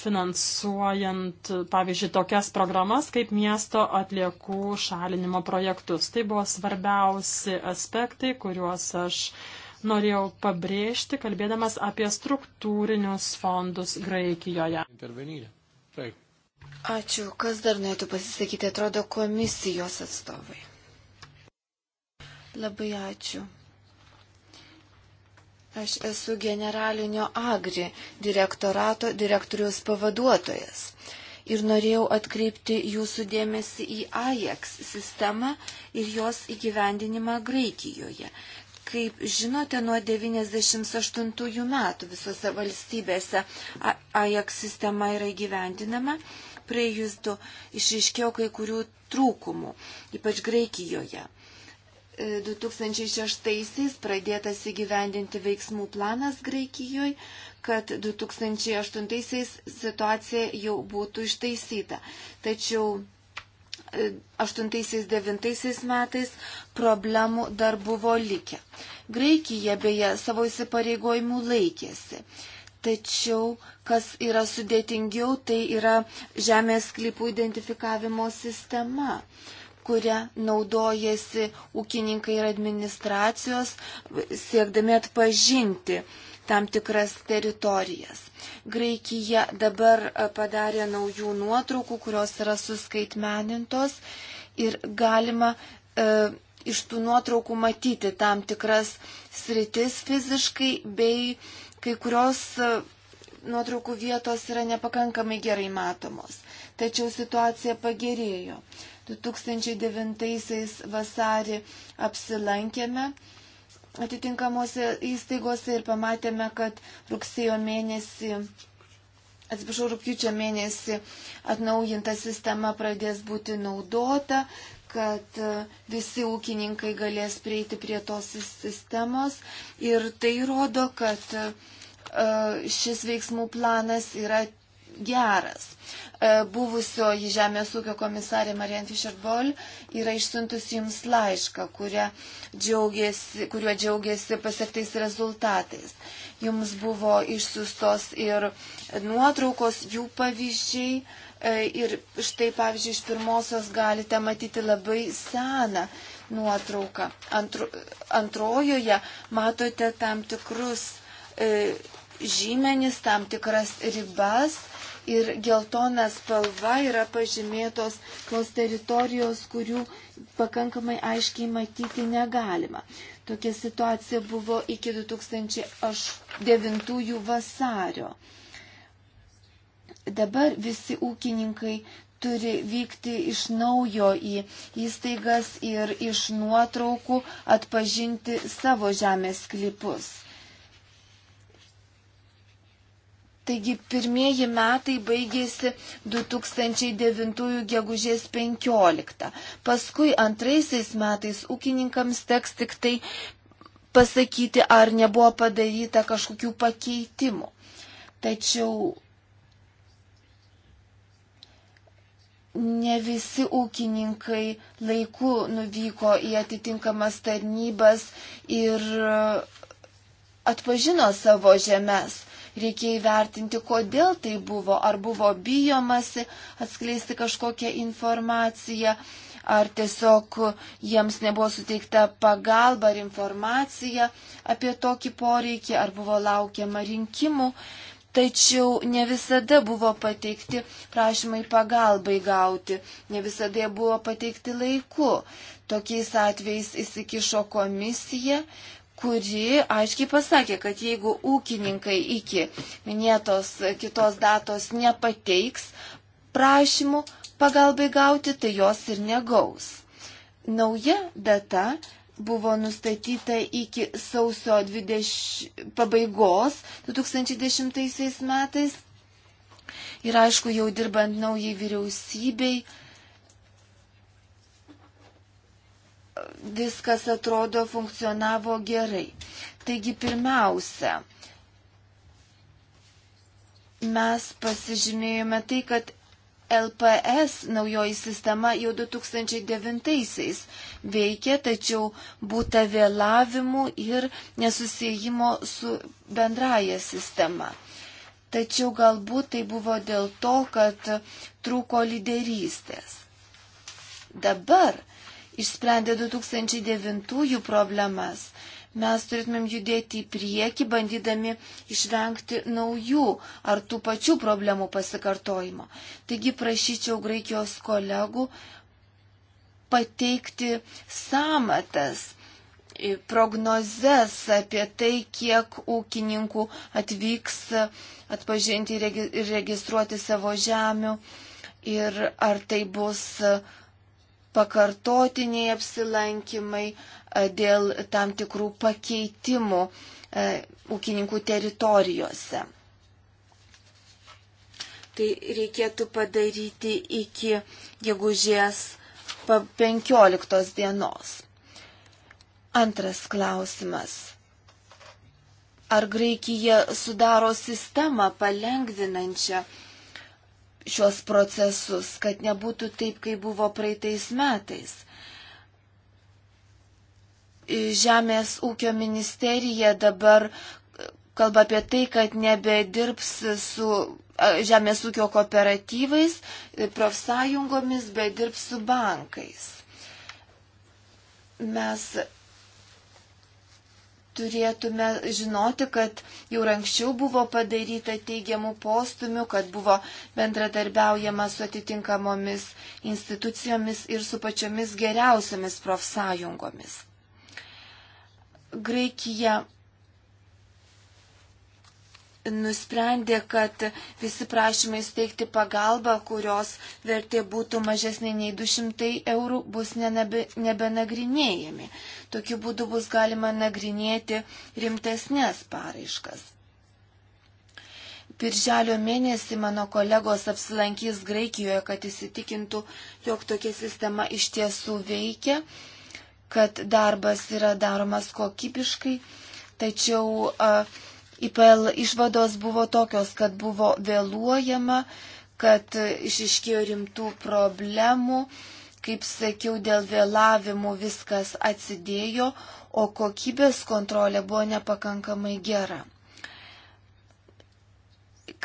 finansuojant, pavyzdžiui, tokias programas kaip miesto atliekų šalinimo projektus. Tai buvo svarbiausi aspektai, kuriuos aš norėjau pabrėžti, kalbėdamas apie struktūrinius fondus Graikijoje. Intervenyrė. Taip. Ačiū. Kas dar norėtų pasisakyti, atrodo, komisijos atstovai. Labai ačiū. Aš esu generalinio Agri direktorato direktoriaus pavaduotojas. Ir norėjau atkreipti jūsų dėmesį į AJAX sistemą ir jos įgyvendinimą Graikijoje. Kaip žinote, nuo 1998 metų visose valstybėse AJAX sistema yra įgyvendinama. Praėjus du išriškėjo kai kurių trūkumų, ypač Graikijoje. 2006-aisiais e, pradėtas įgyvendinti veiksmų planas Graikijoje, kad 2008-aisiais situacija jau būtų ištaisyta. Tačiau 8-9 metais problemų dar buvo likę. Graikija beje savo įsipareigojimų laikėsi. Tačiau, kas yra sudėtingiau, tai yra žemės klipų identifikavimo sistema kurią naudojasi ūkininkai ir administracijos, siekdami atpažinti tam tikras teritorijas. Graikija dabar e, padarė naujų nuotraukų, kurios yra suskaitmenintos ir galima e, iš tų nuotraukų matyti tam tikras sritis fiziškai bei kai kurios e, nuotraukų vietos yra nepakankamai gerai matomos. Tačiau situacija pagerėjo. 2009 vasarį apsilankėme atitinkamuose įstaigose ir pamatėme, kad rugsėjo mėnesį, atsiprašau, rūpjūčio mėnesį atnaujinta sistema pradės būti naudota, kad e, visi ūkininkai galės prieiti prie tos sistemos ir tai rodo, kad e, šis veiksmų planas yra geras. E, buvusioji Žemės ūkio komisarė Marian Fischer-Boll yra išsiuntusi jums laišką, džiaugiasi, kuriuo džiaugiasi pasiektais rezultatais. Jums buvo išsiustos ir nuotraukos, jų pavyzdžiai. E, ir štai, pavyzdžiui, iš pirmosios galite matyti labai seną nuotrauką. Antro, antrojoje matote tam tikrus e, žymenis, tam tikras ribas ir geltona spalva yra pažymėtos tos teritorijos, kurių pakankamai aiškiai matyti negalima. Tokia situacija buvo iki 2009 vasario. Dabar visi ūkininkai turi vykti iš naujo į įstaigas ir iš nuotraukų atpažinti savo žemės klipus. Taigi pirmieji metai baigėsi 2009 gegužės 15. Paskui antraisiais metais ūkininkams teks tik tai pasakyti, ar nebuvo padaryta kažkokių pakeitimų. Tačiau ne visi ūkininkai laiku nuvyko į atitinkamas tarnybas ir atpažino savo žemės. Reikia įvertinti, kodėl tai buvo. Ar buvo bijomasi atskleisti kažkokią informaciją, ar tiesiog jiems nebuvo suteikta pagalba ar informacija apie tokį poreikį, ar buvo laukiama rinkimų. Tačiau ne visada buvo pateikti prašymai pagalbai gauti, ne visada jie buvo pateikti laiku. Tokiais atvejais įsikišo komisija, kuri aiškiai pasakė, kad jeigu ūkininkai iki minėtos kitos datos nepateiks prašymų pagalbai gauti, tai jos ir negaus. Nauja data buvo nustatyta iki sausio 20, pabaigos 2010 metais. Ir aišku, jau dirbant naujai vyriausybei, viskas atrodo funkcionavo gerai. Taigi pirmiausia, mes pasižymėjome tai, kad LPS naujoji sistema jau 2009-aisiais veikė, tačiau būta vėlavimų ir nesusijimo su bendraja sistema. Tačiau galbūt tai buvo dėl to, kad trūko lyderystės. Dabar išsprendė 2009 problemas. Mes turėtumėm judėti į priekį, bandydami išvengti naujų ar tų pačių problemų pasikartojimo. Taigi prašyčiau Graikijos kolegų pateikti samatas prognozes apie tai, kiek ūkininkų atvyks atpažinti ir registruoti savo žemių ir ar tai bus pakartotiniai apsilankimai e, dėl tam tikrų pakeitimų e, ūkininkų teritorijose. Tai reikėtų padaryti iki gegužės 15 dienos. Antras klausimas. Ar Graikija sudaro sistemą palengvinančią šios procesus, kad nebūtų taip, kaip buvo praeitais metais. Žemės ūkio ministerija dabar kalba apie tai, kad nebedirbs su žemės ūkio kooperatyvais, profsąjungomis, bet dirbs su bankais. Mes turėtume žinoti, kad jau anksčiau buvo padaryta teigiamų postumių, kad buvo bendradarbiaujama su atitinkamomis institucijomis ir su pačiomis geriausiamis profsąjungomis. Graikija nusprendė, kad visi prašymai steigti pagalbą, kurios vertė būtų mažesnė nei 200 eurų, bus nebenagrinėjami. Tokiu būdu bus galima nagrinėti rimtesnės paraiškas. Birželio mėnesį mano kolegos apsilankys Graikijoje, kad įsitikintų, jog tokia sistema iš tiesų veikia, kad darbas yra daromas kokybiškai, tačiau uh, IPL išvados buvo tokios, kad buvo vėluojama, kad išiškėjo rimtų problemų, kaip sakiau, dėl vėlavimų viskas atsidėjo, o kokybės kontrolė buvo nepakankamai gera.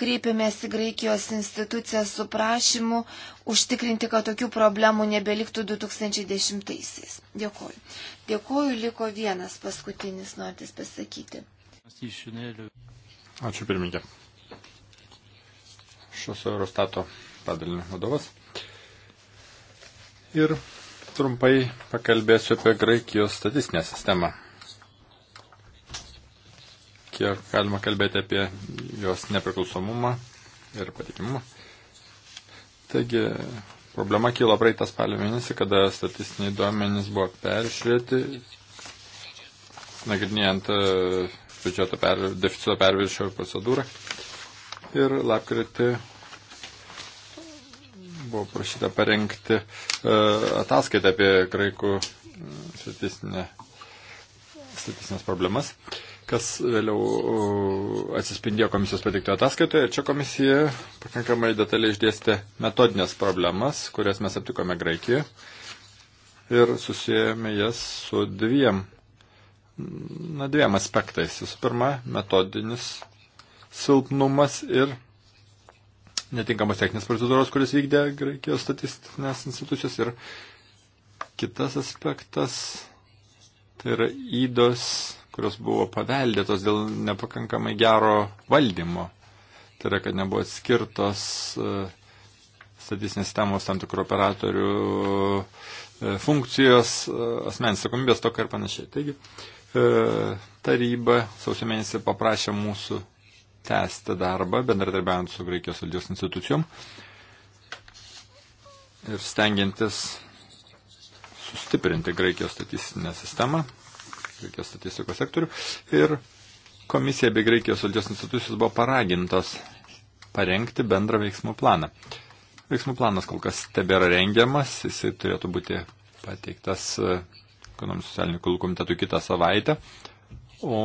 Kreipėmės į Graikijos instituciją su prašymu užtikrinti, kad tokių problemų nebeliktų 2010-aisiais. Dėkoju. Dėkoju, liko vienas paskutinis norintis pasakyti. Ačiū pirmininkė. Aš esu Eurostato padalinio vadovas. Ir trumpai pakalbėsiu apie Graikijos statistinę sistemą. Kiek galima kalbėti apie jos nepriklausomumą ir patikimumą. Taigi, problema kilo praeitą spalio mėnesį, kada statistiniai duomenys buvo peržiūrėti, nagrinėjant biudžeto per, deficito perviršio procedūrą. Ir lapkritį buvo prašyta parengti e, ataskaitą apie graikų statistinę, statistinės problemas, kas vėliau atsispindėjo komisijos pateiktoje ataskaitoje. Čia komisija pakankamai detaliai išdėstė metodinės problemas, kurias mes aptikome Graikijoje ir susijęme jas su dviem na, dviem aspektais. Visų pirma, metodinis silpnumas ir netinkamas techninės procedūros, kuris vykdė Graikijos statistinės institucijos. Ir kitas aspektas, tai yra įdos, kurios buvo paveldėtos dėl nepakankamai gero valdymo. Tai yra, kad nebuvo atskirtos e, statistinės sistemos tam tikrų operatorių e, funkcijos, e, asmens atsakomybės tokia ir panašiai. Taigi, uh, E, taryba sausio mėnesį paprašė mūsų tęsti darbą, bendradarbiaujant su Graikijos valdžios institucijom ir stengiantis sustiprinti Graikijos statistinę sistemą, Graikijos statistikos sektorių. Ir komisija bei Graikijos valdžios institucijos buvo paragintos parengti bendrą veiksmų planą. Veiksmų planas kol kas tebėra rengiamas, jisai turėtų būti pateiktas ekonominių socialinių kalų komitetų kitą savaitę, o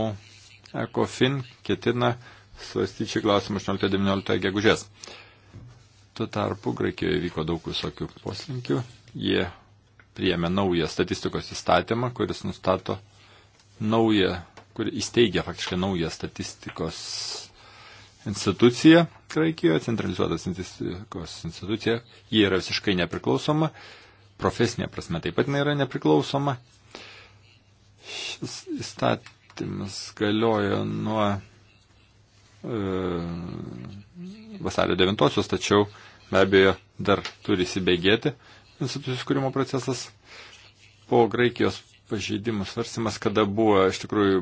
ECOFIN ketina svarstyti šį klausimą 18-19 gegužės. Tuo tarpu Graikijoje vyko daug visokių poslinkių. Jie priėmė naują statistikos įstatymą, kuris nustato naują, kuri įsteigia faktiškai naują statistikos instituciją Graikijoje, centralizuotas statistikos institucija. Ji yra visiškai nepriklausoma, profesinė prasme taip pat nėra nepriklausoma Šis įstatymas galioja nuo e, vasario 9-osios, tačiau be abejo dar turi įsibėgėti institucijos kūrimo procesas. Po Graikijos pažeidimų svarstymas, kada buvo iš tikrųjų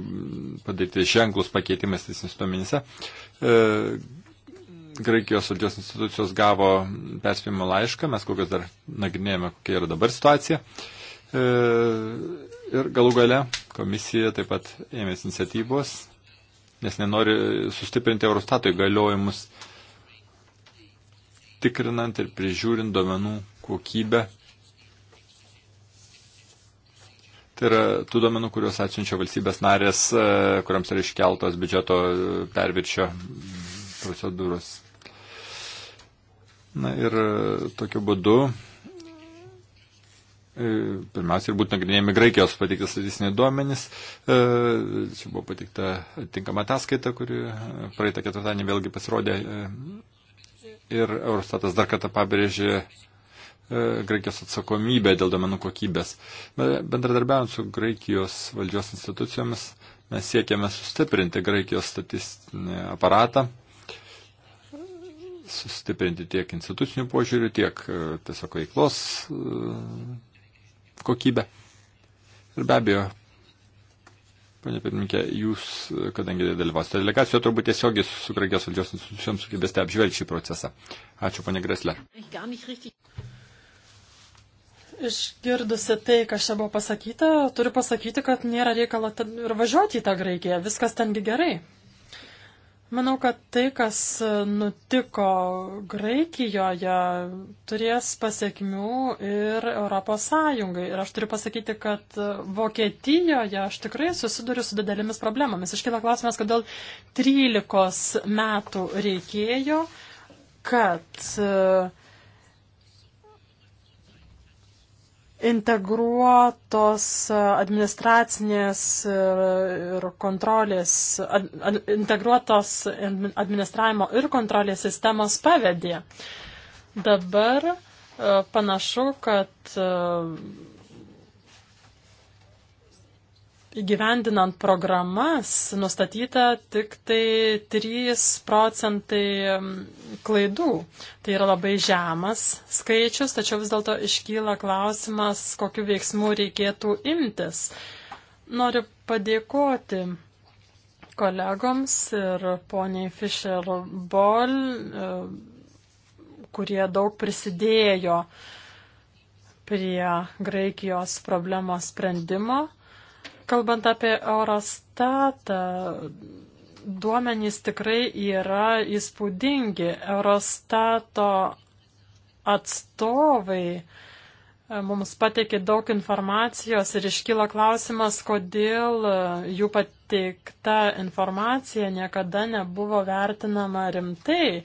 padaryti ženklus pakeitimas teisiniuose duomenyse, e, Graikijos valdžios institucijos gavo perspėjimo laišką, mes kokios dar nagrinėjame, kokia yra dabar situacija. E, Ir galų gale komisija taip pat ėmėsi iniciatyvos, nes nenori sustiprinti Eurostato įgaliojimus, tikrinant ir prižiūrint duomenų kokybę. Tai yra tų duomenų, kuriuos atsiunčia valstybės narės, e, kuriams yra iškeltos biudžeto perviršio procedūros. Na ir tokiu būdu E, pirmiausia, ir būtų nagrinėjami Graikijos pateikti statistiniai duomenys. E, čia buvo pateikta tinkama ataskaita, kuri e, praeitą ketvirtadienį vėlgi pasirodė. Ir Eurostatas dar kartą pabrėžė Graikijos atsakomybę dėl domenų kokybės. Bendradarbiavant su Graikijos valdžios institucijomis mes siekiame sustiprinti Graikijos statistinį aparatą, sustiprinti tiek institucinių požiūrių, tiek tiesiog veiklos kokybę. Ir be abejo, Pane pirmininkė, jūs, kadangi dalyvausite delegacijoje, turbūt tiesiogiai su Graikijos valdžios institucijoms sugebėsite apžvelgti šį procesą. Ačiū, pane Gresler. Išgirdusi tai, kas čia buvo pasakyta, turiu pasakyti, kad nėra reikalo ir važiuoti į tą Graikiją. Viskas tengi gerai. Manau, kad tai, kas nutiko Graikijoje, turės pasiekmių ir Europos Sąjungai. Ir aš turiu pasakyti, kad Vokietijoje aš tikrai susiduriu su didelėmis problemomis. Iškyla klausimas, kodėl 13 metų reikėjo, kad uh, integruotos administracinės ir kontrolės, ad, ad, integruotos administravimo ir kontrolės sistemos pavedė. Dabar e, panašu, kad e, įgyvendinant programas nustatyta tik tai 3 procentai klaidų. Tai yra labai žemas skaičius, tačiau vis dėlto iškyla klausimas, kokiu veiksmu reikėtų imtis. Noriu padėkoti kolegoms ir poniai Fischer Boll, e, kurie daug prisidėjo prie Graikijos problemos sprendimo. Kalbant apie Eurostatą, duomenys tikrai yra įspūdingi. Eurostato atstovai e, mums pateikė daug informacijos ir iškyla klausimas, kodėl e, jų pateikta informacija niekada nebuvo vertinama rimtai,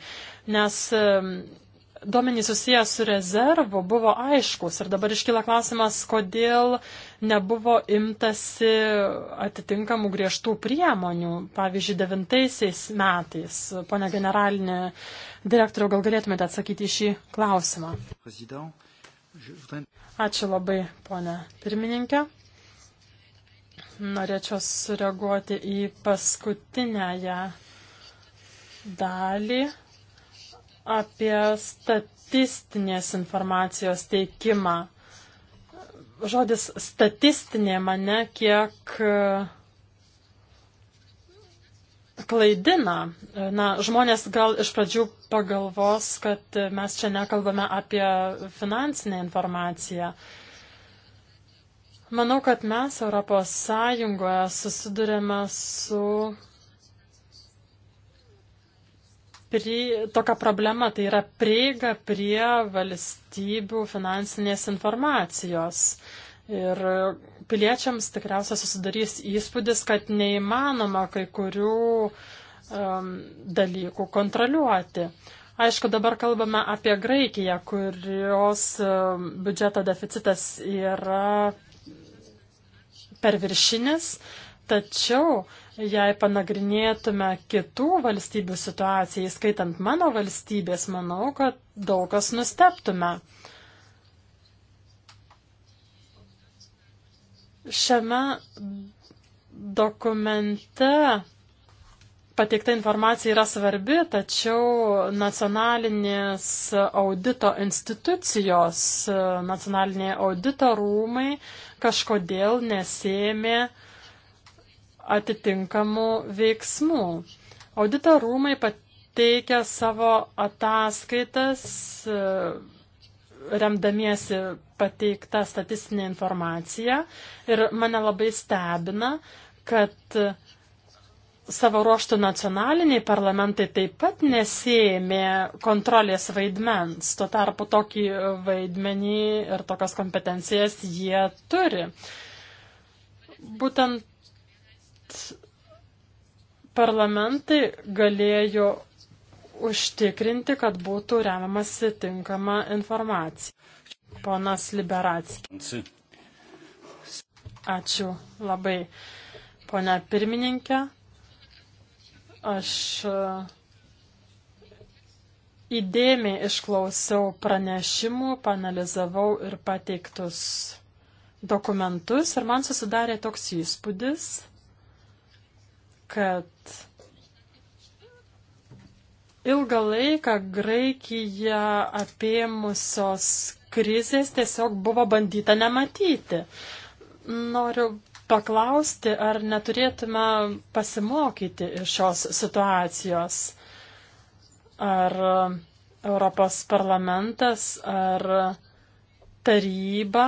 nes e, duomenys susijęs su rezervu buvo aiškus ir dabar iškyla klausimas, kodėl uh, nebuvo imtasi atitinkamų griežtų priemonių. Pavyzdžiui, devintaisiais metais, ponia generalinė direktoriau, gal galėtumėte atsakyti į šį klausimą. Ačiū labai, ponia pirmininkė. Norėčiau sureaguoti į paskutinęją dalį apie statistinės informacijos teikimą žodis statistinė mane kiek e, klaidina. Na, žmonės gal iš pradžių pagalvos, kad mes čia nekalbame apie finansinę informaciją. Manau, kad mes Europos Sąjungoje susidurėme su prie, tokia problema, tai yra prieiga prie valstybių finansinės informacijos. Ir piliečiams tikriausia susidarys įspūdis, kad neįmanoma kai kurių um, dalykų kontroliuoti. Aišku, dabar kalbame apie Graikiją, kurios um, biudžeto deficitas yra perviršinis, uh, Tačiau, jei panagrinėtume kitų valstybių situaciją, įskaitant mano valstybės, manau, kad daug kas nusteptume. Šiame dokumente pateikta informacija yra svarbi, tačiau nacionalinės audito institucijos, nacionaliniai audito rūmai kažkodėl nesėmė uh, atitinkamų veiksmų. Audito rūmai pateikia savo ataskaitas, e, remdamiesi pateikta statistinė informacija. Ir mane labai stebina, kad savo ruoštų nacionaliniai parlamentai taip pat nesėmė kontrolės vaidmens. Tuo tarpu tokį vaidmenį ir tokias kompetencijas jie turi. Būtent parlamentai galėjo užtikrinti, kad būtų remiamasi tinkama informacija. Ponas Liberacija. Ačiū labai, ponia pirmininkė. Aš e, įdėmiai išklausiau pranešimų, panalizavau ir pateiktus dokumentus ir man susidarė toks įspūdis, kad ilgą laiką Graikiją apėmusios krizės tiesiog buvo bandyta nematyti. Noriu paklausti, ar neturėtume pasimokyti iš šios situacijos. Ar Europos parlamentas, ar taryba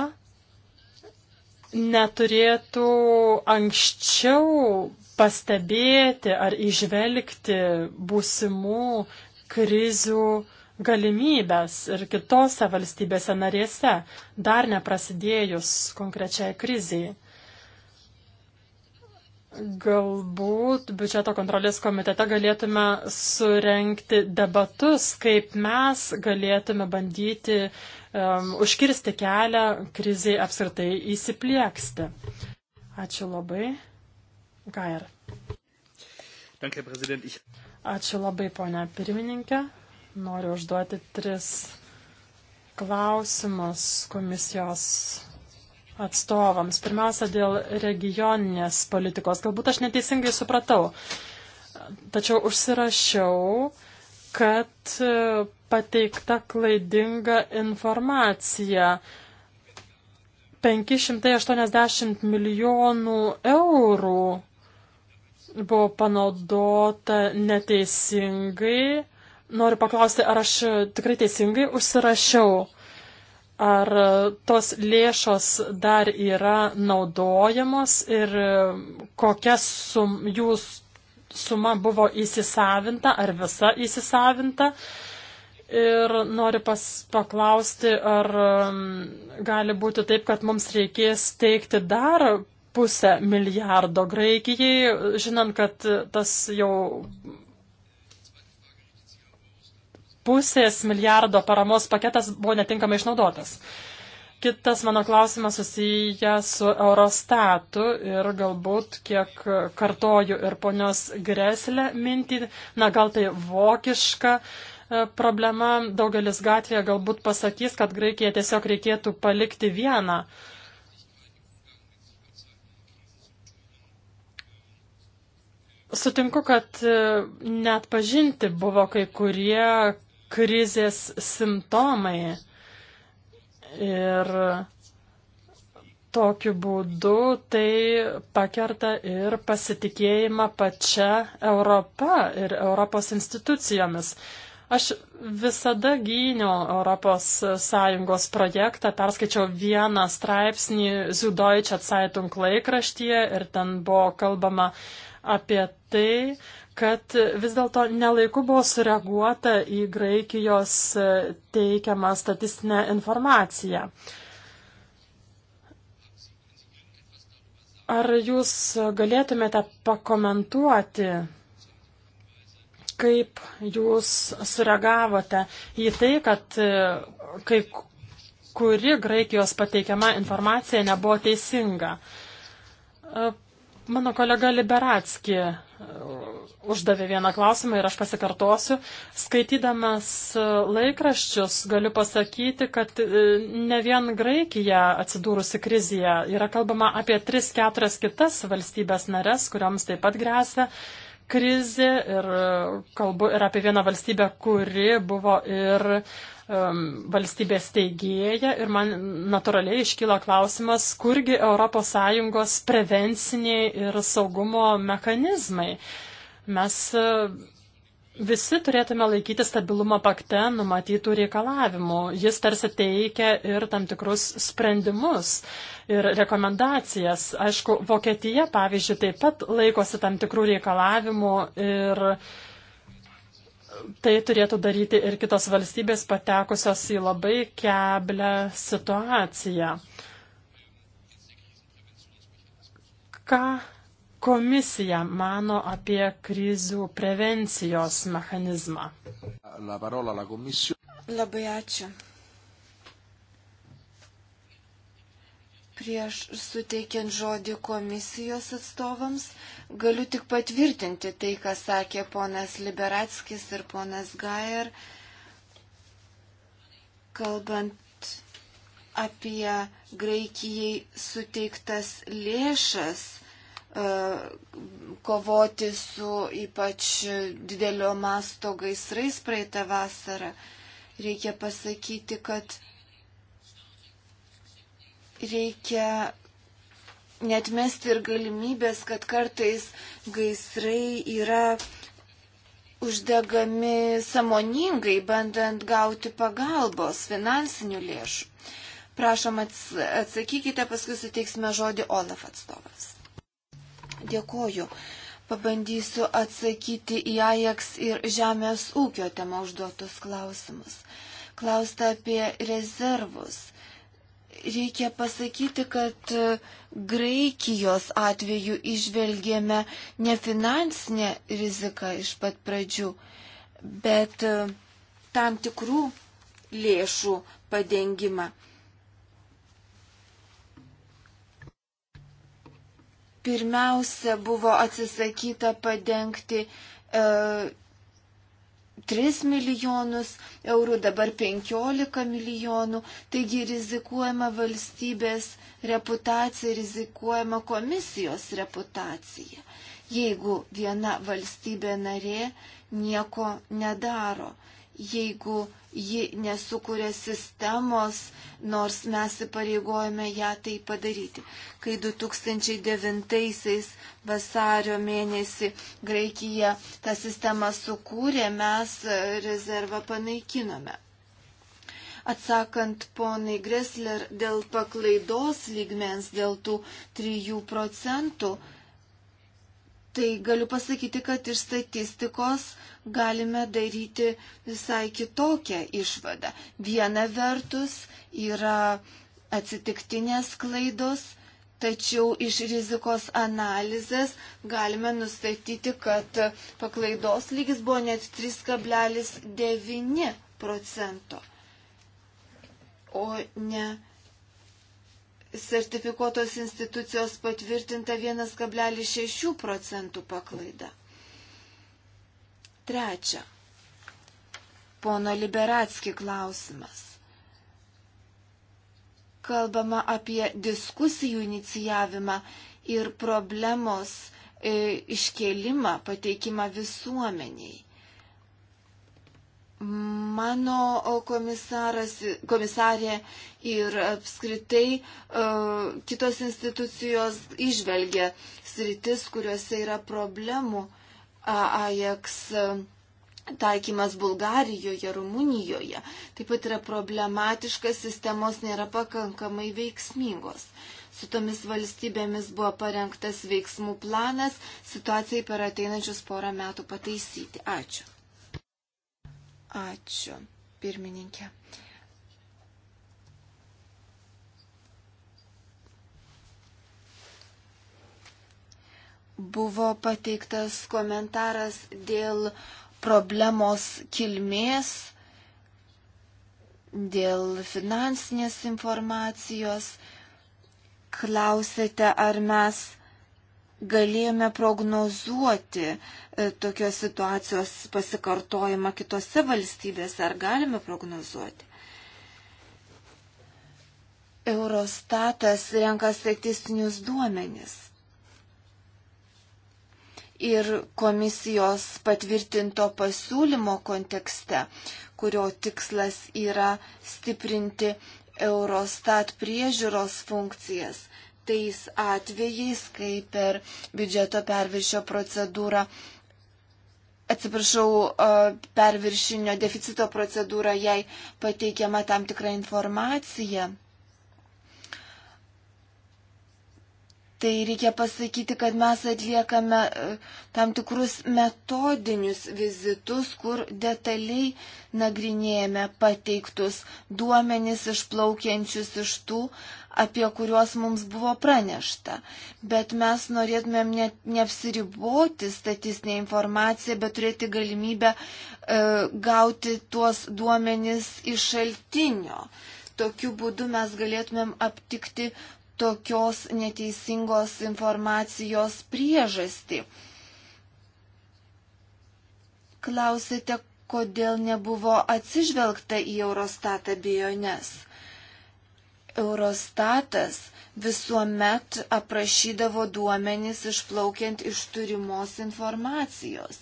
neturėtų anksčiau pastebėti ar išvelgti būsimų krizių galimybės ir kitose valstybėse narėse, dar neprasidėjus konkrečiai kriziai. Galbūt biudžeto kontrolės komitete galėtume surenkti debatus, kaip mes galėtume bandyti um, užkirsti kelią kriziai apskritai įsiplieksti. Ačiū labai. Gair. Ačiū labai, ponia pirmininkė. Noriu užduoti tris klausimus komisijos atstovams. Pirmiausia, dėl regioninės politikos. Galbūt aš neteisingai supratau. Tačiau užsirašiau, kad pateikta klaidinga informacija. 580 milijonų eurų buvo panaudota neteisingai. Noriu paklausti, ar aš tikrai teisingai užsirašiau, ar tos lėšos dar yra naudojamos ir kokia sum, jų suma buvo įsisavinta, ar visa įsisavinta. Ir noriu pas, paklausti, ar gali būti taip, kad mums reikės teikti dar pusę milijardo Graikijai, žinant, kad tas jau pusės milijardo paramos paketas buvo netinkamai išnaudotas. Kitas mano klausimas susijęs su Eurostatu ir galbūt kiek kartoju ir ponios Greslė mintį, na gal tai vokiška e, problema, daugelis gatvėje galbūt pasakys, kad Graikiją tiesiog reikėtų palikti vieną. Uh, Sutinku, kad e, net pažinti buvo kai kurie krizės simptomai. Ir tokiu būdu tai pakerta ir pasitikėjimą pačia Europa ir Europos institucijomis. Aš visada gyniau Europos Sąjungos projektą, perskaičiau vieną straipsnį Ziudeutsche Zeitung laikraštyje ir ten buvo kalbama apie tai, kad vis dėlto nelaiku buvo sureaguota į Graikijos e, teikiamą statistinę informaciją. Ar jūs galėtumėte pakomentuoti, kaip jūs sureagavote į tai, kad e, kai kuri Graikijos pateikiama informacija nebuvo teisinga? E, mano kolega Liberatski uždavė vieną klausimą ir aš pasikartosiu. Skaitydamas laikraščius galiu pasakyti, kad e, ne vien Graikija atsidūrusi krizėje. Yra kalbama apie 3-4 kitas valstybės nares, kuriams taip pat grėsia krizė ir e, kalbu ir apie vieną valstybę, kuri buvo ir um, valstybės teigėja ir man natūraliai iškyla klausimas, kurgi ES prevenciniai ir saugumo mechanizmai. Mes uh, Visi turėtume laikyti stabilumo pakte numatytų reikalavimų. Jis tarsi teikia ir tam tikrus sprendimus ir rekomendacijas. Aišku, Vokietija, pavyzdžiui, taip pat laikosi tam tikrų reikalavimų ir tai turėtų daryti ir kitos valstybės patekusios į labai keblę situaciją. Ką komisija mano apie krizių prevencijos mechanizmą? La parola, la Labai ačiū. Prieš suteikiant žodį komisijos atstovams, galiu tik patvirtinti tai, ką sakė ponas Liberatskis ir ponas Gajer, kalbant apie Graikijai suteiktas lėšas kovoti su ypač didelio masto gaisrais praeitą vasarą. Reikia pasakyti, kad reikia netmesti ir galimybės, kad kartais gaisrai yra uždegami samoningai, bandant gauti pagalbos finansinių lėšų. Prašom atsakykite, paskui suteiksime žodį Olaf atstovas. Dėkoju. Pabandysiu atsakyti į Ajaks ir žemės ūkio temą užduotus klausimus. Klausta apie rezervus. Reikia pasakyti, kad e, Graikijos atveju išvelgėme ne finansinę riziką iš pat pradžių, bet e, tam tikrų lėšų padengimą. Pirmiausia, buvo atsisakyta padengti e, 3 milijonus eurų, dabar 15 milijonų, taigi rizikuojama valstybės reputacija, rizikuojama komisijos reputacija, jeigu viena valstybė narė nieko nedaro jeigu ji nesukuria sistemos, nors mes įpareigojame ją tai padaryti. Kai 2009 vasario mėnesį Graikija tą sistemą sukūrė, mes rezervą panaikinome. Atsakant ponai Gressler dėl paklaidos lygmens, dėl tų 3 procentų, tai galiu pasakyti, kad iš statistikos galime daryti visai kitokią išvadą. Viena vertus yra atsitiktinės klaidos, tačiau iš rizikos analizės galime nustatyti, kad paklaidos lygis buvo net 3,9 procento, o ne 3,9 sertifikuotos institucijos patvirtinta 1,6 procentų paklaida. Trečia. Pono Liberatski klausimas. Kalbama apie diskusijų inicijavimą ir problemos e, iškėlimą, pateikimą visuomeniai mano komisaras, komisarė ir apskritai uh, kitos institucijos išvelgia sritis, kuriuose yra problemų AJAX taikymas Bulgarijoje, Rumunijoje. Taip pat yra problematiška, sistemos nėra pakankamai veiksmingos. Su tomis valstybėmis buvo parengtas veiksmų planas situacijai per ateinančius porą metų pataisyti. Ačiū. Ačiū, pirmininkė. Buvo pateiktas komentaras dėl problemos kilmės, dėl finansinės informacijos. Klausėte, ar mes galėjome prognozuoti e, tokios situacijos pasikartojimą kitose valstybėse? Ar galime prognozuoti? Eurostatas renka statistinius duomenis. Ir komisijos patvirtinto pasiūlymo kontekste, kurio tikslas yra stiprinti Eurostat priežiūros funkcijas, tais atvejais, kai per biudžeto perviršio procedūrą, atsiprašau, perviršinio deficito procedūrą, jai pateikiama tam tikra informacija. Tai reikia pasakyti, kad mes atliekame tam tikrus metodinius vizitus, kur detaliai nagrinėjame pateiktus duomenis išplaukiančius iš tų uh, apie kuriuos mums buvo pranešta. Bet mes norėtumėm ne, neapsiriboti statistinę informaciją, bet turėti galimybę e, gauti tuos duomenis iš šaltinio. Tokiu būdu mes galėtumėm aptikti tokios neteisingos informacijos priežastį. Klausėte, kodėl nebuvo atsižvelgta į Eurostatą bejonės. Eurostatas visuomet aprašydavo duomenys išplaukiant iš turimos informacijos.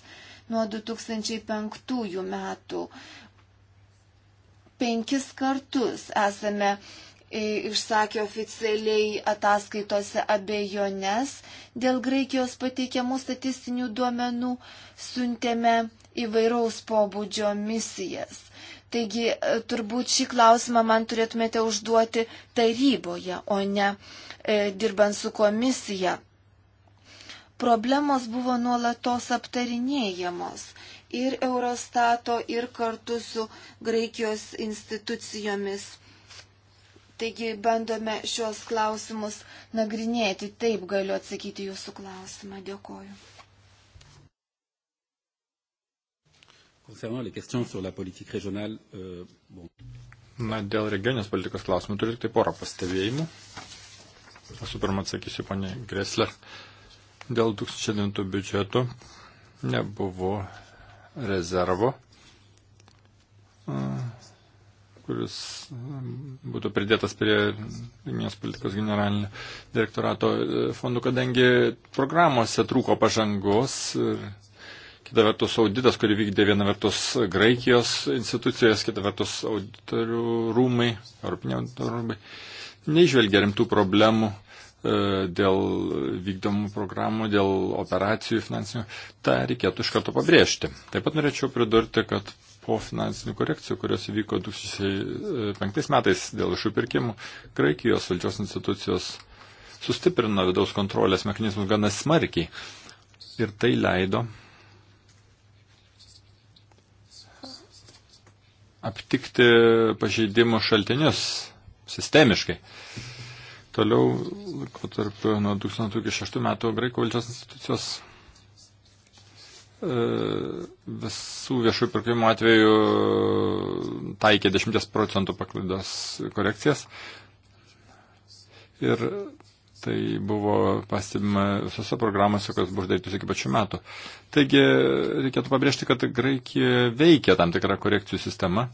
Nuo 2005 metų penkis kartus esame e, išsakė oficialiai ataskaitose abejones dėl Graikijos pateikiamų statistinių duomenų, siuntėme įvairaus pobūdžio misijas Taigi e, turbūt šį klausimą man turėtumėte užduoti taryboje, o ne e, dirbant su komisija. Problemos buvo nuolatos aptarinėjamos ir Eurostato, ir kartu su Graikijos institucijomis. Taigi bandome šios klausimus nagrinėti. Taip galiu atsakyti jūsų klausimą. Dėkoju. Concernant les questions sur la politique régionale, euh, bon. Na, dėl regionės politikos klausimų turiu tik tai porą pastebėjimų. Visų pirma, atsakysiu ponė Gresler. Dėl 2009 biudžeto nebuvo rezervo, kuris būtų pridėtas prie Vilnius politikos generalinio direktorato e, fondų, kadangi programuose trūko pažangos ir Kita vertus auditas, kurį vykdė viena vertus Graikijos institucijos, kita vertus auditorių rūmai, Europinė auditorių rūmai, neižvelgia rimtų problemų e, dėl vykdomų programų, dėl operacijų finansinių. Ta reikėtų iš karto pabrėžti. Taip pat norėčiau pridurti, kad po finansinių korekcijų, kurios įvyko 2005 metais dėl šių pirkimų, Graikijos valdžios institucijos sustiprino vidaus kontrolės mechanizmus gana smarkiai. Ir tai leido aptikti pažeidimų šaltinius sistemiškai. Toliau, tarp nuo 2006 metų graikų valdžios institucijos e, visų viešų pirkimų atveju taikė 10 procentų paklaidos korekcijas. Ir Tai buvo pastebima visose programose, kas buvo uždarytos iki pačių metų. Taigi reikėtų pabrėžti, kad Graikija veikia tam tikrą korekcijų sistemą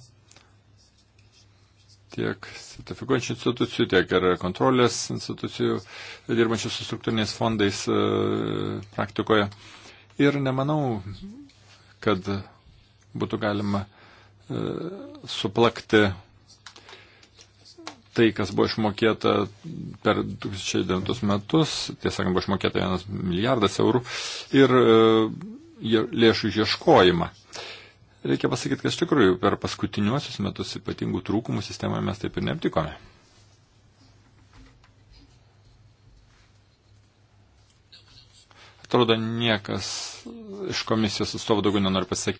tiek sertifikuojančių institucijų, tiek ir kontrolės institucijų, dirbančių su struktūriniais fondais e, praktikoje. Ir nemanau, kad būtų galima e, suplakti tai, kas buvo išmokėta per 2009 metus, tiesą buvo išmokėta vienas milijardas eurų ir e, lėšų išieškojimą. Reikia pasakyti, kad iš tikrųjų per paskutiniuosius metus ypatingų trūkumų sistemoje mes taip ir neaptikome. Atrodo, niekas iš komisijos atstovų daugiau nenori pasakyti.